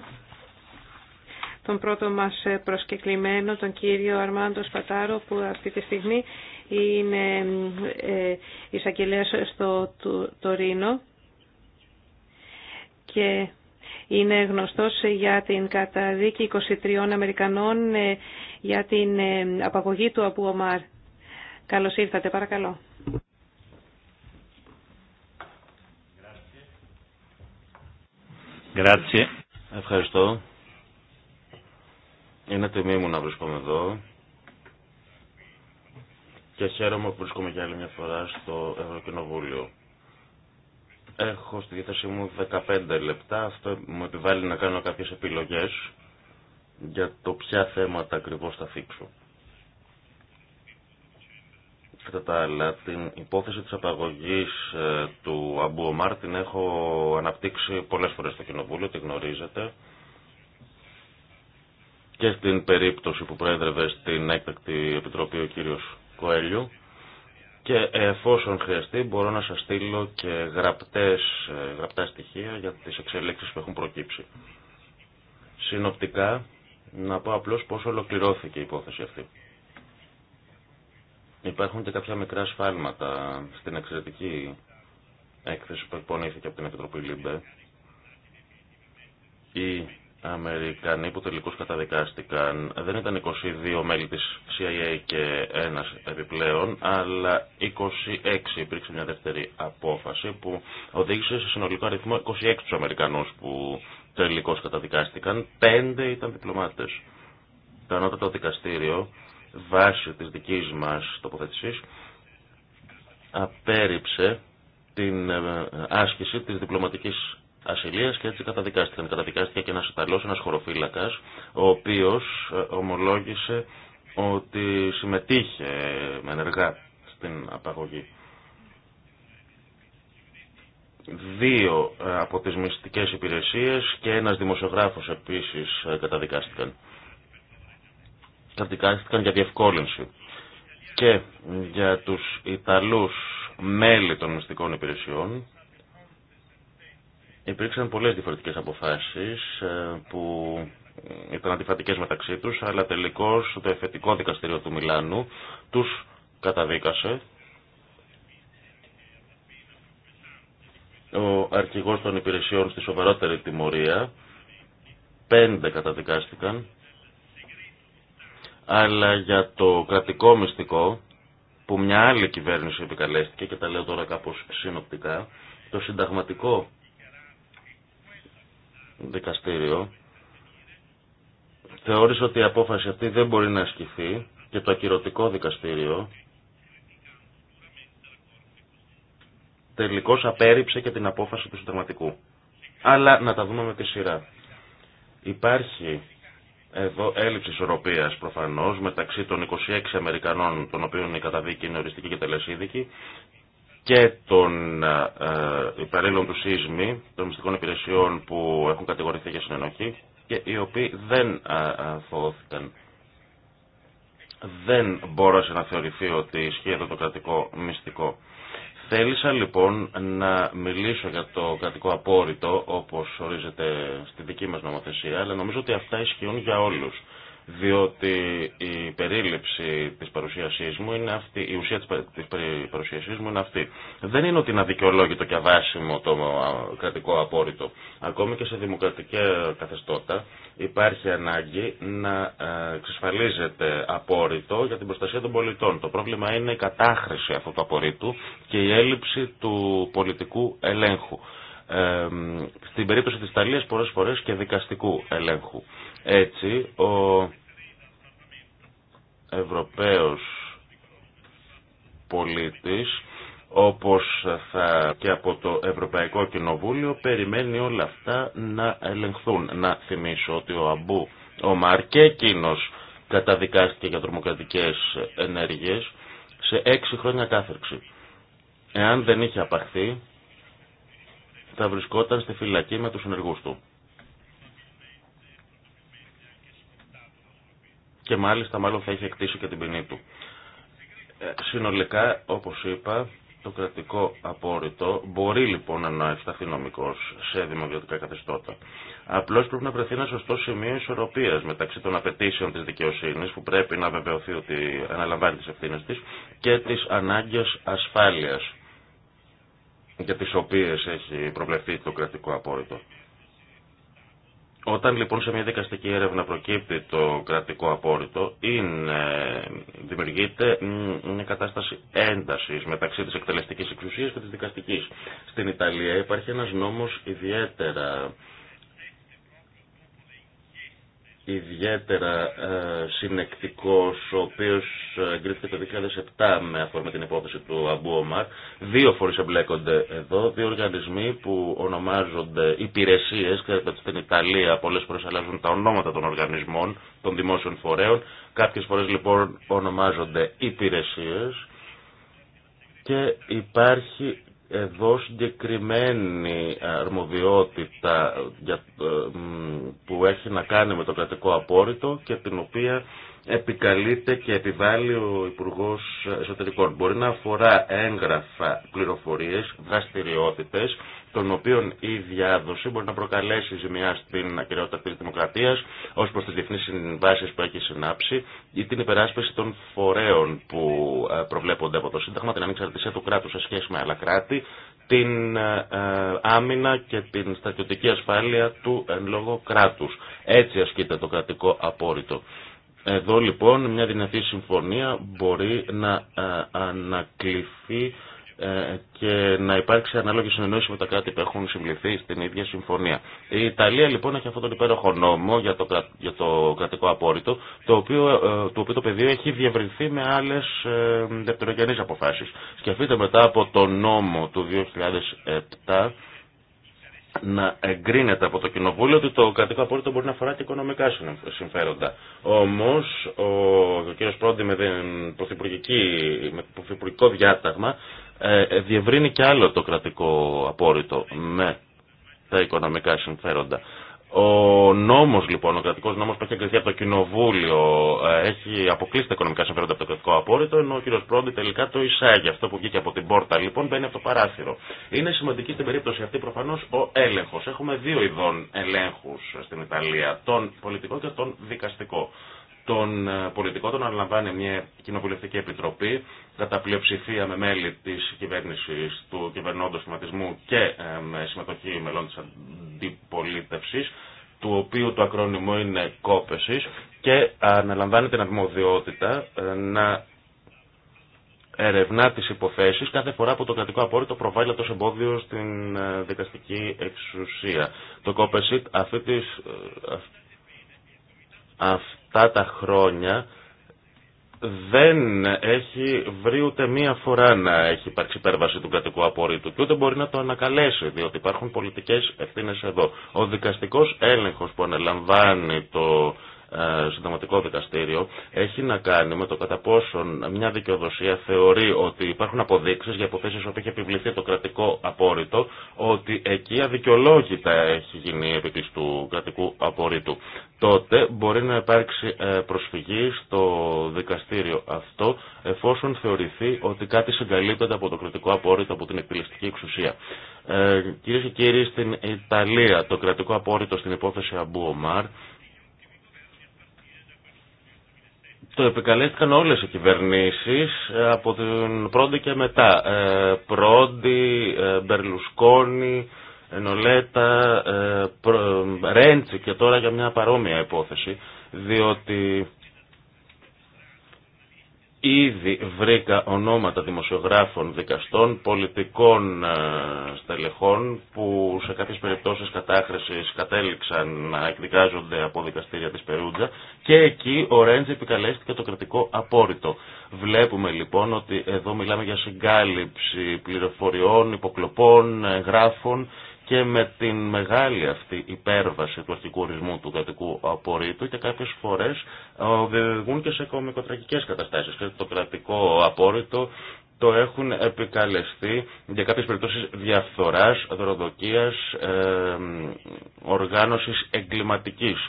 τον πρώτο μας ε, προσκεκλημένο, τον κύριο Αρμάντο Πατάρο, που αυτή τη στιγμή είναι ε, εισαγγελέα στο Τωρίνο και είναι γνωστός για την καταδίκη 23 Αμερικανών ε, για την απαγωγή του Αμπού Ομάρ. Καλώς ήρθατε, παρακαλώ. Grazie. Ευχαριστώ. Είναι τιμή μου να βρίσκομαι εδώ και χαίρομαι που βρίσκομαι για άλλη μια φορά στο Ευρωκοινοβούλιο. Έχω στη διάθεσή μου 15 λεπτά. Αυτό μου επιβάλλει να κάνω κάποιες επιλογές για το ποια θέματα ακριβώς θα θίξω τα άλλα, την υπόθεση της απαγωγής ε, του Αμπού Ομάρ την έχω αναπτύξει πολλές φορές στο Κοινοβούλιο, τη γνωρίζετε. Και στην περίπτωση που προέδρευε στην έκτακτη επιτροπή ο κύριος Κοέλιου. Και εφόσον χρειαστεί μπορώ να σας στείλω και γραπτές, ε, γραπτά στοιχεία για τις εξελίξεις που έχουν προκύψει. Συνοπτικά, να πω απλώς πώς ολοκληρώθηκε η υπόθεση αυτή. Υπάρχουν και κάποια μικρά σφάλματα στην εξαιρετική έκθεση που εκπονήθηκε από την Επιτροπή Λιμπέ. Οι Αμερικανοί που τελικώς καταδικάστηκαν δεν ήταν 22 μέλη της CIA και ένας επιπλέον, αλλά 26 υπήρξε μια δεύτερη απόφαση που οδήγησε σε συνολικό αριθμό 26 τους Αμερικανούς που τελικώς καταδικάστηκαν, 5 ήταν διπλωμάτες. Το δικαστήριο βάσει της δικής μας τοποθέτησης απέριψε την ε, άσκηση της διπλωματικής ασυλίας και έτσι καταδικάστηκαν. Καταδικάστηκε και ένας Ιταλός, ένας χωροφύλακας, ο οποίος ε, ομολόγησε ότι συμμετείχε με ενεργά στην απαγωγή. Δύο ε, από τις μυστικές υπηρεσίες και ένας δημοσιογράφος επίσης καταδικάστηκαν καταδικάστηκαν για διευκόλυνση. Και για τους Ιταλούς μέλη των μυστικών υπηρεσιών υπήρξαν πολλές διαφορετικές αποφάσεις ε, που ήταν αντιφατικές μεταξύ τους, αλλά τελικώς το εφετικό δικαστήριο του Μιλάνου τους καταδίκασε. Ο αρχηγός των υπηρεσιών στη σοβαρότερη τιμωρία, πέντε καταδικάστηκαν, αλλά για το κρατικό μυστικό που μια άλλη κυβέρνηση επικαλέστηκε και τα λέω τώρα κάπως συνοπτικά το συνταγματικό δικαστήριο θεώρησε ότι η απόφαση αυτή δεν μπορεί να ασκηθεί και το ακυρωτικό δικαστήριο τελικώς απέρριψε και την απόφαση του συνταγματικού. Αλλά να τα δούμε με τη σειρά. Υπάρχει εδώ έλλειψη ισορροπία προφανώ μεταξύ των 26 Αμερικανών, των οποίων η καταδίκη είναι οριστική και τελεσίδικη, και των ε, ε, υπαλλήλων του ΣΥΣΜΗ, των μυστικών υπηρεσιών που έχουν κατηγορηθεί για συνενοχή και οι οποίοι δεν ε, θωώθηκαν. Δεν μπόρεσε να θεωρηθεί ότι ισχύει εδώ το κρατικό μυστικό. Θέλησα λοιπόν να μιλήσω για το κρατικό απόρριτο όπως ορίζεται στη δική μας νομοθεσία αλλά νομίζω ότι αυτά ισχύουν για όλους διότι η περίληψη της παρουσίασής μου είναι αυτή, η ουσία της παρουσίασής μου είναι αυτή. Δεν είναι ότι είναι αδικαιολόγητο και αβάσιμο το κρατικό απόρριτο. Ακόμη και σε δημοκρατική καθεστώτα υπάρχει ανάγκη να ε, εξασφαλίζεται απόρριτο για την προστασία των πολιτών. Το πρόβλημα είναι η κατάχρηση αυτού του απορρίτου και η έλλειψη του πολιτικού ελέγχου. Ε, στην περίπτωση της Ιταλίας πολλές φορές και δικαστικού ελέγχου. Έτσι, ο Ευρωπαίος πολίτης, όπως θα και από το Ευρωπαϊκό Κοινοβούλιο, περιμένει όλα αυτά να ελεγχθούν. Να θυμίσω ότι ο Αμπού, ο Μαρκέ εκείνος, καταδικάστηκε για τρομοκρατικές ενέργειες σε έξι χρόνια κάθερξη. Εάν δεν είχε απαχθεί, θα βρισκόταν στη φυλακή με τους ενεργούς του. και μάλιστα μάλλον θα έχει εκτίσει και την ποινή του. Ε, συνολικά, όπως είπα, το κρατικό απόρριτο μπορεί λοιπόν να εφταθεί νομικό σε δημοδιωτικά καθεστώτα. Απλώς πρέπει να βρεθεί ένα σωστό σημείο ισορροπίας μεταξύ των απαιτήσεων της δικαιοσύνης, που πρέπει να βεβαιωθεί ότι αναλαμβάνει τι ευθύνε τη και τι ανάγκε ασφάλειας για τι οποίε έχει προβλεφθεί το κρατικό απόρριτο. Όταν λοιπόν σε μια δικαστική έρευνα προκύπτει το κρατικό απόρριτο, είναι, δημιουργείται μια κατάσταση έντασης μεταξύ της εκτελεστικής εξουσίας και της δικαστικής. Στην Ιταλία υπάρχει ένας νόμος ιδιαίτερα ιδιαίτερα ε, συνεκτικός, ο οποίος εγκρίθηκε το 2007 με αφορμή την υπόθεση του Αμπού Ομάρ. Δύο φορές εμπλέκονται εδώ, δύο οργανισμοί που ονομάζονται υπηρεσίες, κατά στην Ιταλία πολλές φορές αλλάζουν τα ονόματα των οργανισμών, των δημόσιων φορέων, κάποιες φορές λοιπόν ονομάζονται υπηρεσίες και υπάρχει εδώ συγκεκριμένη αρμοδιότητα ε, που έχει να κάνει με το κρατικό απόρριτο και την οποία επικαλείται και επιβάλλει ο Υπουργό Εσωτερικών. Μπορεί να αφορά έγγραφα πληροφορίες, δραστηριότητες των οποίων η διάδοση μπορεί να προκαλέσει ζημιά στην ακυρεότητα τη δημοκρατία ω προ τι διεθνεί συμβάσει που έχει συνάψει ή την υπεράσπιση των φορέων που ε, προβλέπονται από το Σύνταγμα, την ανεξαρτησία του κράτου σε σχέση με άλλα κράτη, την ε, άμυνα και την στρατιωτική ασφάλεια του εν λόγω κράτου. Έτσι ασκείται το κρατικό απόρριτο. Εδώ λοιπόν μια δυνατή συμφωνία μπορεί να ε, ανακληθεί ε, και να υπάρξει ανάλογη συνεννόηση με τα κράτη που έχουν συμβληθεί στην ίδια συμφωνία. Η Ιταλία λοιπόν έχει αυτόν τον υπέροχο νόμο για το, για το κρατικό απόρριτο, το οποίο, ε, το οποίο το πεδίο έχει διευρυνθεί με άλλε δευτερογενεί αποφάσει. Σκεφτείτε μετά από το νόμο του 2007 να εγκρίνεται από το Κοινοβούλιο ότι το κρατικό απόρριτο μπορεί να αφορά και οικονομικά συμφέροντα. Όμω, ο, κ. Πρόντι με την πρωθυπουργικό διάταγμα ε, ε, διευρύνει και άλλο το κρατικό απόρριτο με τα οικονομικά συμφέροντα. Ο νόμος λοιπόν, ο κρατικός νόμος που έχει εγκριθεί από το Κοινοβούλιο ε, έχει αποκλείσει τα οικονομικά συμφέροντα από το κρατικό απόρριτο, ενώ ο κ. Πρόντι τελικά το εισάγει. Αυτό που βγήκε από την πόρτα, λοιπόν, μπαίνει από το παράθυρο. Είναι σημαντική στην περίπτωση αυτή προφανώς ο έλεγχος. Έχουμε δύο ειδών ελέγχους στην Ιταλία, τον πολιτικό και τον δικαστικό των ε, πολιτικών τον αναλαμβάνει μια κοινοβουλευτική επιτροπή κατά πλειοψηφία με μέλη της κυβέρνησης του κυβερνώντος σχηματισμού και ε, με συμμετοχή μελών της αντιπολίτευσης του οποίου το ακρόνιμο είναι κόπεσης και αναλαμβάνει την αρμοδιότητα ε, να ερευνά τις υποθέσεις κάθε φορά που το κρατικό απόρριτο προβάλλει το εμπόδιο στην δικαστική εξουσία. Το κόπεσιτ αυτή αυτά τα χρόνια δεν έχει βρει ούτε μία φορά να έχει υπάρξει υπέρβαση του κρατικού απορρίτου και ούτε μπορεί να το ανακαλέσει, διότι υπάρχουν πολιτικές ευθύνες εδώ. Ο δικαστικός έλεγχος που αναλαμβάνει το ε, συνταγματικό δικαστήριο έχει να κάνει με το κατά πόσον μια δικαιοδοσία θεωρεί ότι υπάρχουν αποδείξεις για υποθέσεις όπου έχει επιβληθεί το κρατικό απόρριτο ότι εκεί αδικαιολόγητα έχει γίνει η επίκληση του κρατικού απορρίτου. Τότε μπορεί να υπάρξει ε, προσφυγή στο δικαστήριο αυτό εφόσον θεωρηθεί ότι κάτι συγκαλύπτεται από το κρατικό απόρριτο από την εκπληκτική εξουσία. Ε, κυρίε και κύριοι, στην Ιταλία το κρατικό απόρριτο στην υπόθεση Αμπού Ομάρ Το επικαλέστηκαν όλες οι κυβερνήσεις ε, από την πρώτη και μετά. Ε, Πρόντι, ε, Μπερλουσκόνη, Ενολέτα, ε, Ρέντσι και τώρα για μια παρόμοια υπόθεση, διότι Ήδη βρήκα ονόματα δημοσιογράφων, δικαστών, πολιτικών ε, στελεχών που σε κάποιες περιπτώσεις κατάχρησης κατέληξαν να εκδικάζονται από δικαστήρια της Περούντζα και εκεί ο Ρέντζ επικαλέστηκε το κρατικό απόρριτο. Βλέπουμε λοιπόν ότι εδώ μιλάμε για συγκάλυψη πληροφοριών, υποκλοπών, ε, γράφων και με την μεγάλη αυτή υπέρβαση του αρχικού ορισμού του κρατικού απορρίτου και κάποιες φορές ε, οδηγούν και σε κομικοτραγικές καταστάσεις και το κρατικό απόρριτο το έχουν επικαλεστεί για κάποιες περιπτώσεις διαφθοράς, δωροδοκίας, ε, οργάνωσης εγκληματικής.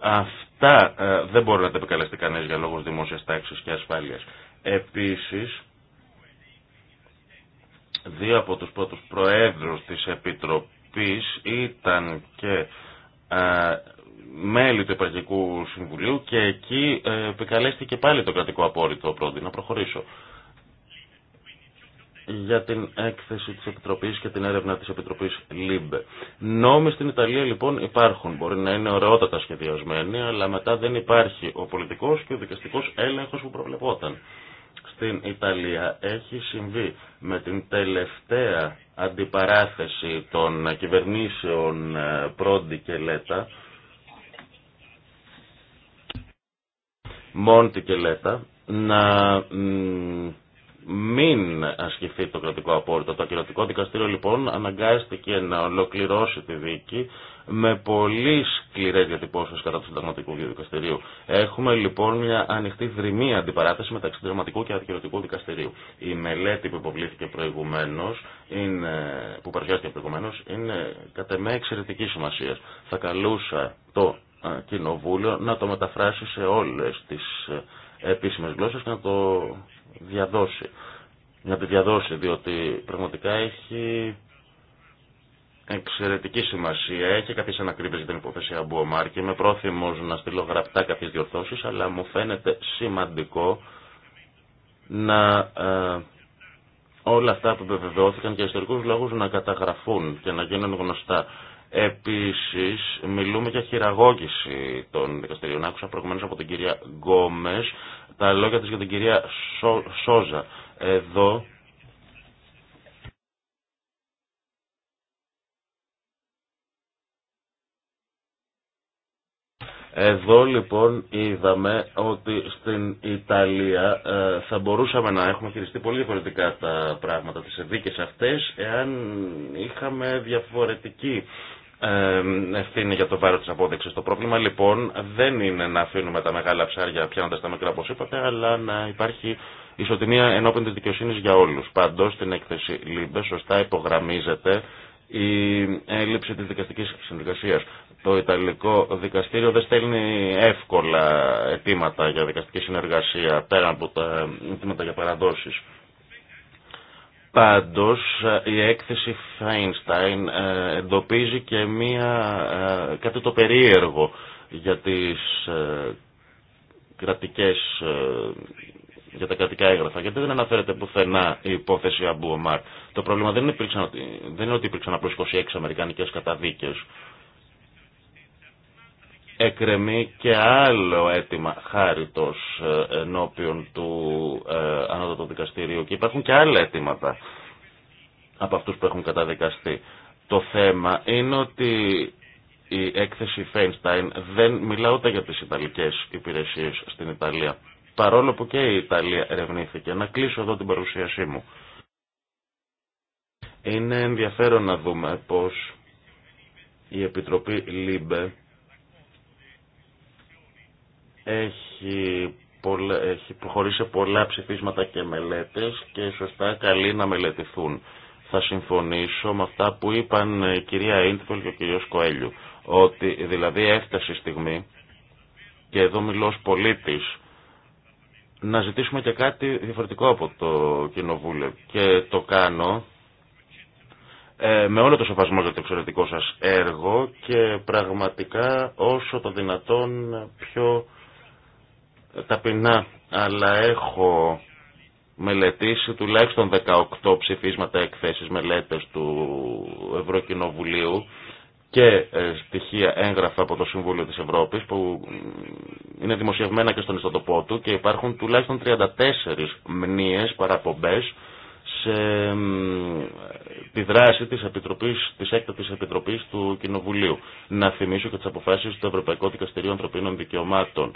Αυτά ε, δεν μπορεί να τα επικαλεστεί κανείς για λόγους δημόσιας τάξης και ασφάλειας. Επίσης, Δύο από τους πρώτους προέδρους της Επιτροπής ήταν και ε, μέλη του Υπαρχικού Συμβουλίου και εκεί ε, επικαλέστηκε πάλι το κρατικό απόρριτο πρώτη. Να προχωρήσω. Για την έκθεση της Επιτροπής και την έρευνα της Επιτροπής ΛΥΜΠΕ. Νόμοι στην Ιταλία λοιπόν υπάρχουν. Μπορεί να είναι ωραιότατα σχεδιασμένοι, αλλά μετά δεν υπάρχει ο πολιτικός και ο δικαστικός έλεγχος που προβλεπόταν στην Ιταλία έχει συμβεί με την τελευταία αντιπαράθεση των κυβερνήσεων ε, Πρόντι και Λέτα, Μόντι και Λέτα, να μην ασκηθεί το κρατικό απόρριτο. Το ακυρωτικό δικαστήριο λοιπόν αναγκάστηκε να ολοκληρώσει τη δίκη με πολύ σκληρέ διατυπώσει κατά του συνταγματικού δικαστηρίου. Έχουμε λοιπόν μια ανοιχτή δρυμή αντιπαράθεση μεταξύ συνταγματικού και αδικαιωτικού δικαστηρίου. Η μελέτη που υποβλήθηκε προηγουμένω, που παρουσιάστηκε προηγουμένω, είναι κατά με εξαιρετική σημασία. Θα καλούσα το κοινοβούλιο να το μεταφράσει σε όλε τι ε, επίσημε γλώσσε και να το διαδώσει. Να τη διαδώσει, διότι πραγματικά έχει εξαιρετική σημασία. Έχει κάποιε ανακρίβειε για την υπόθεση Αμπουομάρ και είμαι πρόθυμο να στείλω γραπτά κάποιε διορθώσει, αλλά μου φαίνεται σημαντικό να ε, όλα αυτά που επιβεβαιώθηκαν για ιστορικού λόγου να καταγραφούν και να γίνουν γνωστά. Επίση, μιλούμε για χειραγώγηση των δικαστηριών. Άκουσα προηγουμένω από την κυρία Γκόμε τα λόγια τη για την κυρία Σόζα. Εδώ Εδώ λοιπόν είδαμε ότι στην Ιταλία ε, θα μπορούσαμε να έχουμε χειριστεί πολύ διαφορετικά τα πράγματα, τις ειδίκες αυτές, εάν είχαμε διαφορετική ε, ευθύνη για το βάρο της απόδειξης. Το πρόβλημα λοιπόν δεν είναι να αφήνουμε τα μεγάλα ψάρια πιάνοντα τα μικρά όπω είπατε, αλλά να υπάρχει ισοτιμία ενώπιν τη δικαιοσύνη για όλους. Πάντως στην έκθεση ΛΥΜΠΕ σωστά υπογραμμίζεται η ε, έλλειψη της δικαστικής συνεργασίας το Ιταλικό Δικαστήριο δεν στέλνει εύκολα αιτήματα για δικαστική συνεργασία πέραν από τα αιτήματα για παραδόσεις. Πάντως η έκθεση Φάινστάιν ε, εντοπίζει και μία, ε, κάτι το περίεργο για, τις, ε, κρατικές, για τα κρατικά έγγραφα. Γιατί δεν αναφέρεται πουθενά η υπόθεση Αμπού Ομάρ. Το πρόβλημα δεν είναι, υπήρξαν, δεν είναι ότι υπήρξαν απλώς 26 αμερικανικές καταδίκες εκρεμεί και άλλο αίτημα χάριτος ε, ενώπιον του ε, Ανώτατου Δικαστηρίου και υπάρχουν και άλλα αίτηματα από αυτούς που έχουν καταδικαστεί. Το θέμα είναι ότι η έκθεση Φέινσταϊν δεν μιλά ούτε για τις Ιταλικές υπηρεσίες στην Ιταλία. Παρόλο που και η Ιταλία ερευνήθηκε. Να κλείσω εδώ την παρουσίασή μου. Είναι ενδιαφέρον να δούμε πως η Επιτροπή ΛΥΜΠΕ έχει, πολλα, προχωρήσει πολλά ψηφίσματα και μελέτες και σωστά καλεί να μελετηθούν. Θα συμφωνήσω με αυτά που είπαν ε, η κυρία Ίντφελ και ο κυρίος Κοέλιου, ότι δηλαδή έφτασε η στιγμή, και εδώ μιλώ ως πολίτης, να ζητήσουμε και κάτι διαφορετικό από το Κοινοβούλιο. Και το κάνω ε, με όλο το σοφασμό για το εξαιρετικό σας έργο και πραγματικά όσο το δυνατόν πιο ταπεινά, αλλά έχω μελετήσει τουλάχιστον 18 ψηφίσματα εκθέσεις μελέτες του Ευρωκοινοβουλίου και ε, στοιχεία έγγραφα από το Συμβούλιο της Ευρώπης που είναι δημοσιευμένα και στον ιστοτοπό του και υπάρχουν τουλάχιστον 34 μνήες παραπομπές σε τη δράση της, Επιτροπής, της έκτατης Επιτροπής του Κοινοβουλίου. Να θυμίσω και τις αποφάσεις του Ευρωπαϊκού Δικαστηρίου Ανθρωπίνων Δικαιωμάτων.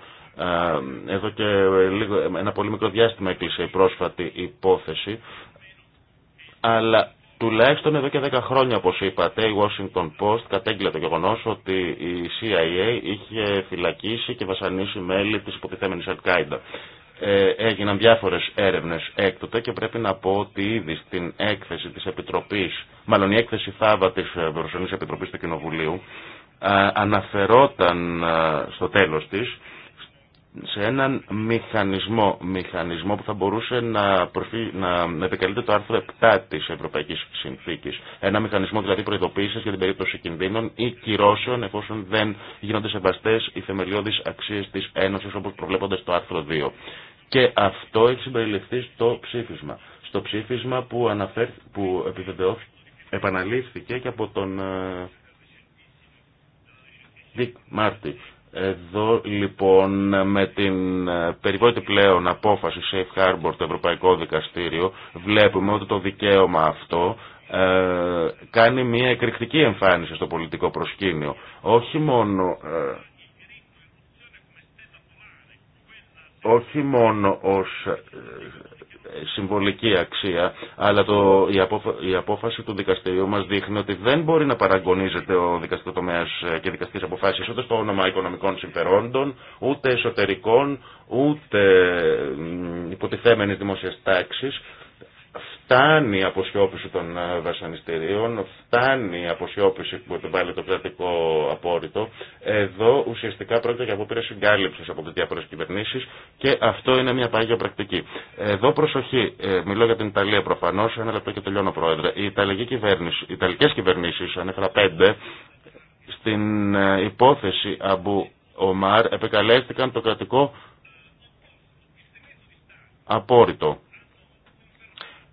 Εδώ και λίγο, ένα πολύ μικρό διάστημα έκλεισε η πρόσφατη υπόθεση, αλλά τουλάχιστον εδώ και 10 χρόνια, όπως είπατε, η Washington Post κατέγγειλε το γεγονός ότι η CIA είχε φυλακίσει και βασανίσει μέλη της υποτιθέμενης ε, έγιναν διάφορες έρευνες έκτοτε και πρέπει να πω ότι ήδη στην έκθεση της Επιτροπής, μάλλον η έκθεση Θάβα της ε, Βεροσονής Επιτροπής του Κοινοβουλίου, ε, αναφερόταν στο τέλος της σε έναν μηχανισμό, μηχανισμό που θα μπορούσε να, προφυ... να επικαλείται το άρθρο 7 της Ευρωπαϊκής Συνθήκης. Ένα μηχανισμό δηλαδή προειδοποίησης για την περίπτωση κινδύνων ή κυρώσεων εφόσον δεν γίνονται σεβαστές οι θεμελιώδεις αξίες της Ένωσης όπως προβλέπονται στο άρθρο 2. Και αυτό έχει συμπεριληφθεί στο ψήφισμα. Στο ψήφισμα που, που επαναλήφθηκε και από τον Δικ ε, Μάρτι εδώ λοιπόν με την ε, περιβόητη πλέον απόφαση Safe Harbor του Ευρωπαϊκού Δικαστήριου βλέπουμε ότι το δικαίωμα αυτό ε, κάνει μια εκρηκτική εμφάνιση στο πολιτικό προσκήνιο. Όχι μόνο... Ε, όχι μόνο ως ε, συμβολική αξία, αλλά η, απόφαση του δικαστηρίου μας δείχνει ότι δεν μπορεί να παραγωνίζεται ο δικαστικό τομέας ε, και δικαστικές αποφάσεις ούτε στο όνομα οικονομικών συμφερόντων, ούτε εσωτερικών, ούτε υποτιθέμενης δημόσιας τάξης, φτάνει η αποσιώπηση των ε, βασανιστήριων, φτάνει η αποσιώπηση που επιβάλλει το κρατικό απόρριτο. Εδώ ουσιαστικά πρόκειται για απόπειρε συγκάλυψη από τι διάφορε κυβερνήσει και αυτό είναι μια πάγια πρακτική. Εδώ προσοχή, ε, μιλώ για την Ιταλία προφανώ, ένα λεπτό και τελειώνω πρόεδρε. Η Ιταλική κυβέρνηση, οι Ιταλικέ κυβερνήσει, ανέφερα πέντε, στην ε, υπόθεση Αμπου Ομάρ επεκαλέστηκαν το κρατικό απόρριτο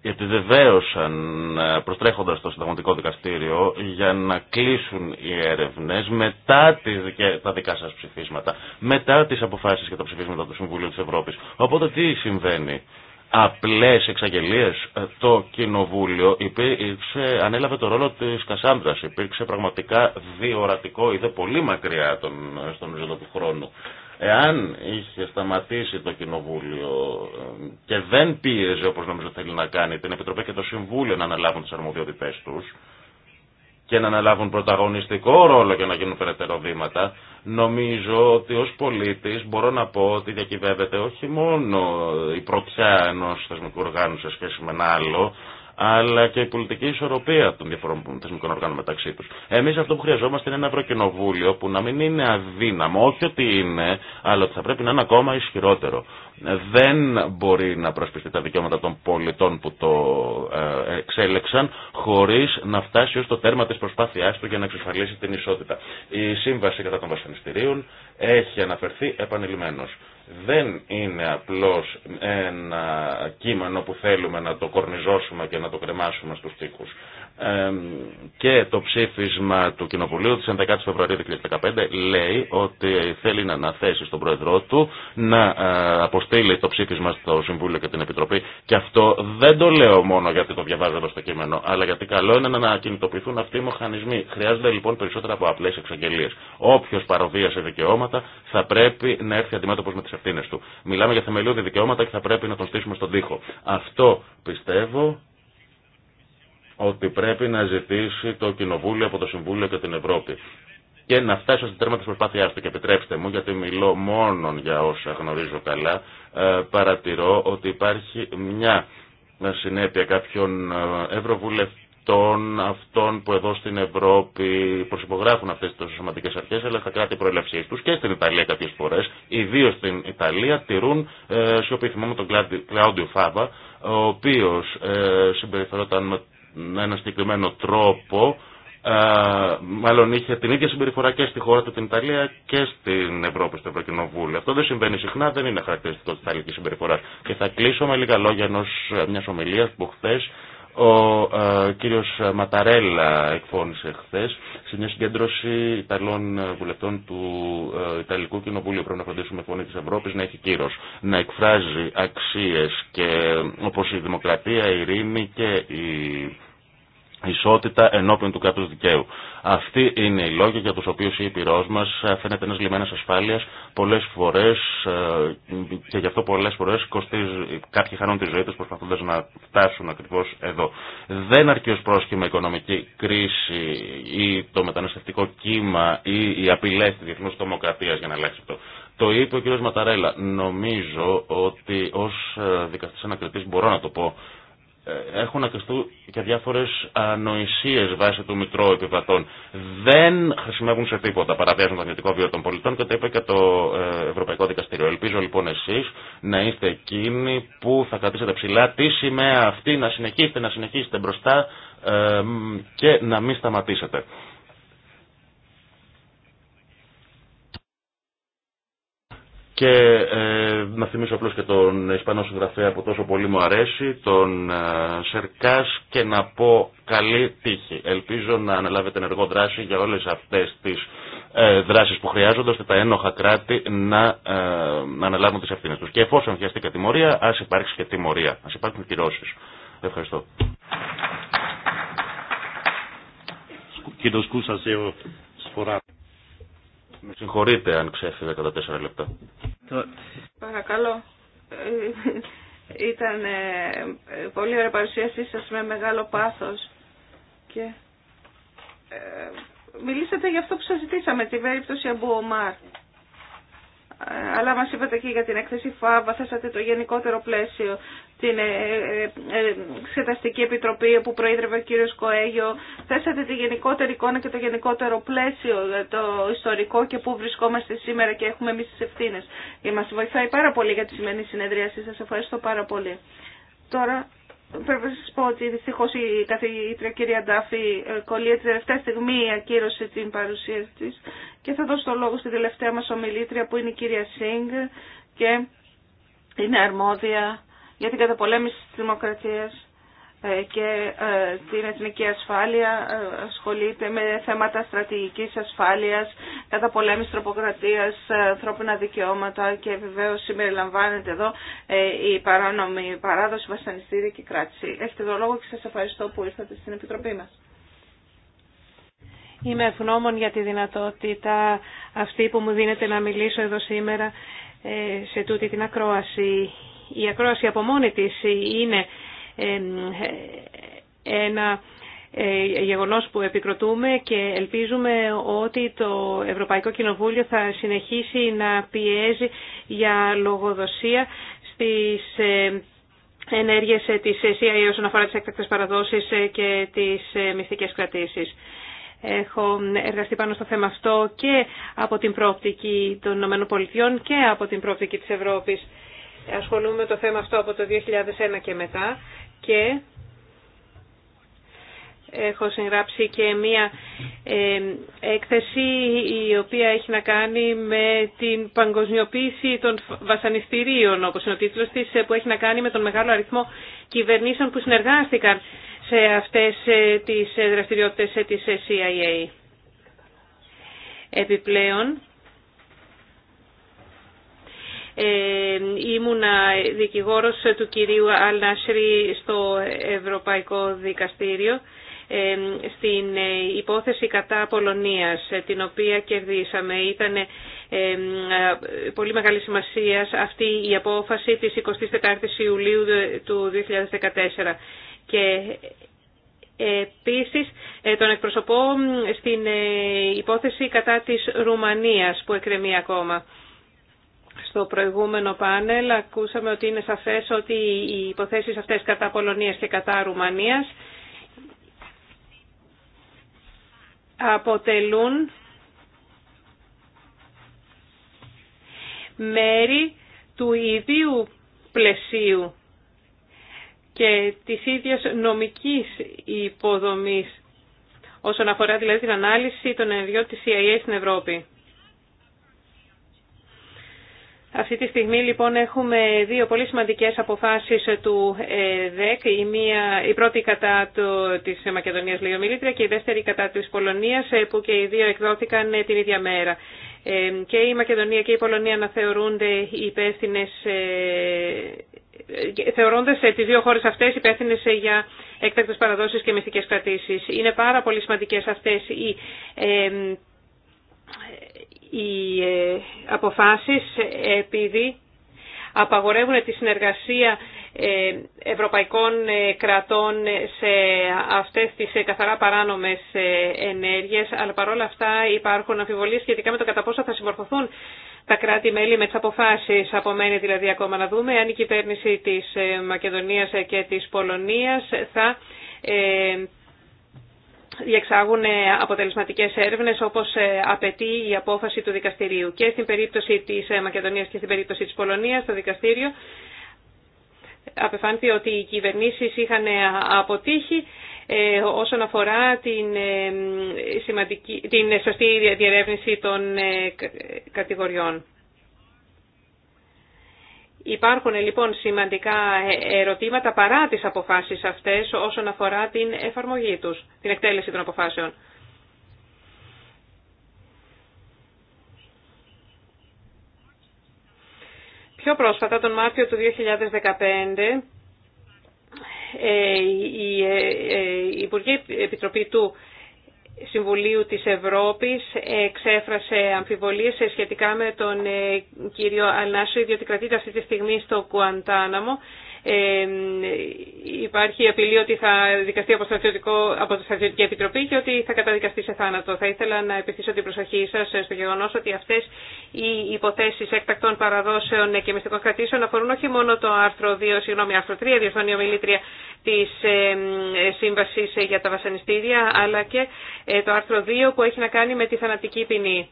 επιβεβαίωσαν ε, προστρέχοντας το συνταγματικό δικαστήριο για να κλείσουν οι έρευνες μετά τις, τα δικά σας ψηφίσματα, μετά τις αποφάσεις και τα ψηφίσματα του Συμβουλίου της Ευρώπης. Οπότε τι συμβαίνει. Απλές εξαγγελίες, ε, το Κοινοβούλιο υπήρξε, ανέλαβε το ρόλο της Κασάνδρας, υπήρξε πραγματικά διορατικό, είδε πολύ μακριά τον, στον ζωτό του χρόνου. Εάν είχε σταματήσει το Κοινοβούλιο και δεν πίεζε, όπω νομίζω θέλει να κάνει, την Επιτροπή και το Συμβούλιο να αναλάβουν τι αρμοδιότητε τους, και να αναλάβουν πρωταγωνιστικό ρόλο και να γίνουν περαιτέρω βήματα, νομίζω ότι ως πολίτης μπορώ να πω ότι διακυβεύεται όχι μόνο η πρωτιά ενό θεσμικού οργάνου σε σχέση με ένα άλλο, αλλά και η πολιτική ισορροπία των διαφορών θεσμικών οργάνων μεταξύ του. Εμεί αυτό που χρειαζόμαστε είναι ένα Ευρωκοινοβούλιο που να μην είναι αδύναμο, όχι ότι είναι, αλλά ότι θα πρέπει να είναι ακόμα ισχυρότερο. Δεν μπορεί να προσπιστεί τα δικαιώματα των πολιτών που το ε, εξέλεξαν χωρί να φτάσει ω το τέρμα τη προσπάθειά του για να εξασφαλίσει την ισότητα. Η σύμβαση κατά των βασανιστήριων έχει αναφερθεί επανειλημμένω δεν είναι απλώς ένα κείμενο που θέλουμε να το κορνιζώσουμε και να το κρεμάσουμε στους τοίχους και το ψήφισμα του Κοινοβουλίου της 11 Φεβρουαρίου 2015 λέει ότι θέλει να αναθέσει στον Πρόεδρό του να ε, αποστείλει το ψήφισμα στο Συμβούλιο και την Επιτροπή και αυτό δεν το λέω μόνο γιατί το διαβάζω εδώ στο κείμενο αλλά γιατί καλό είναι να κινητοποιηθούν αυτοί οι μηχανισμοί. Χρειάζονται λοιπόν περισσότερα από απλές εξαγγελίες. Όποιος παροβίασε δικαιώματα θα πρέπει να έρθει αντιμέτωπος με τις ευθύνες του. Μιλάμε για θεμελιώδη δικαιώματα και θα πρέπει να τον στήσουμε στον τοίχο. Αυτό πιστεύω ότι πρέπει να ζητήσει το Κοινοβούλιο από το Συμβούλιο και την Ευρώπη και να φτάσω στο τέρμα τη προσπάθειά του. Και επιτρέψτε μου, γιατί μιλώ μόνο για όσα γνωρίζω καλά, ε, παρατηρώ ότι υπάρχει μια συνέπεια κάποιων ε, ευρωβουλευτών, αυτών που εδώ στην Ευρώπη προσυπογράφουν αυτέ τι σημαντικέ αρχέ, αλλά στα κράτη προελευσή του και στην Ιταλία κάποιε φορέ, ιδίω στην Ιταλία, τηρούν ε, σιωπή. με τον Κλάουντιο Φάβα, ο οποίο συμπεριφερόταν με με ένα συγκεκριμένο τρόπο ε, μάλλον είχε την ίδια συμπεριφορά και στη χώρα του την Ιταλία και στην Ευρώπη, στο Ευρωκοινοβούλιο. Αυτό δεν συμβαίνει συχνά, δεν είναι χαρακτηριστικό τη Ιταλική συμπεριφορά. Και θα κλείσω με λίγα λόγια ενό μια ομιλία που χθε ο ε, κύριος Ματαρέλα εκφώνησε χθε σε μια συγκέντρωση Ιταλών βουλευτών του ε, Ιταλικού Κοινοβούλιο. Πρέπει να φροντίσουμε φωνή της Ευρώπης να έχει κύρος, να εκφράζει αξίες και όπως η δημοκρατία, η ειρήνη και η ισότητα ενώπιον του κράτου δικαίου. Αυτοί είναι οι λόγοι για του οποίου η Ήπειρο μα ε, φαίνεται ένα λιμένα ασφάλεια πολλέ φορέ ε, και γι' αυτό πολλέ φορέ κάποιοι χάνουν τη ζωή του προσπαθώντα να φτάσουν ακριβώ εδώ. Δεν αρκεί ω πρόσχημα η οικονομική κρίση ή το μεταναστευτικό κύμα ή οι απειλέ τη διεθνού τομοκρατία για να αλλάξει αυτό. Το είπε ο κ. Ματαρέλα. Νομίζω ότι ω ε, δικαστή ανακριτή μπορώ να το πω έχουν ακριστού και διάφορες ανοησίες βάσει του Μητρώου Επιβατών. Δεν χρησιμεύουν σε τίποτα, παραβιάζουν το αρνητικό βίο των πολιτών και το είπε και το ε, Ευρωπαϊκό Δικαστήριο. Ελπίζω λοιπόν εσείς να είστε εκείνοι που θα κρατήσετε ψηλά τη σημαία αυτή, να συνεχίσετε, να συνεχίσετε μπροστά ε, και να μην σταματήσετε. Και ε, να θυμίσω απλώς και τον Ισπανό συγγραφέα που τόσο πολύ μου αρέσει, τον ε, Σερκάς και να πω καλή τύχη. Ελπίζω να αναλάβετε ενεργό δράση για όλες αυτές τις ε, δράσεις που χρειάζονται ώστε τα ένοχα κράτη να, ε, αναλάβουν τις ευθύνες τους. Και εφόσον χρειαστεί και τιμωρία, ας υπάρξει και τιμωρία, ας υπάρχουν κυρώσεις. Ευχαριστώ. Με συγχωρείτε αν ξέφυγα κατά τέσσερα λεπτά. Παρακαλώ. Ήταν ε, πολύ ωραία παρουσίασή σας με μεγάλο πάθος και ε, μιλήσατε για αυτό που σας ζητήσαμε, τη περίπτωση Αμπού Ομάρ αλλά μας είπατε και για την έκθεση ΦΑΒΑ, θέσατε το γενικότερο πλαίσιο, την ε, ε, ε, Εξεταστική Επιτροπή που προείδρευε ο κύριος Κοέγιο, θέσατε τη γενικότερη εικόνα και το γενικότερο πλαίσιο, το ιστορικό και πού βρισκόμαστε σήμερα και έχουμε εμείς τις ευθύνες. Και μας βοηθάει πάρα πολύ για τη σημερινή συνεδρίασή σας. Ευχαριστώ πάρα πολύ. Τώρα πρέπει να σα πω ότι δυστυχώ η καθηγήτρια κυρία Ντάφη ε, κολλεί τη τελευταία στιγμή ακύρωση την παρουσία τη και θα δώσω το λόγο στην τελευταία μα ομιλήτρια που είναι η κυρία Σίνγκ και είναι αρμόδια για την καταπολέμηση τη δημοκρατία ε, και ε, την εθνική ασφάλεια, ε, ασχολείται με θέματα στρατηγικής ασφάλειας, κατά πολέμης τροποκρατίας, ανθρώπινα δικαιώματα και βεβαίως συμπεριλαμβάνεται εδώ η παράνομη παράδοση, βασανιστήρια και κράτηση. Έχετε το λόγο και σας ευχαριστώ που ήρθατε στην Επιτροπή μας. Είμαι ευγνώμων για τη δυνατότητα αυτή που μου δίνεται να μιλήσω εδώ σήμερα σε τούτη την ακρόαση. Η ακρόαση από μόνη της είναι ένα ε, γεγονός που επικροτούμε και ελπίζουμε ότι το Ευρωπαϊκό Κοινοβούλιο θα συνεχίσει να πιέζει για λογοδοσία στις ε, ενέργειες της CIA όσον αφορά τις έκτακτες παραδόσεις ε, και τις μυστικές κρατήσεις. Έχω εργαστεί πάνω στο θέμα αυτό και από την πρόπτικη των ΗΠΑ και από την πρόπτικη της Ευρώπης ασχολούμαι με το θέμα αυτό από το 2001 και μετά και έχω συγγράψει και μία ε, έκθεση η οποία έχει να κάνει με την παγκοσμιοποίηση των βασανιστήριων, όπως είναι ο τίτλος της, ε, που έχει να κάνει με τον μεγάλο αριθμό κυβερνήσεων που συνεργάστηκαν σε αυτές ε, τις δραστηριότητες της CIA. Επιπλέον, ήμουνα δικηγόρος του κυρίου Αλνάσρη στο Ευρωπαϊκό Δικαστήριο στην ε, υπόθεση κατά Πολωνίας, ε, την οποία κερδίσαμε. Ήταν πολύ μεγάλη σημασία αυτή η απόφαση της 24ης Ιουλίου του 2014. Και επίσης ε, τον εκπροσωπώ στην υπόθεση κατά της Ρουμανίας που εκκρεμεί ακόμα. Στο προηγούμενο πάνελ ακούσαμε ότι είναι σαφές ότι οι υποθέσεις αυτές κατά Πολωνίας και κατά Ρουμανίας αποτελούν μέρη του ιδίου πλαισίου και της ίδιας νομικής υποδομής όσον αφορά δηλαδή την ανάλυση των ενεργειών της CIA στην Ευρώπη. Αυτή τη στιγμή λοιπόν έχουμε δύο πολύ σημαντικές αποφάσεις του ε, ΔΕΚ. Η, μία, η πρώτη κατά το, της Μακεδονίας και η δεύτερη κατά της Πολωνίας ε, που και οι δύο εκδόθηκαν ε, την ίδια μέρα. και η Μακεδονία και η Πολωνία να θεωρούνται υπεύθυνε τις δύο χώρες αυτές υπεύθυνε για έκτακτες παραδόσεις και μυστικέ κρατήσεις. Είναι πάρα πολύ σημαντικές αυτές οι οι ε, αποφάσεις επειδή απαγορεύουν τη συνεργασία ε, ευρωπαϊκών ε, κρατών σε αυτές τις καθαρά παράνομες ενέργειες, αλλά παρόλα αυτά υπάρχουν αμφιβολίες σχετικά με το κατά πόσο θα συμμορφωθούν τα κράτη-μέλη με τις αποφάσεις. Απομένει δηλαδή ακόμα να δούμε αν η κυβέρνηση της Μακεδονίας και της Πολωνίας θα διεξάγουν ε, αποτελεσματικές έρευνες όπως ε, απαιτεί η απόφαση του δικαστηρίου. Και στην περίπτωση της ε, Μακεδονίας και στην περίπτωση της Πολωνίας το δικαστήριο απεφάνθη ότι οι κυβερνήσεις είχαν αποτύχει όσον αφορά την, σημαντική, την σωστή διερεύνηση των κατηγοριών. Υπάρχουν λοιπόν σημαντικά ε, ερωτήματα παρά τις αποφάσεις αυτές όσον αφορά την εφαρμογή τους, την εκτέλεση των αποφάσεων. Πιο πρόσφατα, τον Μάρτιο του 2015, ε, ε, η Υπουργή Επιτροπή του Συμβουλίου της Ευρώπης εξέφρασε αμφιβολίες σχετικά με τον ε, κύριο Ανάσο, διότι κρατείται αυτή τη στιγμή στο Κουαντάναμο υπάρχει απειλή ότι θα δικαστεί από, από τη Στρατιωτική Επιτροπή και ότι θα καταδικαστεί σε θάνατο. Θα ήθελα να επιθύσω την προσοχή σα στο γεγονό ότι αυτέ οι υποθέσει έκτακτων παραδόσεων και μυστικών κρατήσεων αφορούν όχι μόνο το άρθρο 2, συγγνώμη, άρθρο 3, διορθώνει ομιλήτρια της σύμβαση για τα Βασανιστήρια, αλλά και ε, το άρθρο 2 που έχει να κάνει με τη θανατική ποινή.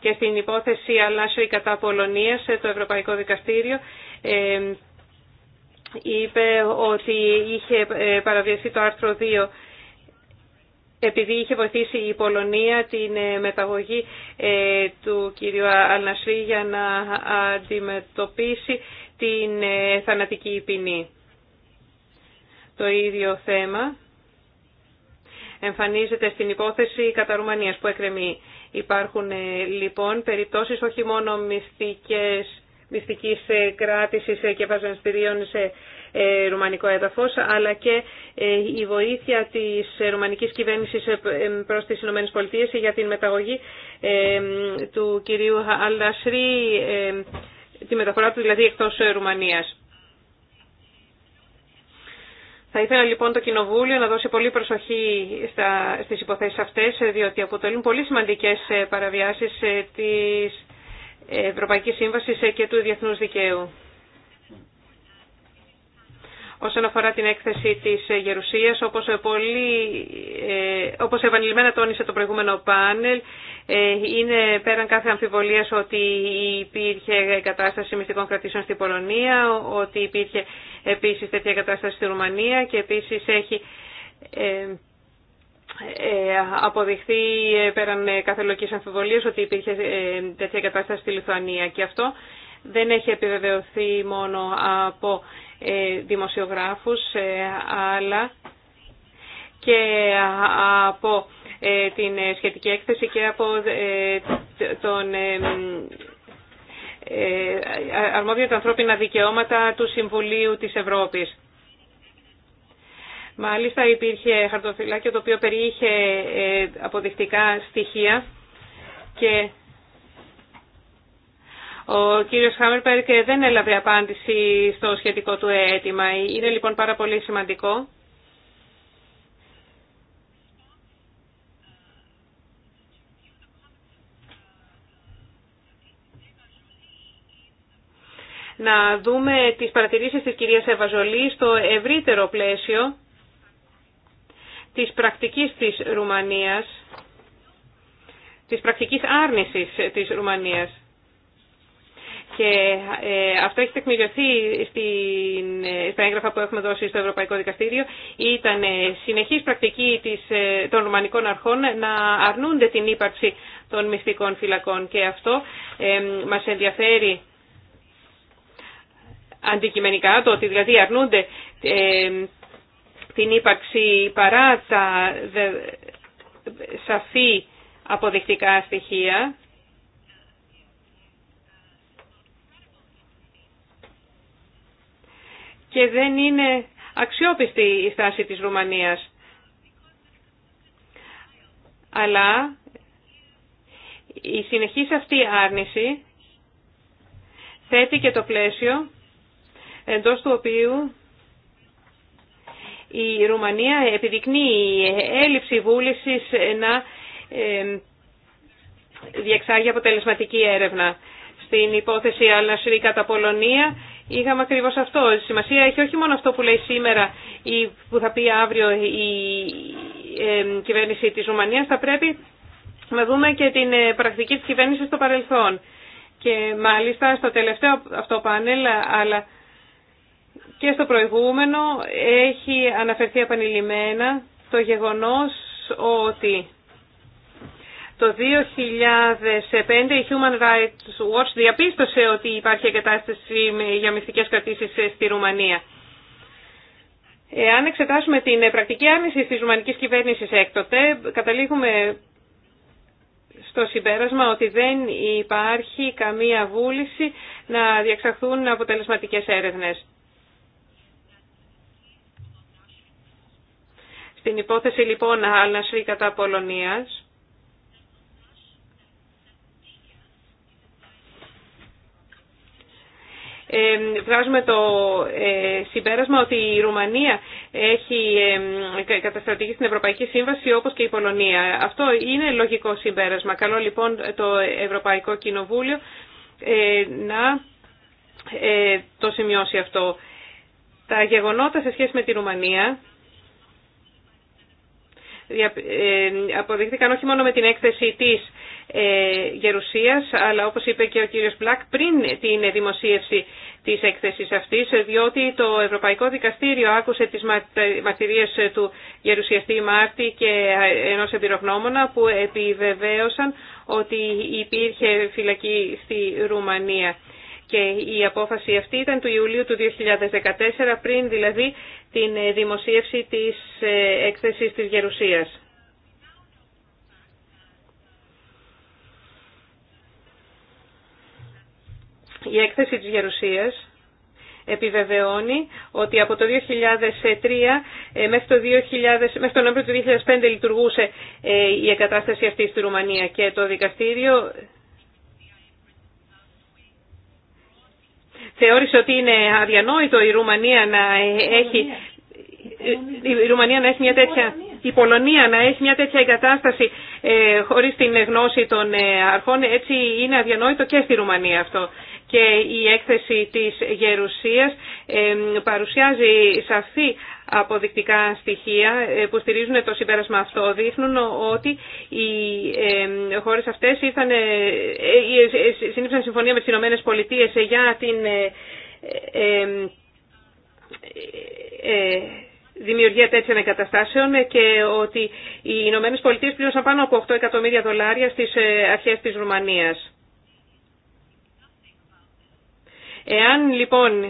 Και στην υπόθεση Αλάσσοη κατά Πολωνίας, ε, το Ευρωπαϊκό Δικαστήριο, είπε ότι είχε ε, παραβιαστεί το άρθρο 2 επειδή είχε βοηθήσει η Πολωνία την ε, μεταγωγή ε, του κυρίου Αλνασρή για να αντιμετωπίσει την θανατική ποινή. Το ίδιο θέμα εμφανίζεται στην υπόθεση κατά που εκκρεμεί. Υπάρχουν λοιπόν περιπτώσεις όχι μόνο μυστικές μυστικής ε, κράτησης ε, και βασανιστήριων σε ε, ρουμανικό έδαφος, αλλά και η βοήθεια της ρουμανικής κυβέρνησης προς τις ΗΠΑ για την μεταγωγή του κυρίου Αλτασρή, τη μεταφορά του δηλαδή εκτός Ρουμανίας. Θα ήθελα λοιπόν το Κοινοβούλιο να δώσει πολύ προσοχή στι στις υποθέσεις αυτές, διότι αποτελούν πολύ σημαντικές παραβιάσεις της Ευρωπαϊκή Σύμβαση και του Διεθνούς Δικαίου. Όσον αφορά την έκθεση της Γερουσίας, όπως, ε, πολύ, ε, όπως επανειλημμένα τόνισε το προηγούμενο πάνελ, ε, είναι πέραν κάθε αμφιβολίας ότι υπήρχε κατάσταση μυστικών κρατήσεων στην Πολωνία, ότι υπήρχε επίσης τέτοια κατάσταση στη Ρουμανία και επίσης έχει ε, αποδειχθεί πέραν ε, καθελοκής αμφιβολίας ότι υπήρχε ε, τέτοια κατάσταση στη Λιθουανία και αυτό δεν έχει επιβεβαιωθεί μόνο από δημοσιογράφους αλλά και από την σχετική έκθεση και από τον αρμόδιο τα ανθρώπινα δικαιώματα του Συμβουλίου της Ευρώπης. Μάλιστα υπήρχε χαρτοφυλάκιο το οποίο περιείχε ε, αποδεικτικά στοιχεία και ο κύριος Χάμερπερκ δεν έλαβε απάντηση στο σχετικό του αίτημα. Είναι λοιπόν πάρα πολύ σημαντικό. να δούμε τις παρατηρήσεις της κυρίας Ευαζολή στο ευρύτερο πλαίσιο της πρακτικής της Ρουμανίας, της πρακτικής άρνησης της Ρουμανίας. Και ε, αυτό έχει τεκμηριωθεί στην, στα έγγραφα που έχουμε δώσει στο Ευρωπαϊκό Δικαστήριο. Ήταν ε, συνεχής πρακτική της, ε, των Ρουμανικών αρχών να αρνούνται την ύπαρξη των μυστικών φυλακών. Και αυτό μας ενδιαφέρει αντικειμενικά, το ότι δηλαδή αρνούνται την ύπαρξη παρά τα σαφή αποδεικτικά στοιχεία. Και δεν είναι αξιόπιστη η στάση της Ρουμανίας. Αλλά η συνεχής αυτή άρνηση θέτει και το πλαίσιο εντός του οποίου η Ρουμανία επιδεικνύει έλλειψη βούλησης να διεξάγει αποτελεσματική έρευνα. Στην υπόθεση Αλνασρή κατά Πολωνία είχαμε ακριβώ αυτό. Σημασία έχει όχι μόνο αυτό που λέει σήμερα ή που θα πει αύριο η κυβέρνηση της Ρουμανίας, θα πρέπει να δούμε και την ε, πρακτική της κυβέρνησης στο παρελθόν. Και μάλιστα στο τελευταίο αυτό πάνελ, αλλά και στο προηγούμενο έχει αναφερθεί επανειλημμένα το γεγονός ότι το 2005 η Human Rights Watch διαπίστωσε ότι υπάρχει εγκατάσταση για μυστικές κρατήσεις στη Ρουμανία. Εάν εξετάσουμε την πρακτική άρνηση της ρουμανικής κυβέρνησης έκτοτε, καταλήγουμε στο συμπέρασμα ότι δεν υπάρχει καμία βούληση να διεξαχθούν αποτελεσματικές έρευνες. Στην υπόθεση λοιπόν Αλνασρή κατά Πολωνίας, ε, βγάζουμε το ε, συμπέρασμα ότι η Ρουμανία έχει ε, καταστρατηγεί στην Ευρωπαϊκή Σύμβαση όπως και η Πολωνία. Αυτό είναι λογικό συμπέρασμα. Καλό λοιπόν το Ευρωπαϊκό Κοινοβούλιο να το σημειώσει αυτό. Τα γεγονότα σε σχέση με τη Ρουμανία ε, αποδείχθηκαν όχι μόνο με την έκθεση της ε, Γερουσίας, αλλά όπως είπε και ο κύριος Μπλακ πριν την δημοσίευση της έκθεσης αυτής, διότι το Ευρωπαϊκό Δικαστήριο άκουσε τις μαρτυρίες του Γερουσιαστή Μάρτη και ενός εμπειρογνώμονα που επιβεβαίωσαν ότι υπήρχε φυλακή στη Ρουμανία και η απόφαση αυτή ήταν του Ιουλίου του 2014 πριν δηλαδή την ε, δημοσίευση της ε, έκθεσης της Γερουσίας. Η έκθεση της Γερουσίας επιβεβαιώνει ότι από το 2003 ε, μέχρι, το 2000, μέχρι τον Νοέμβριο του 2005 λειτουργούσε η εγκατάσταση αυτή στη Ρουμανία και το δικαστήριο θεώρησε ότι είναι αδιανόητο η Ρουμανία να έχει... Η Ρουμανία να έχει μια τέτοια... Η Πολωνία να έχει μια τέτοια εγκατάσταση ε, χωρίς την γνώση των ε, αρχών, έτσι είναι αδιανόητο και στη Ρουμανία αυτό και η έκθεση της Γερουσίας παρουσιάζει σαφή αποδεικτικά στοιχεία ε, που στηρίζουν το συμπέρασμα αυτό. Δείχνουν ότι οι χώρες αυτές ήρθαν, ε, ε, συνήψαν συμφωνία με τις Ηνωμένες Πολιτείες για την δημιουργία τέτοιων εγκαταστάσεων και ότι οι Ηνωμένε Πολιτείε πλήρωσαν πάνω από 8 εκατομμύρια δολάρια στις αρχές της Ρουμανίας. Εάν λοιπόν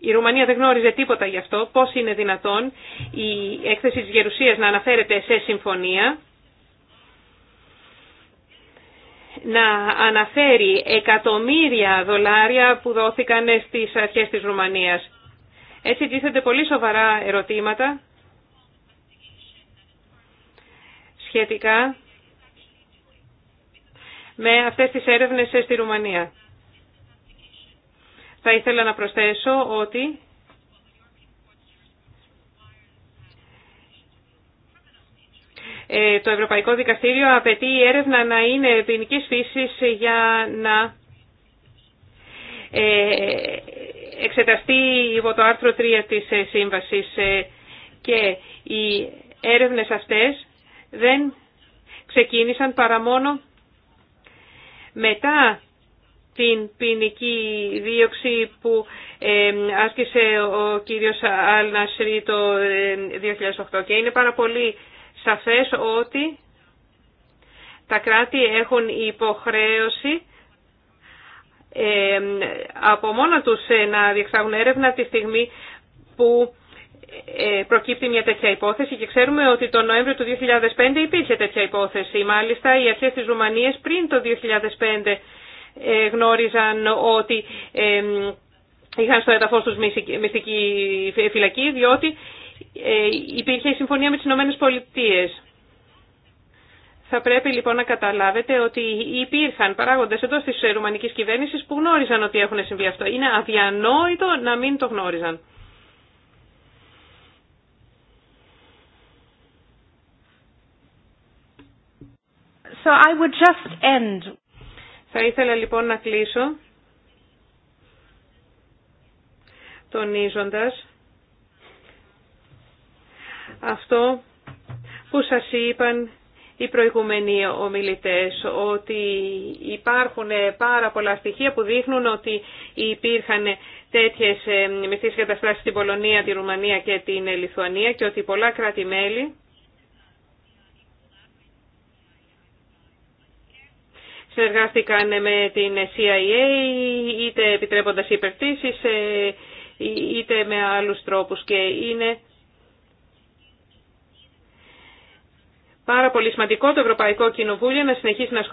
η Ρουμανία δεν γνώριζε τίποτα γι' αυτό, πώς είναι δυνατόν η έκθεση της Γερουσίας να αναφέρεται σε συμφωνία, να αναφέρει εκατομμύρια δολάρια που δόθηκαν στις αρχές της Ρουμανίας. Έτσι τίθενται πολύ σοβαρά ερωτήματα σχετικά με αυτές τις έρευνες στη Ρουμανία. Θα ήθελα να προσθέσω ότι ε, το Ευρωπαϊκό Δικαστήριο απαιτεί η έρευνα να είναι ποινική φύση για να ε, εξεταστεί υπό το άρθρο 3 της ε, σύμβασης και οι έρευνες αυτές δεν ξεκίνησαν παρά μόνο μετά την ποινική δίωξη που άσκησε ο κύριος Αλνασρή το 2008 και είναι πάρα πολύ σαφές ότι τα κράτη έχουν υποχρέωση από μόνα τους ε, να διεξάγουν έρευνα τη στιγμή που ε, προκύπτει μια τέτοια υπόθεση και ξέρουμε ότι το Νοέμβριο του 2005 υπήρχε τέτοια υπόθεση. Μάλιστα οι αρχές της Ρουμανίας πριν το 2005 ε, γνώριζαν ότι είχαν στο έδαφος τους μυστική φυλακή, διότι ε, υπήρχε η συμφωνία με τις Ηνωμένες Πολιτείες. Θα πρέπει λοιπόν να καταλάβετε ότι υπήρχαν παράγοντες εντό στις ρουμανική κυβέρνηση που γνώριζαν ότι έχουν συμβεί αυτό. Είναι αδιανόητο να μην το γνώριζαν. So I would just end θα ήθελα λοιπόν να κλείσω τονίζοντας αυτό που σας είπαν οι προηγούμενοι ομιλητές, ότι υπάρχουν πάρα πολλά στοιχεία που δείχνουν ότι υπήρχαν τέτοιες μυθείς καταστάσεις στην Πολωνία, τη Ρουμανία και την Λιθουανία και ότι πολλά κράτη-μέλη συνεργάστηκαν με την CIA είτε επιτρέποντας υπερτήσεις ε, είτε με άλλους τρόπους και είναι πάρα πολύ σημαντικό το Ευρωπαϊκό Κοινοβούλιο να συνεχίσει να,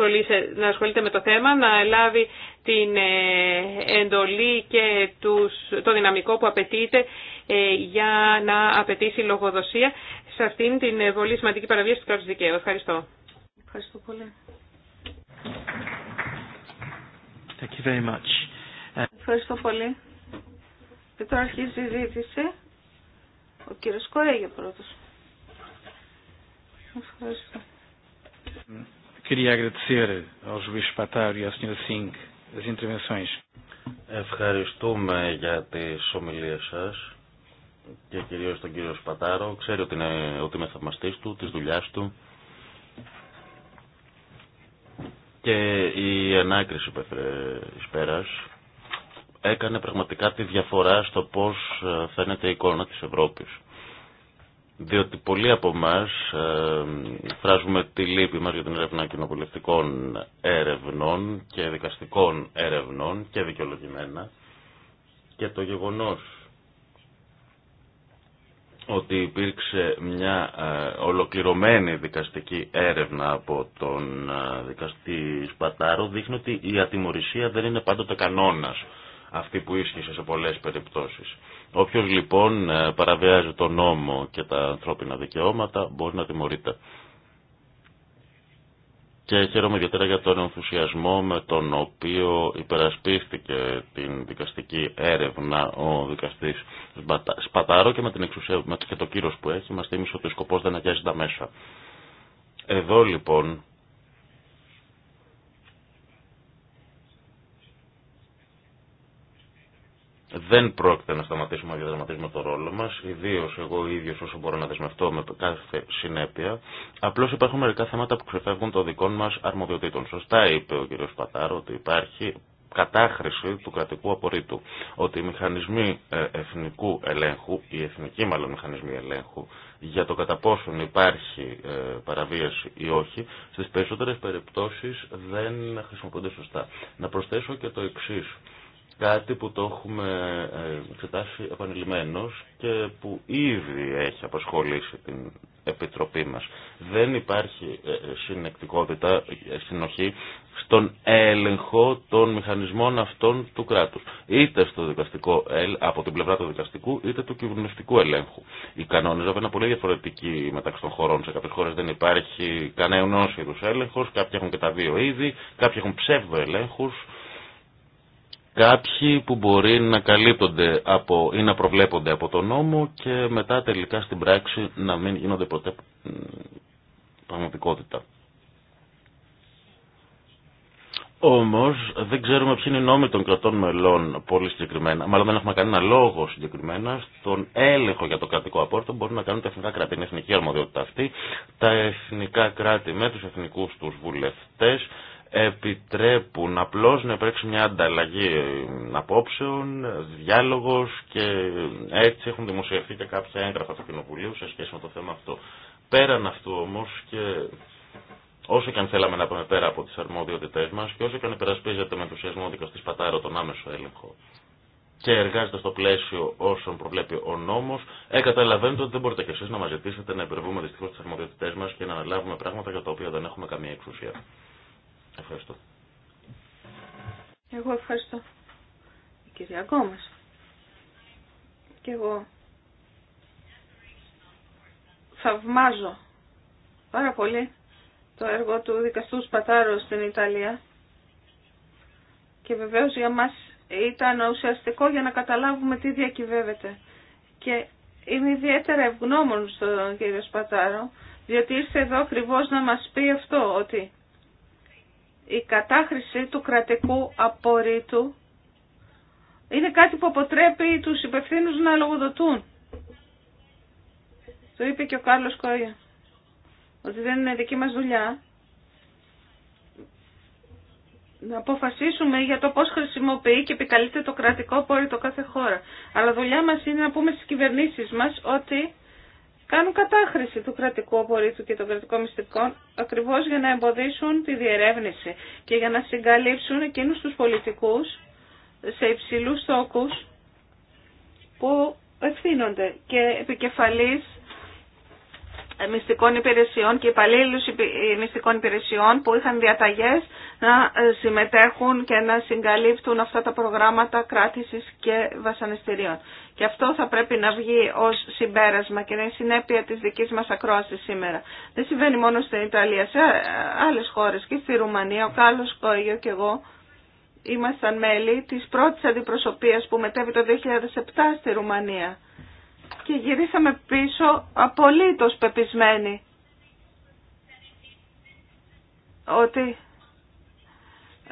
να ασχολείται με το θέμα, να λάβει την ε, εντολή και τους, το δυναμικό που απαιτείται ε, για να απαιτήσει λογοδοσία σε αυτήν την πολύ σημαντική παραβίαση του κράτους δικαίου. Ευχαριστώ. Ευχαριστώ πολύ. Thank you very much. Ευχαριστώ πολύ. Και τώρα αρχίζει η συζήτηση. Ο κύριος Κορέγιο πρώτος. Ευχαριστώ. Queria agradecer ao juiz Patário e à Singh as intervenções. Ευχαριστούμε για τις ομιλίες σας και κυρίως τον κύριο Σπατάρο. Ξέρει ότι, είναι, ότι είμαι θαυμαστής του, της δουλειάς του. και η ανάκριση που έφερε πέρας έκανε πραγματικά τη διαφορά στο πώς ε, φαίνεται η εικόνα της Ευρώπης. Διότι πολλοί από εμά ε, φράζουμε τη λύπη μας για την έρευνα κοινοβουλευτικών έρευνων και δικαστικών έρευνων και δικαιολογημένα και το γεγονός ότι υπήρξε μια ε, ολοκληρωμένη δικαστική έρευνα από τον ε, δικαστή Σπατάρο δείχνει ότι η ατιμορρησία δεν είναι πάντοτε κανόνας αυτή που ίσχυσε σε πολλές περιπτώσεις. Όποιος λοιπόν ε, παραβιάζει τον νόμο και τα ανθρώπινα δικαιώματα μπορεί να τιμωρείται και χαίρομαι ιδιαίτερα για τον ενθουσιασμό με τον οποίο υπερασπίστηκε την δικαστική έρευνα ο δικαστής Σπατάρο και με την εξουσία και το κύρος που έχει μας θύμισε ότι ο σκοπός δεν αγιάζει τα μέσα. Εδώ λοιπόν δεν πρόκειται να σταματήσουμε να διαδραματίζουμε το ρόλο μα, ιδίω εγώ ίδιο όσο μπορώ να δεσμευτώ με κάθε συνέπεια. Απλώ υπάρχουν μερικά θέματα που ξεφεύγουν των δικών μα αρμοδιοτήτων. Σωστά είπε ο κ. Πατάρο ότι υπάρχει κατάχρηση του κρατικού απορρίτου. Ότι οι μηχανισμοί ε, εθνικού ελέγχου, οι εθνικοί μάλλον μηχανισμοί ελέγχου, για το κατά πόσον υπάρχει ε, παραβίαση ή όχι, στι περισσότερε περιπτώσει δεν χρησιμοποιούνται σωστά. Να προσθέσω και το εξή Κάτι που το έχουμε ε, εξετάσει επανειλημμένως και που ήδη έχει απασχολήσει την Επιτροπή μας. Δεν υπάρχει ε, ε, συνεκτικότητα, συνοχή στον έλεγχο των μηχανισμών αυτών του κράτους. Είτε στο δικαστικό, από την πλευρά του δικαστικού, είτε του κυβερνητικού ελέγχου. Οι κανόνε βέβαια είναι πολύ διαφορετικοί μεταξύ των χωρών. Σε κάποιε χώρε δεν υπάρχει κανένα είδου έλεγχος, κάποιοι έχουν και τα δύο είδη, κάποιοι έχουν ψεύδο ελέγχου κάποιοι που μπορεί να καλύπτονται από, ή να προβλέπονται από τον νόμο και μετά τελικά στην πράξη να μην γίνονται ποτέ πραγματικότητα. Όμως δεν ξέρουμε ποιοι είναι οι νόμοι των κρατών μελών πολύ συγκεκριμένα. Μάλλον δεν έχουμε κανένα λόγο συγκεκριμένα στον έλεγχο για το κρατικό απόρριτο μπορούν να κάνουν τα εθνικά κράτη. Είναι εθνική αρμοδιότητα αυτή. Τα εθνικά κράτη με τους εθνικούς τους βουλευτές επιτρέπουν απλώς να υπάρξει μια ανταλλαγή απόψεων, διάλογος και έτσι έχουν δημοσιευθεί και κάποια έγγραφα του Κοινοβουλίου σε σχέση με το θέμα αυτό. Πέραν αυτού όμως και όσο και αν θέλαμε να πάμε πέρα από τις αρμόδιότητές μας και όσο και αν υπερασπίζεται με ενθουσιασμό δικαστής Πατάρο τον άμεσο έλεγχο και εργάζεται στο πλαίσιο όσων προβλέπει ο νόμο, ε, καταλαβαίνετε ότι δεν μπορείτε κι εσεί να μα ζητήσετε να υπερβούμε δυστυχώ τι αρμοδιότητέ μα και να αναλάβουμε πράγματα για τα οποία δεν έχουμε καμία εξουσία. Ευχαριστώ. Εγώ ευχαριστώ. Η κυρία Γκόμες Και εγώ θαυμάζω πάρα πολύ το έργο του δικαστού Σπατάρο στην Ιταλία και βεβαίως για μας ήταν ουσιαστικό για να καταλάβουμε τι διακυβεύεται. Και είμαι ιδιαίτερα ευγνώμων στον κύριο Σπατάρο, διότι ήρθε εδώ ακριβώ να μας πει αυτό, ότι η κατάχρηση του κρατικού απορρίτου είναι κάτι που αποτρέπει τους υπευθύνου να λογοδοτούν. Το είπε και ο Κάρλος Κόγια, ότι δεν είναι δική μας δουλειά να αποφασίσουμε για το πώς χρησιμοποιεί και επικαλείται το κρατικό πόρη κάθε χώρα. Αλλά δουλειά μας είναι να πούμε στις κυβερνήσεις μας ότι κάνουν κατάχρηση του κρατικού απορρίτου και των κρατικών μυστικών ακριβώς για να εμποδίσουν τη διερεύνηση και για να συγκαλύψουν εκείνους τους πολιτικούς σε υψηλούς τόκους που ευθύνονται και επικεφαλής μυστικών υπηρεσιών και υπαλλήλου μυστικών υπηρεσιών που είχαν διαταγές να ε, συμμετέχουν και να συγκαλύπτουν αυτά τα προγράμματα κράτησης και βασανιστήριων. Και αυτό θα πρέπει να βγει ως συμπέρασμα και να είναι συνέπεια της δικής μας ακρόασης σήμερα. Δεν συμβαίνει μόνο στην Ιταλία, σε άλλες χώρες και στη Ρουμανία, ο Κάλλος Κόγιο και εγώ ήμασταν μέλη της πρώτης αντιπροσωπείας που μετέβη το 2007 στη Ρουμανία και γυρίσαμε πίσω απολύτως πεπισμένοι ότι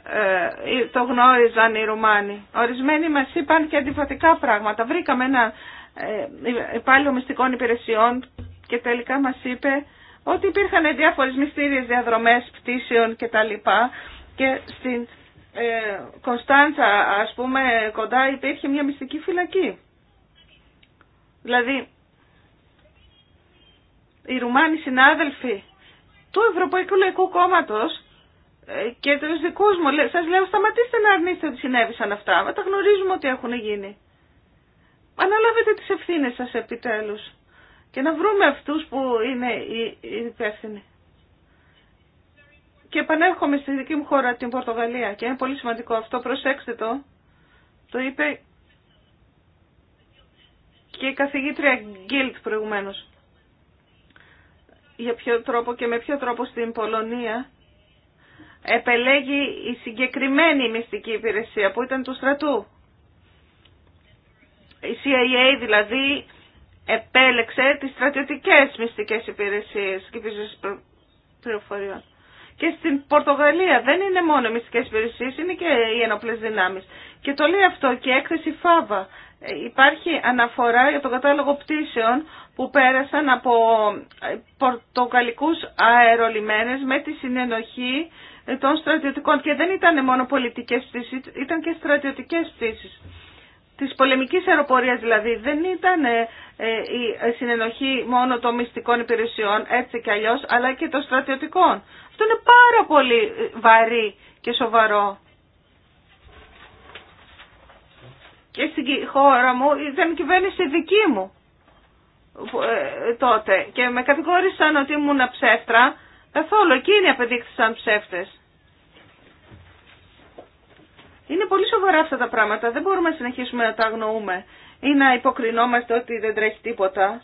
ε, το γνώριζαν οι Ρουμάνοι. Ορισμένοι μας είπαν και αντιφατικά πράγματα. Βρήκαμε ένα ε, υπάλληλο μυστικών υπηρεσιών και τελικά μας είπε ότι υπήρχαν διάφορες μυστήριες διαδρομές πτήσεων και τα λοιπά και στην ε, Κωνσταντσα ας πούμε κοντά υπήρχε μια μυστική φυλακή. Δηλαδή, οι Ρουμάνοι συνάδελφοι του Ευρωπαϊκού Λαϊκού Κόμματος ε, και του δικού μου, σας λέω σταματήστε να αρνείστε ότι συνέβησαν αυτά, μα τα γνωρίζουμε ότι έχουν γίνει. Αναλάβετε τις ευθύνε σας επιτέλους και να βρούμε αυτού που είναι οι υπεύθυνοι. Και επανέρχομαι στη δική μου χώρα, την Πορτογαλία, και είναι πολύ σημαντικό αυτό, προσέξτε το. Το είπε και η καθηγήτρια mm. Γκίλτ προηγουμένως. Για ποιο τρόπο και με ποιο τρόπο στην Πολωνία επελέγει η συγκεκριμένη μυστική υπηρεσία που ήταν του στρατού. Η CIA δηλαδή επέλεξε τις στρατιωτικές μυστικές υπηρεσίες και πληροφοριών. Και στην Πορτογαλία δεν είναι μόνο μυστικές υπηρεσίες, είναι και οι ενοπλές δυνάμεις. Και το λέει αυτό και η έκθεση ΦΑΒΑ υπάρχει αναφορά για τον κατάλογο πτήσεων που πέρασαν από πορτοκαλικούς αερολιμένες με τη συνενοχή των στρατιωτικών και δεν ήταν μόνο πολιτικές πτήσεις, ήταν και στρατιωτικές πτήσεις. Της πολεμικής αεροπορίας δηλαδή δεν ήταν ε, ε, η συνενοχή μόνο των μυστικών υπηρεσιών έτσι και αλλιώς αλλά και των στρατιωτικών. Αυτό είναι πάρα πολύ βαρύ και σοβαρό. και στην χώρα μου ήταν κυβέρνηση δική μου ε, τότε και με κατηγόρησαν ότι ήμουν ψεύτρα καθόλου εκείνοι απεδείχθησαν ψεύτες είναι πολύ σοβαρά αυτά τα πράγματα δεν μπορούμε να συνεχίσουμε να τα αγνοούμε ή να υποκρινόμαστε ότι δεν τρέχει τίποτα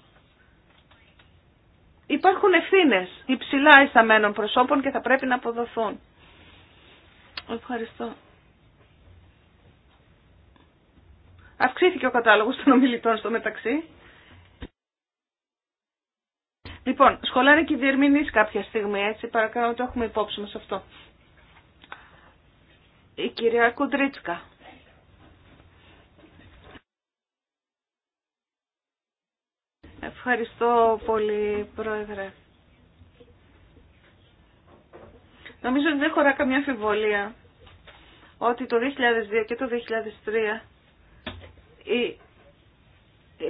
υπάρχουν ευθύνε υψηλά εισαμένων προσώπων και θα πρέπει να αποδοθούν ευχαριστώ Αυξήθηκε ο κατάλογος των ομιλητών στο μεταξύ. Λοιπόν, σχολάρε και διερμηνείς κάποια στιγμή, έτσι, παρακαλώ το έχουμε υπόψη μας αυτό. Η κυρία Κουντρίτσκα. Ευχαριστώ πολύ, Πρόεδρε. Νομίζω ότι δεν χωρά καμιά αμφιβολία ότι το 2002 και το 2003 οι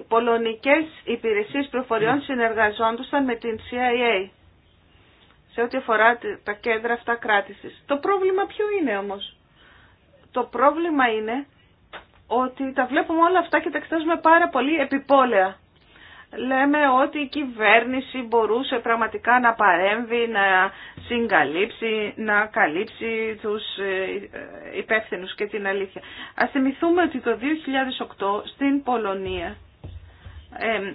πολωνικές υπηρεσίες προφοριών ναι. συνεργαζόντουσαν με την CIA σε ό,τι αφορά τα κέντρα αυτά κράτησης. Το πρόβλημα ποιο είναι όμως. Το πρόβλημα είναι ότι τα βλέπουμε όλα αυτά και τα εξετάζουμε πάρα πολύ επιπόλαια λέμε ότι η κυβέρνηση μπορούσε πραγματικά να παρέμβει, να συγκαλύψει, να καλύψει τους ε, υπεύθυνου και την αλήθεια. Ας θυμηθούμε ότι το 2008 στην Πολωνία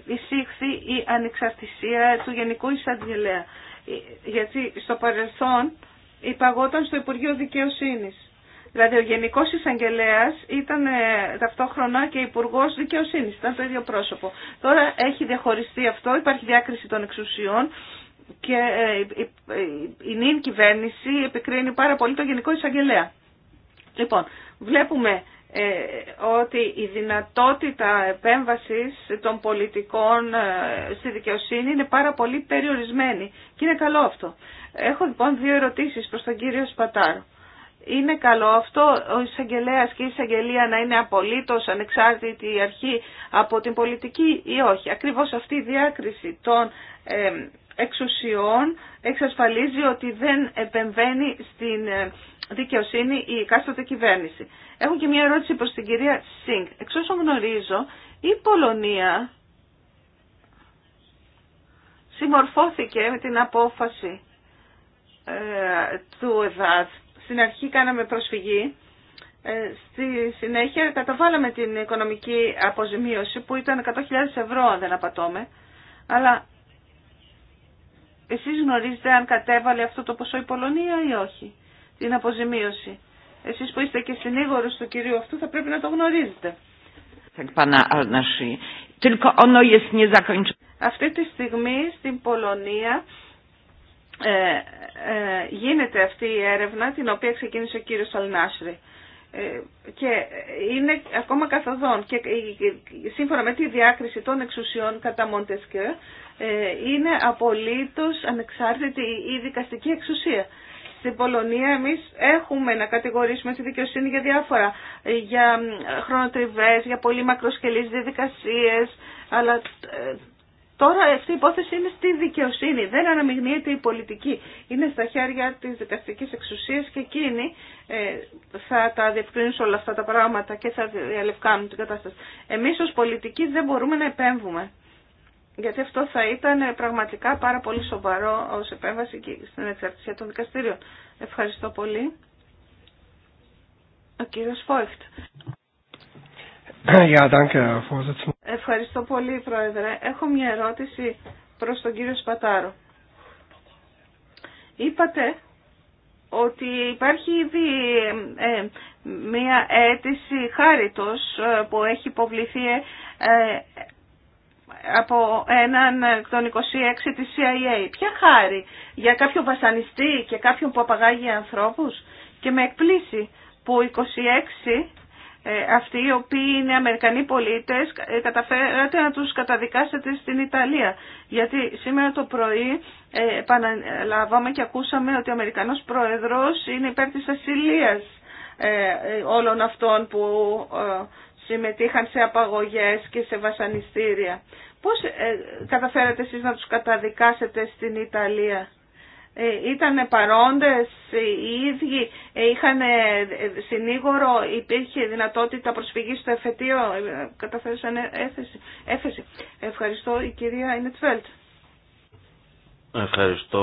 εισήχθη η ανεξαρτησία του Γενικού Ισαντιλέα. Ε, γιατί στο παρελθόν υπαγόταν στο Υπουργείο Δικαιοσύνης. Δηλαδή ο Γενικό Εισαγγελέα ήταν ε, ταυτόχρονα και Υπουργό Δικαιοσύνη, ήταν το ίδιο πρόσωπο. Τώρα έχει διαχωριστεί αυτό, υπάρχει διάκριση των εξουσιών και ε, η νυν κυβέρνηση επικρίνει πάρα πολύ τον Γενικό Εισαγγελέα. Λοιπόν, βλέπουμε ε, ότι η δυνατότητα επέμβασης των πολιτικών στη δικαιοσύνη είναι πάρα πολύ περιορισμένη και είναι καλό αυτό. Έχω λοιπόν δύο ερωτήσεις προς τον κύριο Σπατάρο. Είναι καλό αυτό ο εισαγγελέα και η εισαγγελία να είναι απολύτω ανεξάρτητη αρχή από την πολιτική ή όχι. Ακριβώ αυτή η διάκριση των εξουσιών εξασφαλίζει ότι δεν επεμβαίνει στην ε, δικαιοσύνη η εκάστοτε κυβέρνηση. Έχω και μια ερώτηση προς την κυρία Σινγκ. Εξ όσων γνωρίζω, η Πολωνία συμμορφώθηκε με την απόφαση ε, του ΕΔΑΤ. Στην αρχή κάναμε προσφυγή. Ε, στη συνέχεια καταβάλαμε την οικονομική αποζημίωση που ήταν 100.000 ευρώ αν δεν απατώμε. Αλλά εσείς γνωρίζετε αν κατέβαλε αυτό το ποσό η Πολωνία ή όχι. Την αποζημίωση. Εσείς που είστε και συνήγορος του κυρίου αυτού θα πρέπει να το γνωρίζετε. Αυτή τη στιγμή στην Πολωνία ε, ε, γίνεται αυτή η έρευνα την οποία ξεκίνησε ο κύριος Αλνάσρη ε, και είναι ακόμα καθοδόν και σύμφωνα με τη διάκριση των εξουσιών κατά Μοντεσκέ είναι απολύτως ανεξάρτητη η δικαστική εξουσία. Στην Πολωνία εμείς έχουμε να κατηγορήσουμε τη δικαιοσύνη για διάφορα, για χρονοτριβές, για πολύ μακροσκελείς διαδικασίες, αλλά Τώρα αυτή η υπόθεση είναι στη δικαιοσύνη, δεν αναμειγνύεται η πολιτική. Είναι στα χέρια της δικαστικής εξουσίας και εκείνοι ε, θα τα διευκρινίσουν όλα αυτά τα πράγματα και θα διαλευκάνουν την κατάσταση. Εμείς ως πολιτικοί δεν μπορούμε να επέμβουμε. Γιατί αυτό θα ήταν πραγματικά πάρα πολύ σοβαρό ως επέμβαση και στην εξαρτησία των δικαστήριων. Ευχαριστώ πολύ. Ο Φόιχτ. Ε, Ευχαριστώ πολύ, Πρόεδρε. Έχω μια ερώτηση προς τον κύριο Σπατάρο. Είπατε ότι υπάρχει ήδη ε, μια αίτηση χάριτος ε, που έχει υποβληθεί ε, από έναν των 26 της CIA. Ποια χάρη για κάποιον βασανιστή και κάποιον που απαγάγει ανθρώπους και με εκπλήσει που 26 ε, αυτοί οι οποίοι είναι Αμερικανοί πολίτες ε, καταφέρατε να τους καταδικάσετε στην Ιταλία. Γιατί σήμερα το πρωί ε, επαναλάβαμε και ακούσαμε ότι ο Αμερικανός Πρόεδρος είναι υπέρ της ασυλίας όλων αυτών που συμμετείχαν σε απαγωγές και σε βασανιστήρια. Πώς καταφέρατε εσείς να τους καταδικάσετε στην Ιταλία. Ε, ήταν παρόντες ε, οι ίδιοι, ε, είχαν συνήγορο, υπήρχε δυνατότητα προσφυγής στο εφετείο, καταθέσαν έθεση έθεση Ευχαριστώ η κυρία Ινετσφέλτ. Ευχαριστώ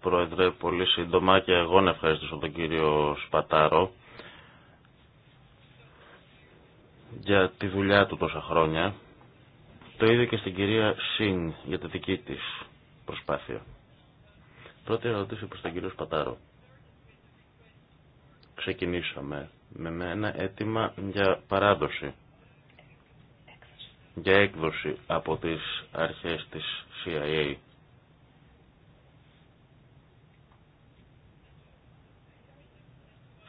Πρόεδρε πολύ σύντομα και εγώ να ευχαριστήσω τον κύριο Σπατάρο για τη δουλειά του τόσα χρόνια. Το ίδιο και στην κυρία Σιν για τη δική της προσπάθεια. Πρώτη ερώτηση προς τον κύριο Σπατάρο. Ξεκινήσαμε με ένα αίτημα για παράδοση, για έκδοση από τις αρχές της CIA.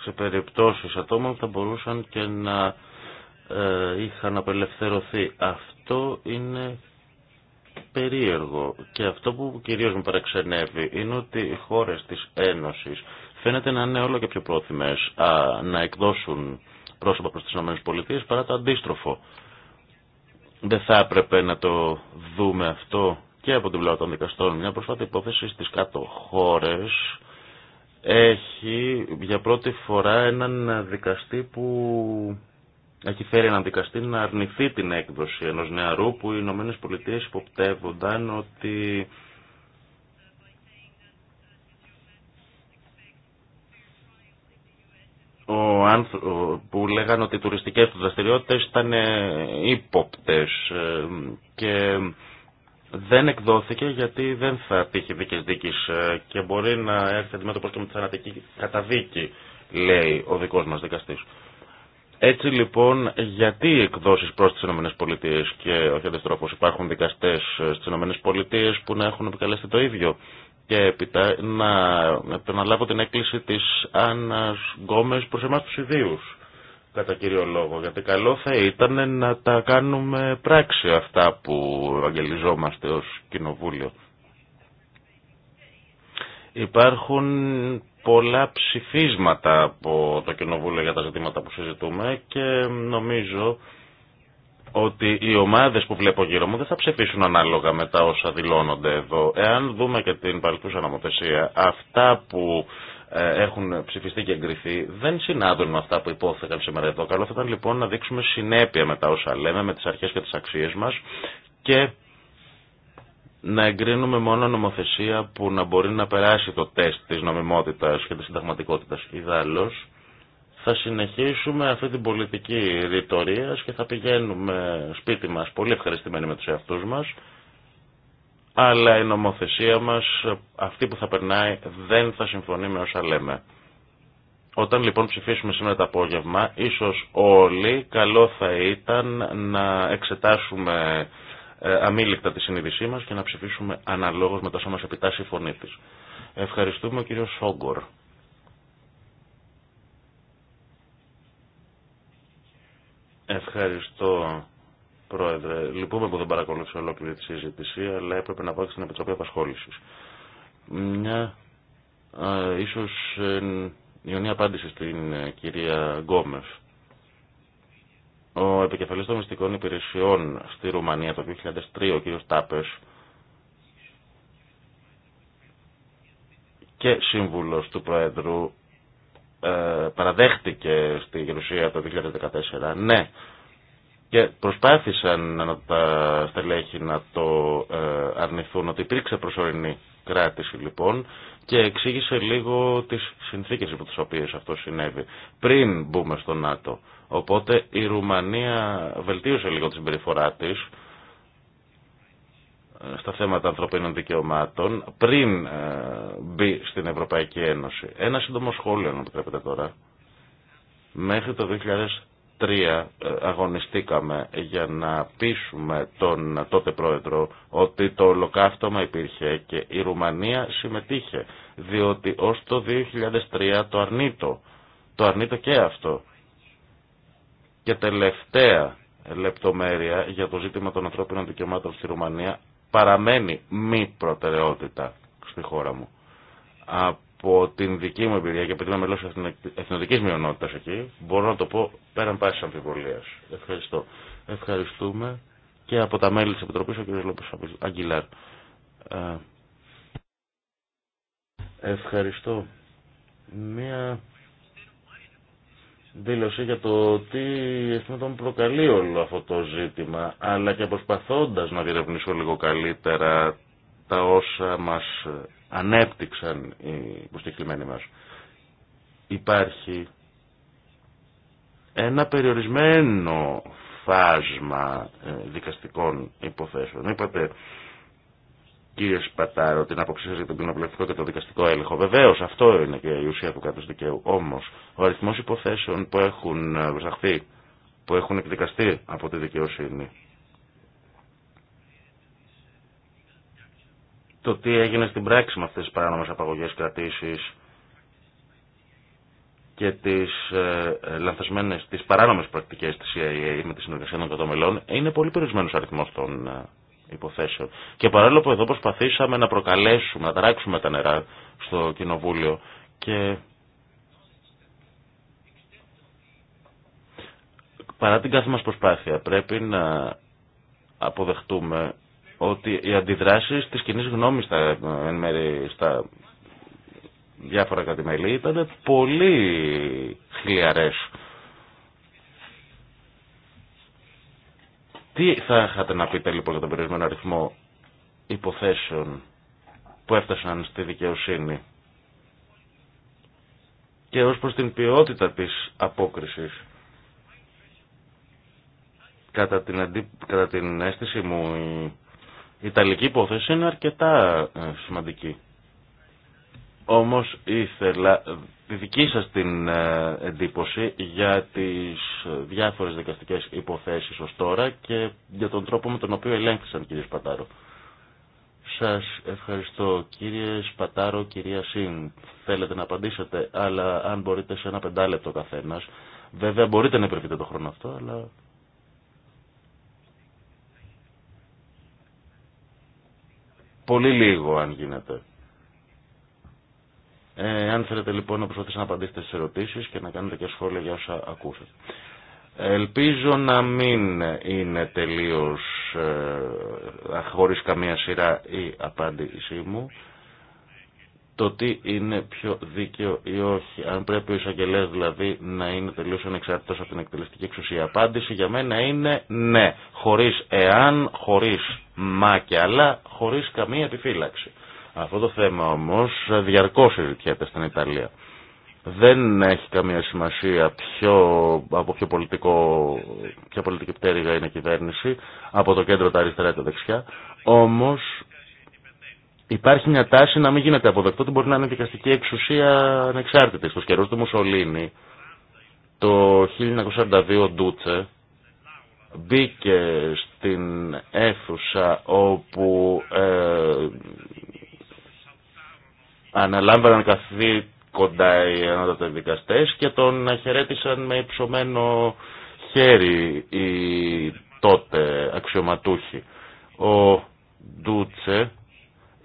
Σε περιπτώσεις ατόμων θα μπορούσαν και να ε, είχαν απελευθερωθεί. Αυτό είναι περίεργο και αυτό που κυρίως με παραξενεύει είναι ότι οι χώρες της Ένωσης φαίνεται να είναι όλο και πιο πρόθυμες να εκδώσουν πρόσωπα προς τις ΗΠΑ παρά το αντίστροφο. Δεν θα έπρεπε να το δούμε αυτό και από την πλευρά των δικαστών. Μια προσφάτη υπόθεση στις κάτω χώρες έχει για πρώτη φορά έναν δικαστή που έχει φέρει έναν δικαστή να αρνηθεί την έκδοση ενός νεαρού που οι Ηνωμένε Πολιτείες υποπτεύονταν ότι ο που λέγανε ότι οι τουριστικές του δραστηριότητες ήταν ε, ύποπτες ε, και δεν εκδόθηκε γιατί δεν θα τύχει δίκης δίκης ε, και μπορεί να έρθει αντιμέτωπος και με τη θανατική καταδίκη λέει ο δικός μας δικαστή έτσι λοιπόν, γιατί οι εκδόσεις προς τις ΗΠΑ και όχι αντιστρόφως υπάρχουν δικαστές στις ΗΠΑ που να έχουν επικαλέσει το ίδιο και έπειτα να επαναλάβω την έκκληση της Άννας Γκόμες προς εμάς τους ιδίους κατά κύριο λόγο, γιατί καλό θα ήταν να τα κάνουμε πράξη αυτά που αγγελιζόμαστε ως κοινοβούλιο. Υπάρχουν πολλά ψηφίσματα από το Κοινοβούλιο για τα ζητήματα που συζητούμε και νομίζω ότι οι ομάδες που βλέπω γύρω μου δεν θα ψηφίσουν ανάλογα με τα όσα δηλώνονται εδώ. Εάν δούμε και την παρελθούσα νομοθεσία, αυτά που ε, έχουν ψηφιστεί και εγκριθεί δεν συνάδουν με αυτά που υπόθεκαν σήμερα εδώ. Καλό θα ήταν λοιπόν να δείξουμε συνέπεια με τα όσα λέμε, με τις αρχές και τις αξίες μας και να εγκρίνουμε μόνο νομοθεσία που να μπορεί να περάσει το τεστ της νομιμότητας και της συνταγματικότητας. Ιδάλλως, θα συνεχίσουμε αυτή την πολιτική ρητορία και θα πηγαίνουμε σπίτι μας πολύ ευχαριστημένοι με τους εαυτούς μας, αλλά η νομοθεσία μας, αυτή που θα περνάει, δεν θα συμφωνεί με όσα λέμε. Όταν λοιπόν ψηφίσουμε σήμερα το απόγευμα, ίσως όλοι καλό θα ήταν να εξετάσουμε ε, αμήλικτα τη συνείδησή μα και να ψηφίσουμε αναλόγω με το όσα μας επιτάσσει η φωνή τη. Ευχαριστούμε κύριο Σόγκορ. Ευχαριστώ Πρόεδρε. Λυπούμε που δεν παρακολούθησα ολόκληρη τη συζήτηση, αλλά έπρεπε να πάω στην Επιτροπή Απασχόληση. Μια ε, ίσως ε, απάντηση στην ε, κυρία Γκόμεφ. Ο επικεφαλής των μυστικών υπηρεσιών στη Ρουμανία το 2003, ο κ. Τάπες, και σύμβουλος του Προέδρου, ε, παραδέχτηκε στη Γερουσία το 2014, ναι, και προσπάθησαν να τα στελέχη να το ε, αρνηθούν ότι υπήρξε προσωρινή κράτηση λοιπόν και εξήγησε λίγο τις συνθήκες υπό τις οποίες αυτό συνέβη πριν μπούμε στο ΝΑΤΟ. Οπότε η Ρουμανία βελτίωσε λίγο τη συμπεριφορά της ε, στα θέματα ανθρωπίνων δικαιωμάτων πριν ε, μπει στην Ευρωπαϊκή Ένωση. Ένα σύντομο σχόλιο, αν επιτρέπετε τώρα. Μέχρι το 2003 ε, αγωνιστήκαμε για να πείσουμε τον τότε πρόεδρο ότι το ολοκαύτωμα υπήρχε και η Ρουμανία συμμετείχε διότι ως το 2003 το αρνείτο, το αρνείτο και αυτό. Και τελευταία λεπτομέρεια για το ζήτημα των ανθρώπινων δικαιωμάτων στη Ρουμανία παραμένει μη προτεραιότητα στη χώρα μου από την δική μου εμπειρία και επειδή είμαι μελό εθνοτικής μειονότητας εκεί, μπορώ να το πω πέραν πάση αμφιβολία. Ευχαριστώ. Ευχαριστούμε και από τα μέλη της Επιτροπής, ο κ. Λόπε Αγγιλάρ. Ε, ευχαριστώ. Μία δήλωση για το τι αισθήματο μου προκαλεί όλο αυτό το ζήτημα, αλλά και προσπαθώντα να διερευνήσω λίγο καλύτερα τα όσα μας ανέπτυξαν οι υποστηκλημένοι μας. Υπάρχει ένα περιορισμένο φάσμα ε, δικαστικών υποθέσεων. Είπατε, κύριε Σπατάρο, την άποψή για τον κοινοβουλευτικό και το δικαστικό έλεγχο. Βεβαίω, αυτό είναι και η ουσία του κράτους δικαίου. Όμως, ο αριθμός υποθέσεων που έχουν βραχθεί, ε, που έχουν εκδικαστεί από τη δικαιοσύνη το τι έγινε στην πράξη με αυτές τις παράνομες απαγωγές κρατήσεις και τις ε, ε λανθασμένες, τις παράνομες πρακτικές της CIA με τη συνεργασία των κατομελών είναι πολύ περισμένος αριθμός των ε, υποθέσεων. Και παρόλο που εδώ προσπαθήσαμε να προκαλέσουμε, να ταράξουμε τα νερά στο Κοινοβούλιο και παρά την κάθε μας προσπάθεια πρέπει να αποδεχτούμε ότι οι αντιδράσεις της κοινή γνώμης στα, στα διάφορα κατημέλη ήταν πολύ χλιαρές. Τι θα είχατε να πείτε λοιπόν για τον περιορισμένο αριθμό υποθέσεων που έφτασαν στη δικαιοσύνη και ως προς την ποιότητα της απόκρισης. Κατά την, κατά την αίσθηση μου η Ιταλική υπόθεση είναι αρκετά ε, σημαντική. Όμως ήθελα ε, τη δική σας την ε, εντύπωση για τις διάφορες δικαστικές υποθέσεις ως τώρα και για τον τρόπο με τον οποίο ελέγχθησαν κύριε Σπατάρο. Σας ευχαριστώ κύριε Σπατάρο, κυρία Σιν. Θέλετε να απαντήσετε, αλλά αν μπορείτε σε ένα πεντάλεπτο καθένας. Βέβαια μπορείτε να υπερβείτε το χρόνο αυτό, αλλά Πολύ λίγο αν γίνεται. Ε, αν θέλετε λοιπόν να προσπαθήσετε να απαντήσετε στις ερωτήσεις και να κάνετε και σχόλια για όσα ακούσατε. Ελπίζω να μην είναι τελείως ε, χωρίς καμία σειρά η απάντησή μου το τι είναι πιο δίκαιο ή όχι. Αν πρέπει ο εισαγγελέα δηλαδή να είναι τελείω ανεξάρτητο από την εκτελεστική εξουσία. Απάντηση για μένα είναι ναι. Χωρί εάν, χωρί μα και αλλά, χωρί καμία επιφύλαξη. Αυτό το θέμα όμω διαρκώ συζητιέται στην Ιταλία. Δεν έχει καμία σημασία από ποιο πολιτικό, ποια πολιτική πτέρυγα είναι η κυβέρνηση, από το κέντρο τα αριστερά και τα δεξιά. Όμω, Υπάρχει μια τάση να μην γίνεται αποδεκτό ότι μπορεί να είναι δικαστική εξουσία ανεξάρτητη. Στο καιρού του Μουσολίνη, το 1942 ο Ντούτσε μπήκε στην αίθουσα όπου ε, αναλάμβαναν καθήκοντα οι ανώτατε δικαστές και τον χαιρέτησαν με υψωμένο χέρι οι τότε αξιωματούχοι. Ο Ντούτσε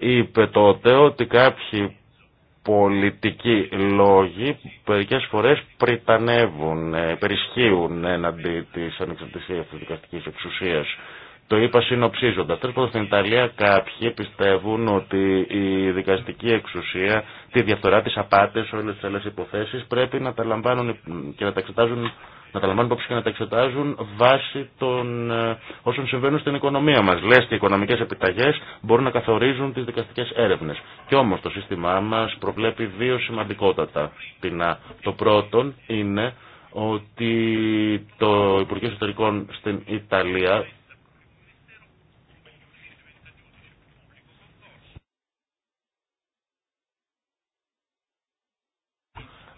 είπε τότε ότι κάποιοι πολιτικοί λόγοι μερικές φορές πριτανεύουν, ε, περισχύουν εναντί της ανεξαρτησίας της δικαστικής εξουσίας. Το είπα συνοψίζοντας. Τέλος πάντων στην Ιταλία κάποιοι πιστεύουν ότι η δικαστική εξουσία, τη διαφθορά, τις απάτες, όλες τις άλλες υποθέσεις πρέπει να τα λαμβάνουν και να τα εξετάζουν να τα λαμβάνουν υπόψη και να τα εξετάζουν βάσει των ε, όσων συμβαίνουν στην οικονομία μα. Λε και οι οικονομικέ επιταγέ μπορούν να καθορίζουν τι δικαστικέ έρευνε. Κι όμω το σύστημά μα προβλέπει δύο σημαντικότατα ποινά. Το πρώτο είναι ότι το Υπουργείο Εσωτερικών στην Ιταλία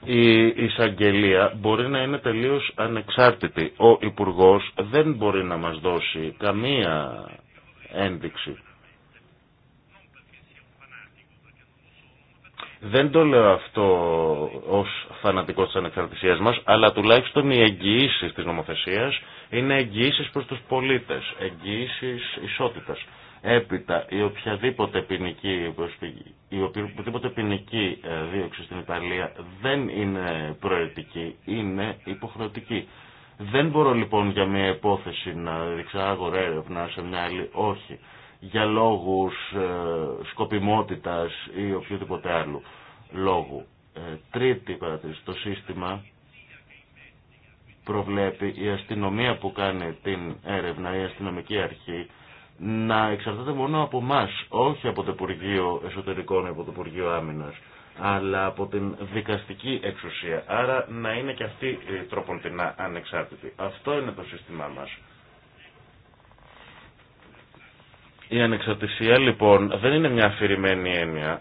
η εισαγγελία μπορεί να είναι τελείως ανεξάρτητη. Ο Υπουργός δεν μπορεί να μας δώσει καμία ένδειξη. Δεν το λέω αυτό ως φανατικός της ανεξαρτησίας μας, αλλά τουλάχιστον οι εγγυήσει της νομοθεσίας είναι εγγυήσει προς τους πολίτες, εγγυήσει ισότητας. Έπειτα, η οποιαδήποτε ποινική, η οποιαδήποτε ποινική ε, δίωξη στην Ιταλία δεν είναι προαιρετική, είναι υποχρεωτική. Δεν μπορώ λοιπόν για μια υπόθεση να διεξάγω έρευνα σε μια άλλη, όχι, για λόγους ε, σκοπιμότητας ή οποιοδήποτε άλλου λόγου. Ε, τρίτη παρατήρηση, το σύστημα προβλέπει η αστυνομία που κάνει την έρευνα, η αστυνομική αρχή, να εξαρτάται μόνο από εμά, όχι από το Υπουργείο Εσωτερικών, από το Υπουργείο Άμυνα, αλλά από την δικαστική εξουσία. Άρα να είναι και αυτή την ανεξάρτητη. Αυτό είναι το σύστημά μας. Η ανεξαρτησία λοιπόν δεν είναι μια αφηρημένη έννοια.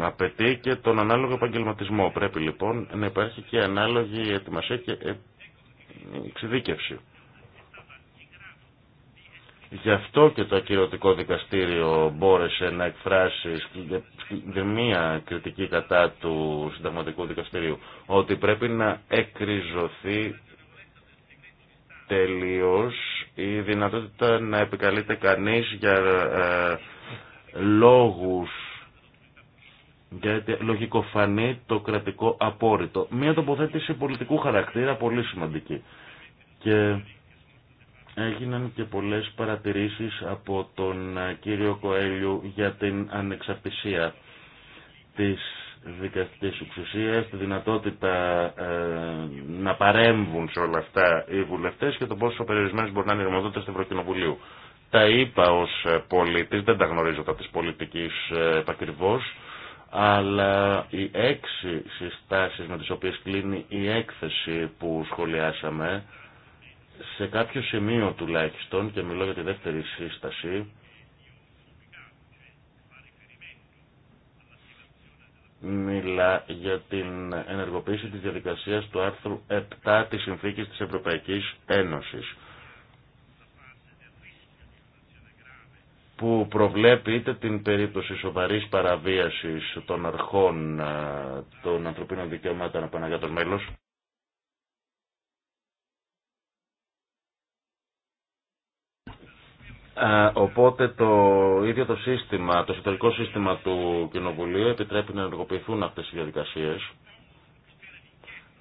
απαιτεί και τον ανάλογο επαγγελματισμό. Πρέπει λοιπόν να υπάρχει και ανάλογη ετοιμασία και ε, εξειδίκευση. Γι' αυτό και το ακυρωτικό δικαστήριο μπόρεσε να εκφράσει μία κριτική κατά του συνταγματικού δικαστηρίου ότι πρέπει να εκριζωθεί τελείως η δυνατότητα να επικαλείται κανείς για ε, λόγους γιατί λογικοφανεί το κρατικό απόρριτο. Μία τοποθέτηση πολιτικού χαρακτήρα πολύ σημαντική. Και έγιναν και πολλές παρατηρήσεις από τον ε, κύριο Κοέλιου για την ανεξαρτησία της δικαστικής εξουσίας, τη δυνατότητα ε, να παρέμβουν σε όλα αυτά οι βουλευτές και το πόσο περιορισμένες μπορεί να είναι οι του Ευρωκοινοβουλίου. Τα είπα ως ε, πολίτης, δεν τα γνωρίζω τα της πολιτικής επακριβώς, αλλά οι έξι συστάσεις με τις οποίες κλείνει η έκθεση που σχολιάσαμε, σε κάποιο σημείο τουλάχιστον, και μιλώ για τη δεύτερη σύσταση, μιλά για την ενεργοποίηση της διαδικασίας του άρθρου 7 της Συνθήκης της Ευρωπαϊκής Ένωσης που προβλέπει είτε την περίπτωση σοβαρής παραβίασης των αρχών ε, των ανθρωπίνων δικαιωμάτων από ένα μέλος Ε, οπότε το ίδιο το σύστημα, το εσωτερικό σύστημα του Κοινοβουλίου επιτρέπει να ενεργοποιηθούν αυτές οι διαδικασίες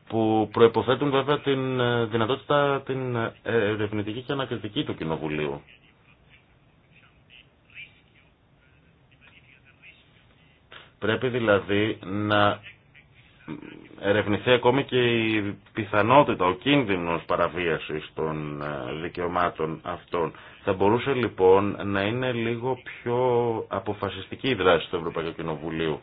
που προϋποθέτουν βέβαια την ε, δυνατότητα την ε, ερευνητική και ανακριτική του Κοινοβουλίου. Πρέπει δηλαδή να ερευνηθεί ακόμη και η πιθανότητα, ο κίνδυνος παραβίασης των ε, δικαιωμάτων αυτών. Θα μπορούσε λοιπόν να είναι λίγο πιο αποφασιστική η δράση του Ευρωπαϊκού Κοινοβουλίου.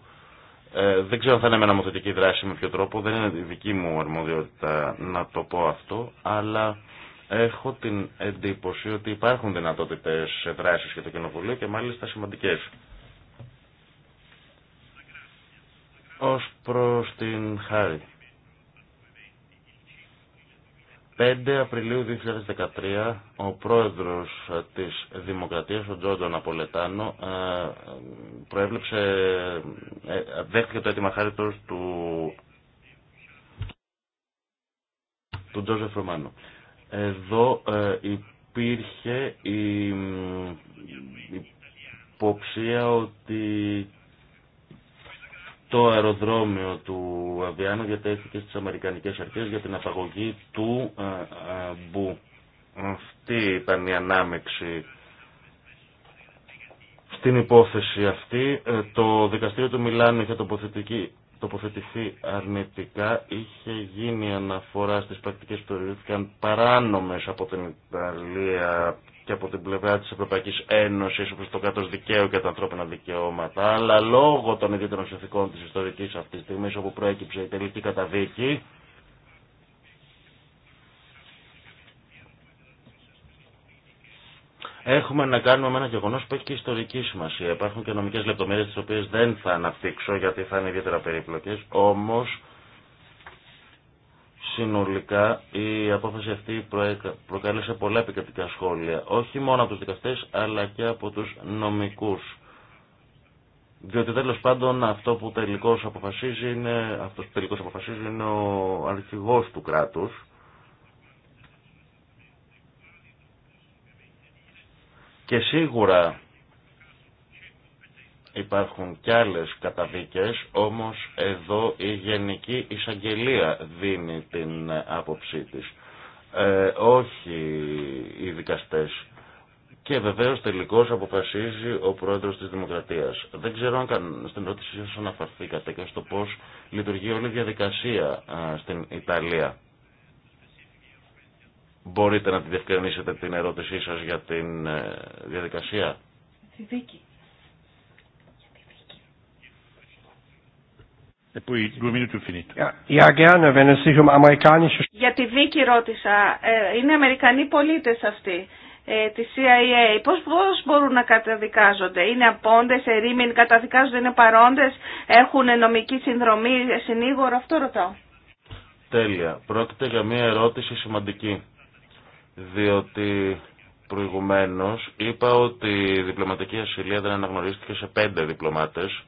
Ε, δεν ξέρω αν θα είναι με νομοθετική δράση με ποιο τρόπο, δεν είναι δική μου αρμοδιότητα να το πω αυτό, αλλά έχω την εντύπωση ότι υπάρχουν δυνατότητες δράσης για το Κοινοβουλίο και μάλιστα σημαντικές. Ως προς την χάρη. 5 Απριλίου 2013 ο πρόεδρος της Δημοκρατίας, ο Τζόντον Απολετάνο, ε, προέβλεψε, ε, δέχτηκε το αίτημα χάριτος του, του Τζόζεφ Εδώ ε, υπήρχε η υποψία ότι το αεροδρόμιο του Αβιάνο διατέθηκε στις Αμερικανικές Αρχές για την απαγωγή του ε, Μπου. Αυτή ήταν η ανάμεξη στην υπόθεση αυτή. Ε, το δικαστήριο του Μιλάνου είχε τοποθετηθεί αρνητικά. Είχε γίνει αναφορά στις πρακτικές που θεωρήθηκαν παράνομες από την Ιταλία και από την πλευρά της Ευρωπαϊκής Ένωσης όπως το κράτος δικαίου και τα ανθρώπινα δικαιώματα, αλλά λόγω των ιδιαίτερων συνθηκών της ιστορικής αυτής της στιγμής όπου προέκυψε η τελική καταδίκη, Έχουμε να κάνουμε με ένα γεγονό που έχει και ιστορική σημασία. Υπάρχουν και νομικέ λεπτομέρειε τι οποίε δεν θα αναπτύξω γιατί θα είναι ιδιαίτερα περίπλοκε. Όμω Συνολικά η απόφαση αυτή προκάλεσε πολλά επικρατικά σχόλια, όχι μόνο από τους δικαστές αλλά και από τους νομικούς. Διότι τέλο πάντων αυτό που τελικώς αποφασίζει είναι, αυτός που τελικώς αποφασίζει είναι ο αρχηγός του κράτους. Και σίγουρα Υπάρχουν κι άλλες καταδίκες, όμως εδώ η Γενική Εισαγγελία δίνει την άποψή της. Ε, όχι οι δικαστές. Και βεβαίως τελικώς αποφασίζει ο πρόεδρος της Δημοκρατίας. Δεν ξέρω αν στην ερώτησή σας αναφερθήκατε και στο πώς λειτουργεί όλη η διαδικασία ε, στην Ιταλία. Μπορείτε να τη διευκρινίσετε την ερώτησή σας για την ε, διαδικασία. Για τη δίκη ρώτησα, ε, είναι Αμερικανοί πολίτες αυτοί ε, τη CIA. Πώς, πώς μπορούν να καταδικάζονται. Είναι απόντες, ερήμην, καταδικάζονται, είναι παρόντες, έχουν νομική συνδρομή, συνήγορο, αυτό ρωτάω. Τέλεια. Πρόκειται για μια ερώτηση σημαντική. Διότι προηγουμένως είπα ότι η διπλωματική ασυλία δεν αναγνωρίστηκε σε πέντε διπλωμάτες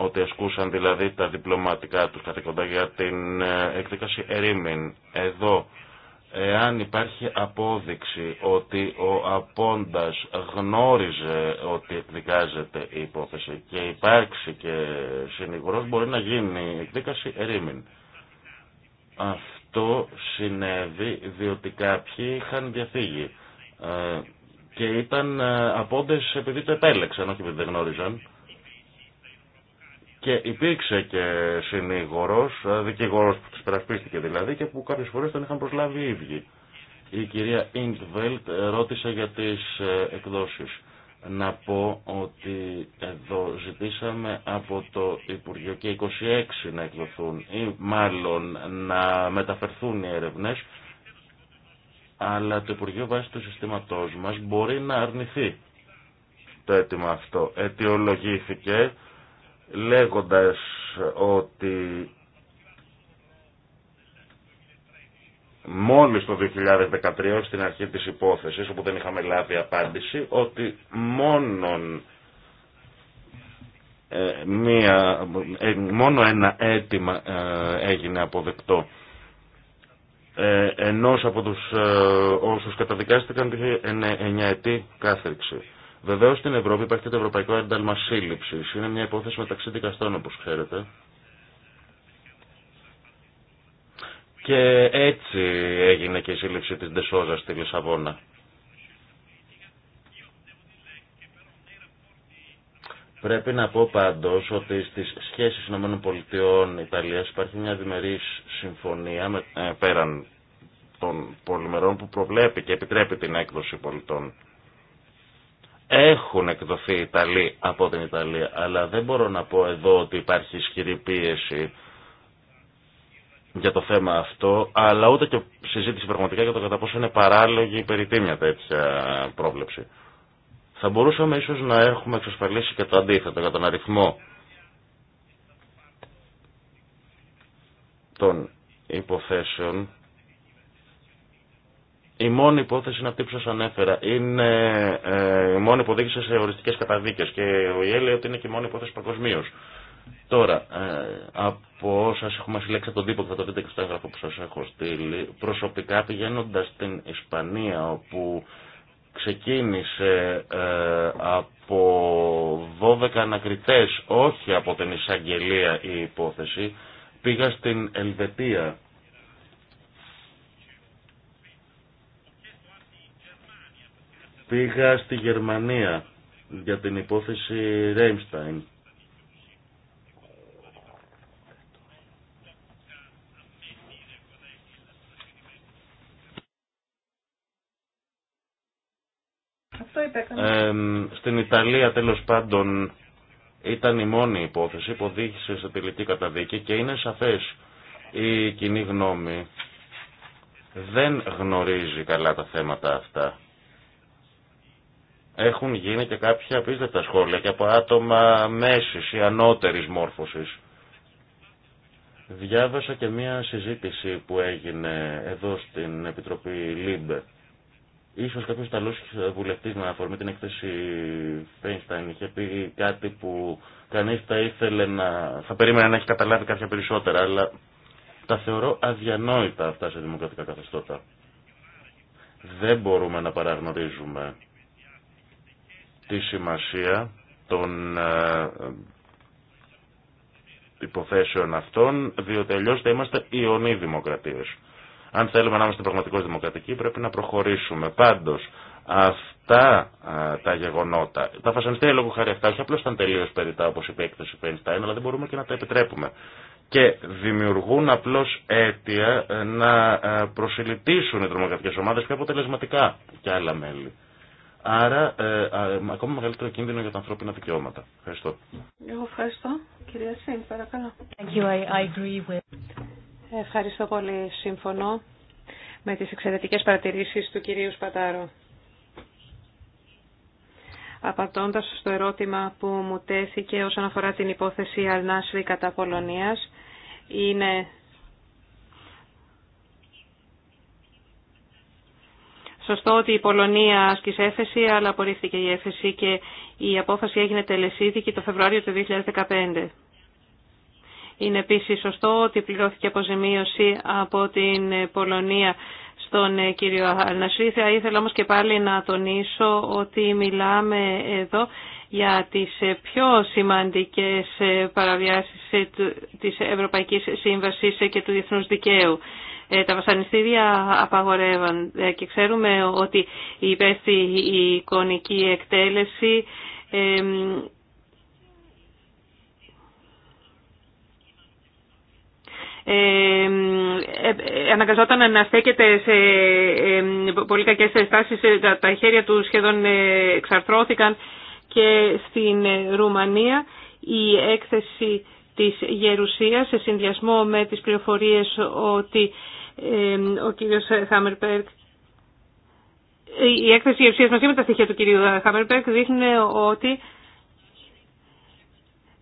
ότι ασκούσαν δηλαδή τα διπλωματικά τους καθήκοντα για την ε, εκδίκαση ερήμην. Εδώ, εάν υπάρχει απόδειξη ότι ο Απόντας γνώριζε ότι εκδικάζεται η υπόθεση και υπάρξει και συνηγορός, μπορεί να γίνει εκδίκαση ερήμην. Αυτό συνέβη διότι κάποιοι είχαν διαφύγει ε, και ήταν ε, απόντες επειδή το επέλεξαν, όχι επειδή δεν γνώριζαν. Και υπήρξε και συνήγορο, ε, δικηγόρο που του περασπίστηκε δηλαδή και που κάποιε φορέ τον είχαν προσλάβει οι ίδιοι. Η κυρία Ιντβελτ ρώτησε για τι ε, εκδόσει. Να πω ότι εδώ ζητήσαμε από το Υπουργείο και 26 να εκδοθούν ή μάλλον να μεταφερθούν οι έρευνε, αλλά το Υπουργείο βάσει του συστήματό μα μπορεί να αρνηθεί το αίτημα αυτό. Αιτιολογήθηκε λέγοντας ότι μόλις το 2013 στην αρχή της υπόθεσης όπου δεν είχαμε λάβει απάντηση ότι μόνον ε, μία, ε, μόνο ένα αίτημα ε, έγινε αποδεκτό ε, ενός από τους όσους καταδικάστηκαν 9 ετή κάθριξη. Βεβαίω στην Ευρώπη υπάρχει το Ευρωπαϊκό Ένταλμα Σύλληψη. Είναι μια υπόθεση μεταξύ δικαστών, όπω ξέρετε. Και έτσι έγινε και η σύλληψη τη Ντεσόζα στη Λισαβόνα. Πρέπει να πω πάντως ότι στις σχέσεις ΗΠΑ-Ιταλίας υπάρχει μια διμερής συμφωνία με, ε, πέραν των πολυμερών που προβλέπει και επιτρέπει την έκδοση πολιτών έχουν εκδοθεί Ιταλοί από την Ιταλία, αλλά δεν μπορώ να πω εδώ ότι υπάρχει ισχυρή πίεση για το θέμα αυτό, αλλά ούτε και συζήτηση πραγματικά για το κατά πόσο είναι παράλογη ή τέτοια πρόβλεψη. Θα μπορούσαμε ίσως να έχουμε εξασφαλίσει και το αντίθετο για τον αριθμό των υποθέσεων η μόνη υπόθεση είναι αυτή που σα ανέφερα. Είναι ε, η μόνη που σε οριστικέ καταδίκε και ο ΙΕ λέει ότι είναι και η μόνη υπόθεση παγκοσμίω. Τώρα, ε, από όσα έχουμε συλλέξει από τον τύπο θα το δείτε και στο έγγραφο που σα έχω στείλει, προσωπικά πηγαίνοντα στην Ισπανία όπου ξεκίνησε ε, από 12 ανακριτέ, όχι από την εισαγγελία η υπόθεση, πήγα στην Ελβετία Πήγα στη Γερμανία για την υπόθεση Ρέιμσταϊν. Ε, στην Ιταλία τέλος πάντων ήταν η μόνη υπόθεση που οδήγησε σε τελική καταδίκη και είναι σαφές η κοινή γνώμη δεν γνωρίζει καλά τα θέματα αυτά. Έχουν γίνει και κάποια απίστευτα σχόλια και από άτομα μέσης ή ανώτερης μόρφωσης. Διάβασα και μία συζήτηση που έγινε εδώ στην Επιτροπή ΛΥΜΠΕ. Ίσως κάποιος ταλός βουλευτής με αφορμή την έκθεση Φέινσταϊν είχε πει κάτι που κανείς θα ήθελε να... θα περίμενε να έχει καταλάβει κάποια περισσότερα, αλλά τα θεωρώ αδιανόητα αυτά σε δημοκρατικά καθεστώτα. Δεν μπορούμε να παραγνωρίζουμε τη σημασία των ε, ε, υποθέσεων αυτών, διότι αλλιώ θα είμαστε ιονοί δημοκρατίε. Αν θέλουμε να είμαστε πραγματικώ δημοκρατικοί, πρέπει να προχωρήσουμε. Πάντω, αυτά ε, τα γεγονότα, τα φασανιστήρια λόγω χάρη αυτά, όχι απλώ ήταν τελείω περιτά, όπω είπε η έκθεση Πένσταϊν, αλλά δεν μπορούμε και να τα επιτρέπουμε. Και δημιουργούν απλώ αίτια να προσελητήσουν οι τρομοκρατικέ ομάδε πιο αποτελεσματικά και άλλα μέλη. Άρα, ε, α, ακόμα μεγαλύτερο κίνδυνο για τα ανθρώπινα δικαιώματα. Ευχαριστώ. Εγώ ευχαριστώ. Κυρία Σιν, παρακαλώ. Thank you. I agree with... Ευχαριστώ πολύ. Συμφωνώ με τις εξαιρετικές παρατηρήσεις του κυρίου Σπατάρο. Απαντώντας στο ερώτημα που μου τέθηκε όσον αφορά την υπόθεση Αλνάσρη κατά Πολωνίας, είναι σωστό ότι η Πολωνία άσκησε έφεση, αλλά απορρίφθηκε η έφεση και η απόφαση έγινε τελεσίδικη το Φεβρουάριο του 2015. Είναι επίσης σωστό ότι πληρώθηκε αποζημίωση από την Πολωνία στον κύριο Αλνασί. ήθελα όμως και πάλι να τονίσω ότι μιλάμε εδώ για τις πιο σημαντικές παραβιάσεις της Ευρωπαϊκής Σύμβασης και του Διεθνούς Δικαίου. Ε, τα βασανιστήρια απαγορεύονται και ξέρουμε ότι η υπέστη η εικονική εκτέλεση Ε, αναγκαζόταν να στέκεται σε πολύ κακές στάσεις, ε, τα χέρια του σχεδόν ε, εξαρθρώθηκαν και στην Ρουμανία η έκθεση της Γερουσίας σε συνδυασμό με τις πληροφορίες ότι ο κύριος Χάμερπερκ. Η έκθεση ευσίας μαζί με τα στοιχεία του κυρίου Χάμερπερκ δείχνει ότι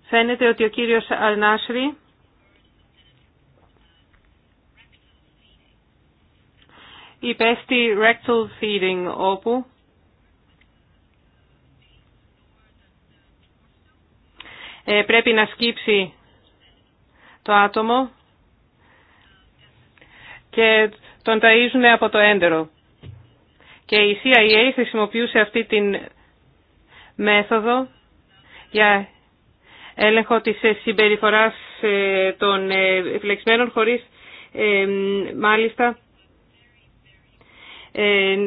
φαίνεται ότι ο κύριος Αλνάσρη υπέστη rectal feeding όπου ε, πρέπει να σκύψει το άτομο και τον ταΐζουν από το έντερο. Και η CIA χρησιμοποιούσε αυτή την μέθοδο για έλεγχο της ε, συμπεριφοράς ε, των φλεξμένων ε, χωρίς μάλιστα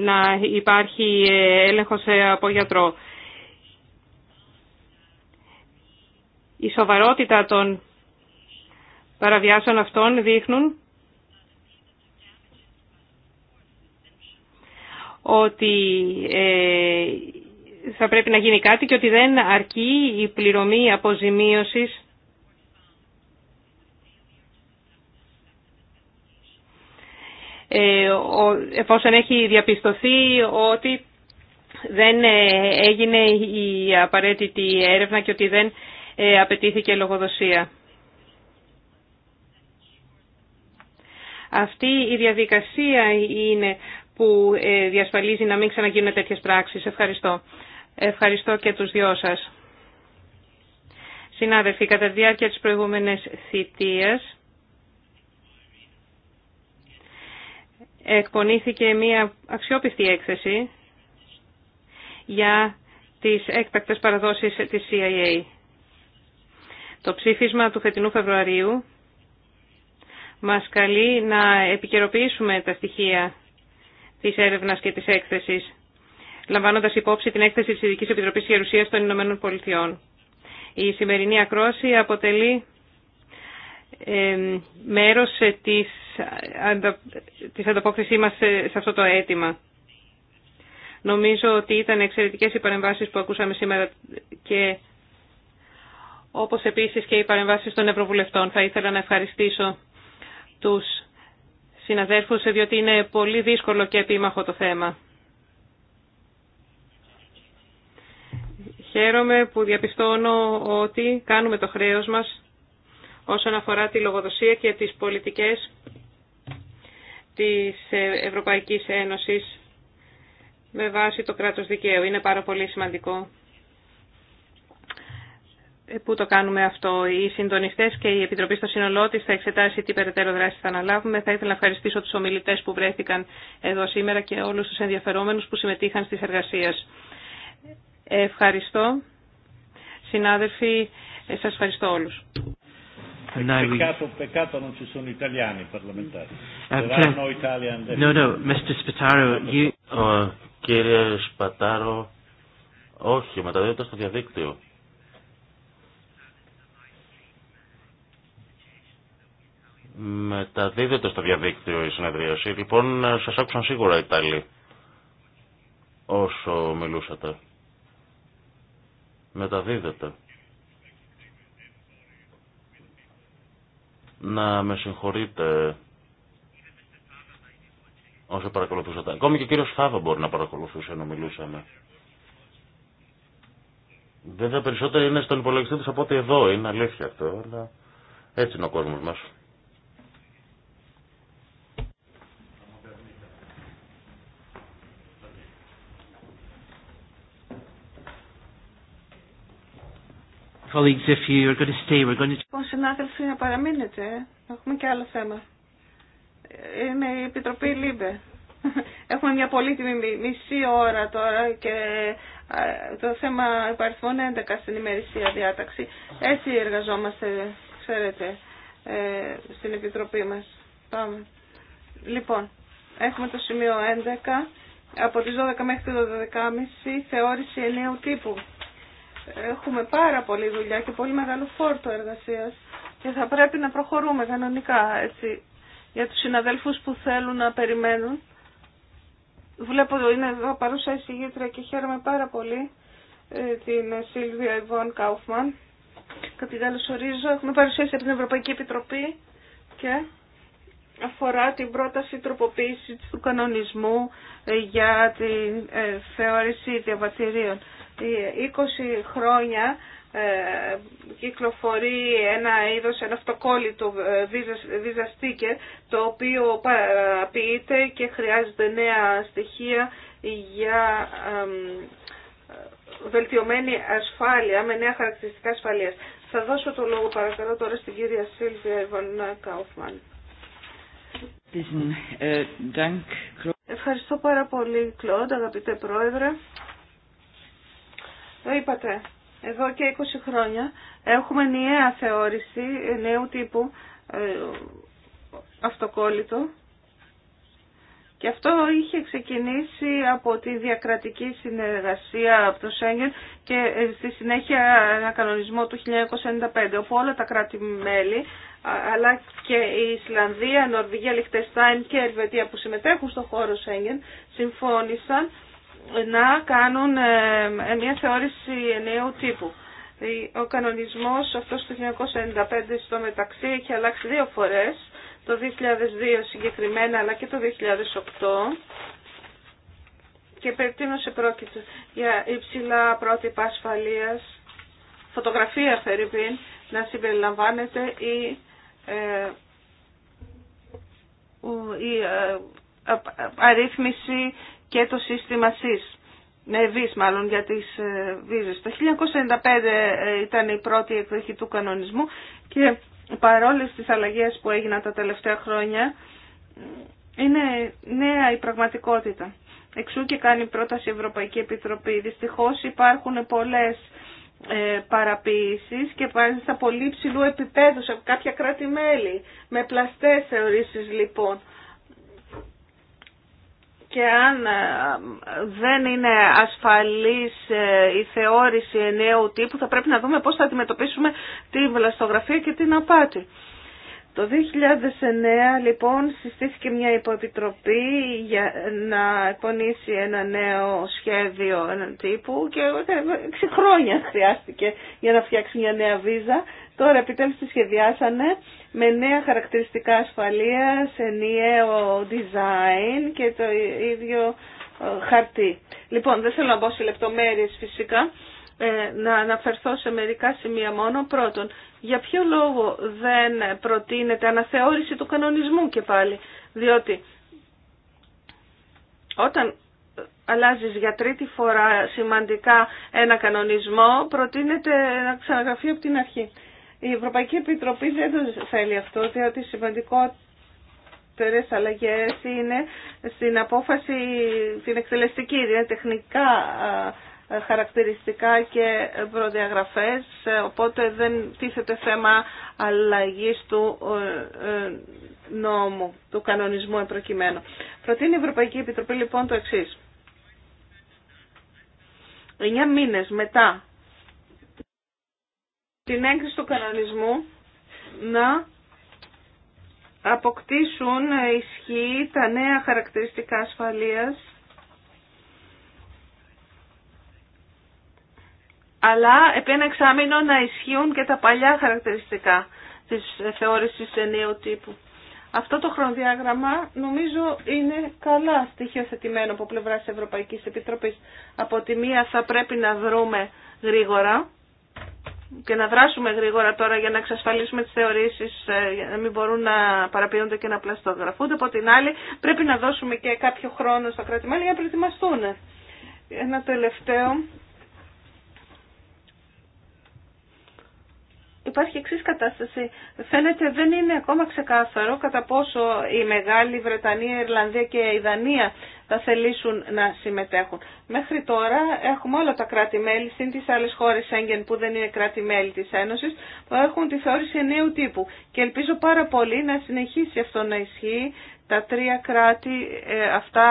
να υπάρχει έλεγχος από γιατρό. Η σοβαρότητα των παραβιάσεων αυτών δείχνουν ότι ε, θα πρέπει να γίνει κάτι και ότι δεν αρκεί η πληρωμή αποζημίωσης ε, εφόσον έχει διαπιστωθεί ότι δεν ε, έγινε η απαραίτητη έρευνα και ότι δεν απαιτήθηκε λογοδοσία. Αυτή η διαδικασία είναι που ε, διασφαλίζει να μην ξαναγίνουν τέτοιες πράξεις. Ευχαριστώ. Ευχαριστώ και τους δυο σας. Συνάδελφοι, κατά τη διάρκεια της προηγούμενης θητείας εκπονήθηκε μια αξιόπιστη έκθεση για τις έκτακτες παραδόσεις της CIA. Το ψήφισμα του φετινού Φεβρουαρίου μας καλεί να επικαιροποιήσουμε τα στοιχεία τη έρευνα και τη έκθεση, λαμβάνοντας υπόψη την έκθεση τη Ειδική Επιτροπής Γερουσία των Ηνωμένων Πολιτειών. Η σημερινή ακρόαση αποτελεί μέρος της, αντα... της ανταπόκρισή μας σε αυτό το αίτημα. Νομίζω ότι ήταν εξαιρετικέ οι παρεμβάσει που ακούσαμε σήμερα και όπως επίσης και οι παρεμβάσεις των Ευρωβουλευτών. Θα ήθελα να ευχαριστήσω τους διότι είναι πολύ δύσκολο και επίμαχο το θέμα. Χαίρομαι που διαπιστώνω ότι κάνουμε το χρέος μας όσον αφορά τη λογοδοσία και τις πολιτικές της Ευρωπαϊκής Ένωσης με βάση το κράτος δικαίου. Είναι πάρα πολύ σημαντικό. Ε, που το κάνουμε αυτό. Οι συντονιστέ και η Επιτροπή στο σύνολό τη θα εξετάσει τι περαιτέρω δράση θα αναλάβουμε. Θα ήθελα να ευχαριστήσω του ομιλητέ που βρέθηκαν εδώ σήμερα και όλου του ενδιαφερόμενου που συμμετείχαν στι εργασίε. Ευχαριστώ. Συνάδελφοι, ε, σα ευχαριστώ όλου. Uh, oh, κύριε Σπατάρο, όχι, μεταδίδεται στο διαδίκτυο. μεταδίδεται στο διαδίκτυο η συνεδρίαση. Λοιπόν, σας άκουσαν σίγουρα οι Ιταλοί όσο μιλούσατε. Μεταδίδεται. Να με συγχωρείτε όσο παρακολουθούσατε. Ακόμη και ο κύριος Φάβο μπορεί να παρακολουθούσε ενώ μιλούσαμε. Βέβαια περισσότερο είναι στον υπολογιστή τους από ότι εδώ, είναι αλήθεια αυτό, αλλά έτσι είναι ο κόσμος μας. Colleagues, if you are going to stay, we're going to... Λοιπόν, συνάδελφοι, να παραμείνετε. Έχουμε και άλλο θέμα. Είναι η Επιτροπή Λίμπε. Έχουμε μια πολύτιμη μισή ώρα τώρα και το θέμα υπαριθμών 11 στην ημερησία διάταξη. Έτσι εργαζόμαστε, ξέρετε, ε, στην Επιτροπή μας. Πάμε. Λοιπόν, έχουμε το σημείο 11. Από τις 12 μέχρι το 12.30 θεώρηση ενίου τύπου έχουμε πάρα πολλή δουλειά και πολύ μεγάλο φόρτο εργασίας και θα πρέπει να προχωρούμε κανονικά έτσι, για τους συναδέλφους που θέλουν να περιμένουν. Βλέπω ότι είναι εδώ παρούσα εισηγήτρια και χαίρομαι πάρα πολύ ε, την Σίλβια Ιβόν Κάουφμαν. Κάτι ορίζω. Έχουμε παρουσίαση από την Ευρωπαϊκή Επιτροπή και αφορά την πρόταση τροποποίηση του κανονισμού ε, για τη ε, θεώρηση διαβατηρίων. 20 χρόνια ε, κυκλοφορεί ένα είδος, ένα αυτοκόλλητο ε, Visa Sticker, το οποίο παραποιείται και χρειάζεται νέα στοιχεία για βελτιωμένη ασφάλεια, με νέα χαρακτηριστικά ασφαλείας. Θα δώσω το λόγο παρακαλώ τώρα στην κυρία Σίλβια Ιβανά Κάουφμαν. Ε, Ευχαριστώ πάρα πολύ, Κλοντ, αγαπητέ Πρόεδρε. Το είπατε. Εδώ και 20 χρόνια έχουμε νέα θεώρηση νέου τύπου ε, αυτοκόλλητο και αυτό είχε ξεκινήσει από τη διακρατική συνεργασία από το Σέγγεν και ε, στη συνέχεια ένα κανονισμό του 1995 όπου όλα τα κράτη-μέλη αλλά και η Ισλανδία, Νορβηγία, Λιχτεστάιν και η Ελβετία που συμμετέχουν στο χώρο Σέγγεν συμφώνησαν να κάνουν ε, ε, μια θεώρηση νέου τύπου. Ο κανονισμός αυτός του 1995 στο μεταξύ έχει αλλάξει δύο φορές, το 2002 συγκεκριμένα αλλά και το 2008 και περί τίνος πρόκειται για υψηλά πρότυπα ασφαλείας, φωτογραφία φερρυπίν, να συμπεριλαμβάνεται η, ε, ε αρρύθμιση και το σύστημα ΣΥΣ, με ναι, ΒΙΣ μάλλον για τις ε, βίζες. Το 1995 ε, ήταν η πρώτη εκδοχή του κανονισμού και παρόλες τις αλλαγές που έγιναν τα τελευταία χρόνια, είναι νέα η πραγματικότητα. Εξού και κάνει πρόταση η Ευρωπαϊκή Επιτροπή. Δυστυχώς υπάρχουν πολλές ε, παραποίησεις και στα πολύ ψηλού επίπεδου σε κάποια κράτη-μέλη, με πλαστές θεωρήσεις λοιπόν και αν δεν είναι ασφαλής η θεώρηση νέου τύπου θα πρέπει να δούμε πώς θα αντιμετωπίσουμε τη βλαστογραφία και την απάτη. Το 2009 λοιπόν συστήθηκε μια υποεπιτροπή για να εκπονήσει ένα νέο σχέδιο έναν τύπου και 6 χρόνια χρειάστηκε για να φτιάξει μια νέα βίζα Τώρα επιτέλους τη σχεδιάσανε με νέα χαρακτηριστικά ασφαλείας, ενιαίο design και το ίδιο ε, χαρτί. Λοιπόν, δεν θέλω να μπω σε λεπτομέρειες φυσικά, ε, να αναφερθώ σε μερικά σημεία μόνο. Πρώτον, για ποιο λόγο δεν προτείνεται αναθεώρηση του κανονισμού και πάλι. Διότι όταν αλλάζεις για τρίτη φορά σημαντικά ένα κανονισμό, προτείνεται να ξαναγραφεί από την αρχή. Η Ευρωπαϊκή Επιτροπή δεν το θέλει αυτό, διότι σημαντικότερες αλλαγές είναι στην απόφαση, την εκτελεστική, δηλαδή τεχνικά χαρακτηριστικά και προδιαγραφές, οπότε δεν τίθεται θέμα αλλαγής του ε, ε, νόμου, του κανονισμού επροκειμένου. Προτείνει η Ευρωπαϊκή Επιτροπή λοιπόν το εξής. Εννιά μήνες μετά την έγκριση του κανονισμού να αποκτήσουν ισχύ τα νέα χαρακτηριστικά ασφαλείας αλλά επί ένα εξάμεινο να ισχύουν και τα παλιά χαρακτηριστικά της θεώρησης νέου τύπου. Αυτό το χρονοδιάγραμμα νομίζω είναι καλά στοιχειοθετημένο από πλευράς Ευρωπαϊκής Επιτροπής. Από τη μία θα πρέπει να βρούμε γρήγορα και να δράσουμε γρήγορα τώρα για να εξασφαλίσουμε τις θεωρήσεις, ε, για να μην μπορούν να παραποιούνται και να πλαστογραφούνται. Από την άλλη πρέπει να δώσουμε και κάποιο χρόνο στα κρατη για να προετοιμαστούν. Ένα τελευταίο υπάρχει εξή κατάσταση. Φαίνεται δεν είναι ακόμα ξεκάθαρο κατά πόσο η Μεγάλη Βρετανία, η Ιρλανδία και η Δανία θα θελήσουν να συμμετέχουν. Μέχρι τώρα έχουμε όλα τα κράτη-μέλη, συν τις άλλες χώρες έγκεν που δεν είναι κράτη-μέλη της Ένωσης, που έχουν τη θεώρηση νέου τύπου. Και ελπίζω πάρα πολύ να συνεχίσει αυτό να ισχύει τα τρία κράτη ε, αυτά,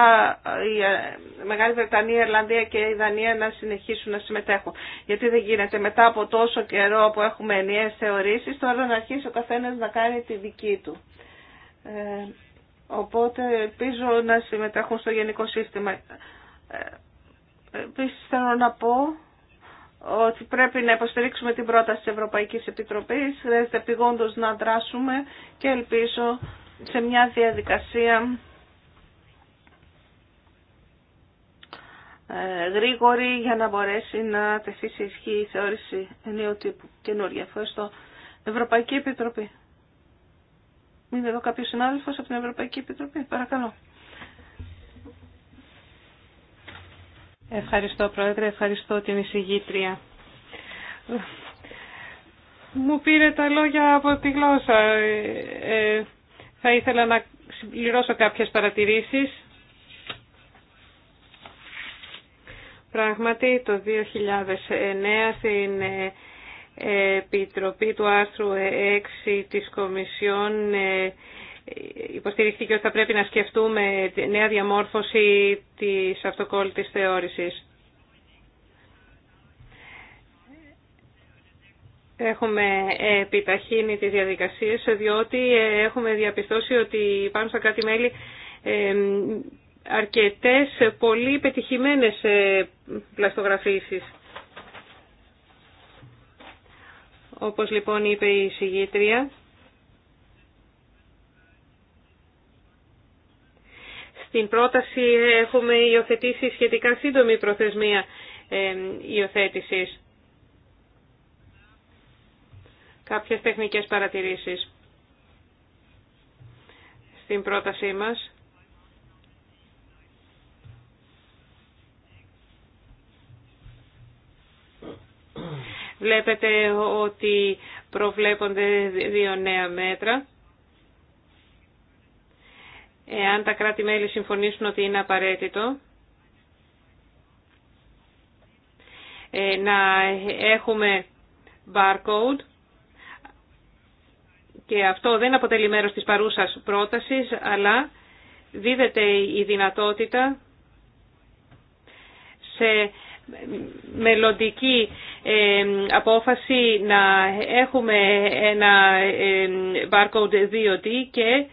η ε, Μεγάλη Βρετανία, η Ιρλανδία και η Δανία να συνεχίσουν να συμμετέχουν. Γιατί δεν γίνεται μετά από τόσο καιρό που έχουμε ενιαίες θεωρήσεις, τώρα να αρχίσει ο καθένας να κάνει τη δική του. Ε, οπότε ελπίζω να συμμετέχουν στο γενικό σύστημα. Επίση θέλω να πω ότι πρέπει να υποστηρίξουμε την πρόταση της Ευρωπαϊκής Επιτροπής, χρειάζεται επιγόντως να δράσουμε και ελπίζω σε μια διαδικασία ε, γρήγορη για να μπορέσει να τεθεί σε ισχύ η θεώρηση ενίου τύπου καινούργια. Ευχαριστώ. Ευρωπαϊκή Επιτροπή. Μην εδώ κάποιος συνάδελφος από την Ευρωπαϊκή Επιτροπή. Παρακαλώ. Ευχαριστώ Πρόεδρε, ευχαριστώ την εισηγήτρια. Μου πήρε τα λόγια από τη γλώσσα. ε, ε θα ήθελα να συμπληρώσω κάποιες παρατηρήσεις. Πράγματι, το 2009 στην ε, Επιτροπή του άρθρου 6 της Κομισιόν ε, υποστηρίχθηκε ότι θα πρέπει να σκεφτούμε νέα διαμόρφωση της αυτοκόλλητης θεώρησης. Έχουμε επιταχύνει τις διαδικασίες διότι ε, έχουμε διαπιστώσει ότι πάνω στα κάτι μελη ε, αρκετές πολύ πετυχημένες ε, πλαστογραφίσεις. Όπως λοιπόν είπε η συγγήτρια, στην πρόταση έχουμε υιοθετήσει σχετικά σύντομη προθεσμία υιοθέτησης κάποιες τεχνικές παρατηρήσεις στην πρότασή μας. Βλέπετε ότι προβλέπονται δύο νέα μέτρα. Εάν τα κράτη-μέλη συμφωνήσουν ότι είναι απαραίτητο, ε, να έχουμε barcode και αυτό δεν αποτελεί μέρος της παρούσας πρότασης, αλλά δίδεται η δυνατότητα σε μελλοντική ε, απόφαση να έχουμε ένα ε, barcode 2D και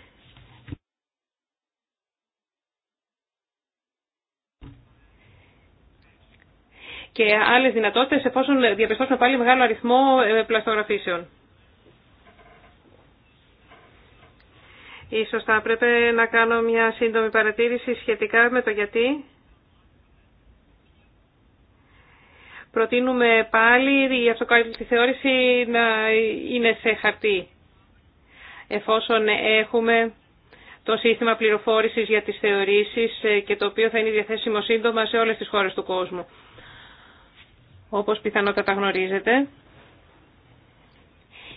και άλλες δυνατότητες εφόσον διαπιστώσουμε πάλι μεγάλο αριθμό ε, πλαστογραφήσεων. Ίσως θα έπρεπε να κάνω μια σύντομη παρατήρηση σχετικά με το γιατί. Προτείνουμε πάλι η αυτοκάλυπτη θεώρηση να είναι σε χαρτί. Εφόσον έχουμε το σύστημα πληροφόρησης για τις θεωρήσεις και το οποίο θα είναι διαθέσιμο σύντομα σε όλες τις χώρες του κόσμου. Όπως πιθανότατα γνωρίζετε,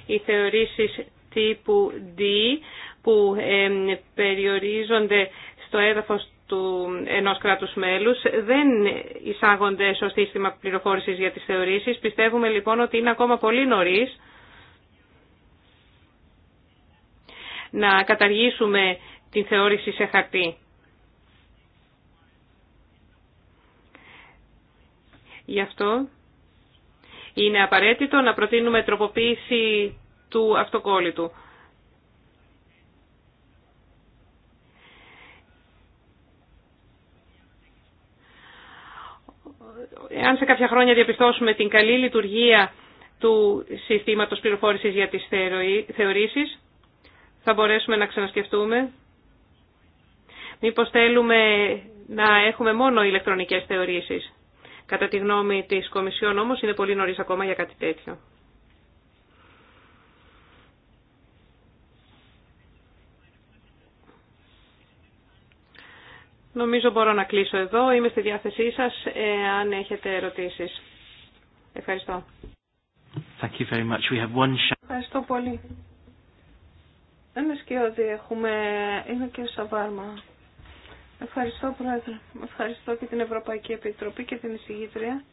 οι θεωρήσεις τύπου D που περιορίζονται στο έδαφος του ενός κράτους μέλους δεν εισάγονται στο σύστημα πληροφόρησης για τις θεωρήσεις. Πιστεύουμε λοιπόν ότι είναι ακόμα πολύ νωρίς να καταργήσουμε την θεώρηση σε χαρτί. Γι' αυτό είναι απαραίτητο να προτείνουμε τροποποίηση του αυτοκόλλητου. αν σε κάποια χρόνια διαπιστώσουμε την καλή λειτουργία του συστήματος πληροφόρησης για τις θεωρήσεις, θα μπορέσουμε να ξανασκεφτούμε. Μήπως θέλουμε να έχουμε μόνο ηλεκτρονικές θεωρήσεις. Κατά τη γνώμη της Κομισιόν όμως είναι πολύ νωρίς ακόμα για κάτι τέτοιο. Νομίζω μπορώ να κλείσω εδώ. Είμαι στη διάθεσή σας αν έχετε ερωτήσεις. Ευχαριστώ. Thank you very much. We have one... Ευχαριστώ πολύ. Ένα σκιώδη έχουμε, είναι και ο Σαβάρμα. Ευχαριστώ Πρόεδρε. Ευχαριστώ και την Ευρωπαϊκή Επιτροπή και την εισηγήτρια.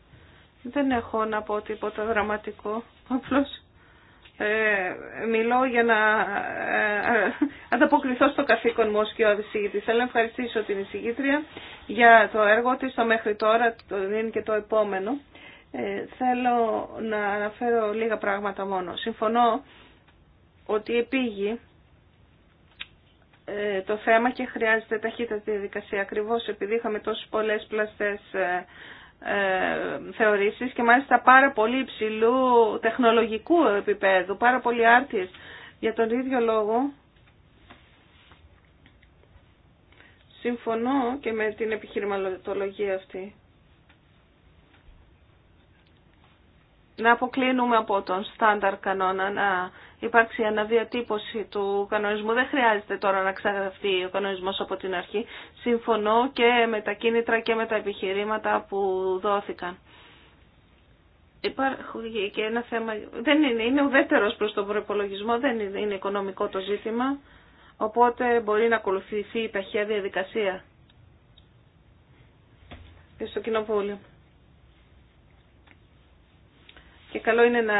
Δεν έχω να πω τίποτα δραματικό. Απλώς ε, μιλώ για να ε, ανταποκριθώ στο καθήκον μου ως και ο να ευχαριστήσω την εισηγήτρια για το έργο της, το μέχρι τώρα, το είναι και το επόμενο. Ε, θέλω να αναφέρω λίγα πράγματα μόνο. Συμφωνώ ότι επήγει το θέμα και χρειάζεται ταχύτατη διαδικασία ακριβώς επειδή είχαμε τόσες πολλές πλαστές ε, θεωρήσεις και μάλιστα πάρα πολύ υψηλού τεχνολογικού επίπεδου, πάρα πολύ άρτιες. Για τον ίδιο λόγο συμφωνώ και με την επιχειρηματολογία αυτή. Να αποκλίνουμε από τον στάνταρ κανόνα, να υπάρξει αναδιατύπωση του κανονισμού. Δεν χρειάζεται τώρα να ξαγραφτεί ο κανονισμός από την αρχή. Συμφωνώ και με τα κίνητρα και με τα επιχειρήματα που δόθηκαν. Υπάρχει και ένα θέμα, δεν είναι, είναι ουδέτερος προς τον προπολογισμό, δεν είναι, οικονομικό το ζήτημα, οπότε μπορεί να ακολουθηθεί η ταχεία διαδικασία και στο Κοινοβούλιο. και καλό είναι να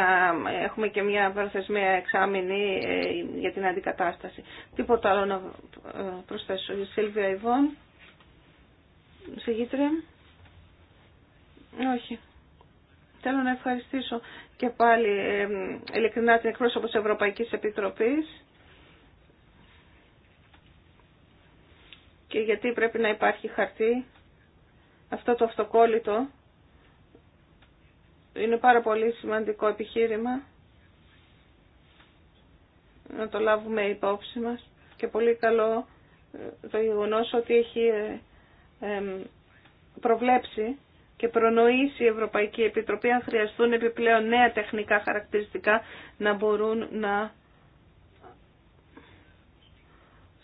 έχουμε και μια προθεσμία εξάμεινη ε, για την αντικατάσταση. Τίποτα άλλο να ε, προσθέσω. Η Σίλβια Ιβών, συγγήτρια. Όχι. Θέλω να ευχαριστήσω και πάλι ε, ειλικρινά την εκπρόσωπο της Ευρωπαϊκής Επιτροπής και γιατί πρέπει να υπάρχει χαρτί αυτό το αυτοκόλλητο είναι πάρα πολύ σημαντικό επιχείρημα να το λάβουμε υπόψη μας και πολύ καλό ε, το γεγονό ότι έχει ε, προβλέψει και προνοήσει η Ευρωπαϊκή Επιτροπή αν χρειαστούν επιπλέον νέα τεχνικά χαρακτηριστικά να μπορούν να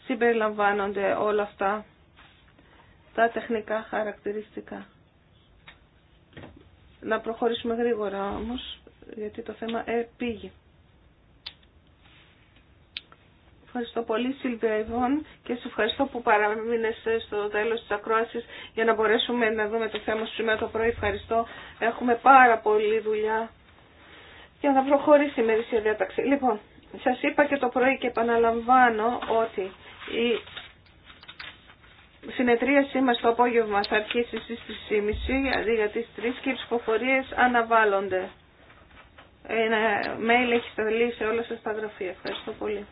συμπεριλαμβάνονται όλα αυτά τα τεχνικά χαρακτηριστικά. Να προχωρήσουμε γρήγορα όμως, γιατί το θέμα ε, πήγε. Ευχαριστώ πολύ Σίλβια Ιβών και σε ευχαριστώ που παραμείνες στο τέλος της ακρόασης για να μπορέσουμε να δούμε το θέμα σου σήμερα το πρωί. Ευχαριστώ. Έχουμε πάρα πολλή δουλειά για να προχωρήσει η μερίσια διάταξη. Λοιπόν, σας είπα και το πρωί και επαναλαμβάνω ότι η συνεδρίασή μας το απόγευμα θα αρχίσει στις 3.30 δηλαδή για τις 3 και οι ψηφοφορίες αναβάλλονται. Ένα mail έχει σταλεί σε όλα σας τα γραφεία. Ευχαριστώ πολύ.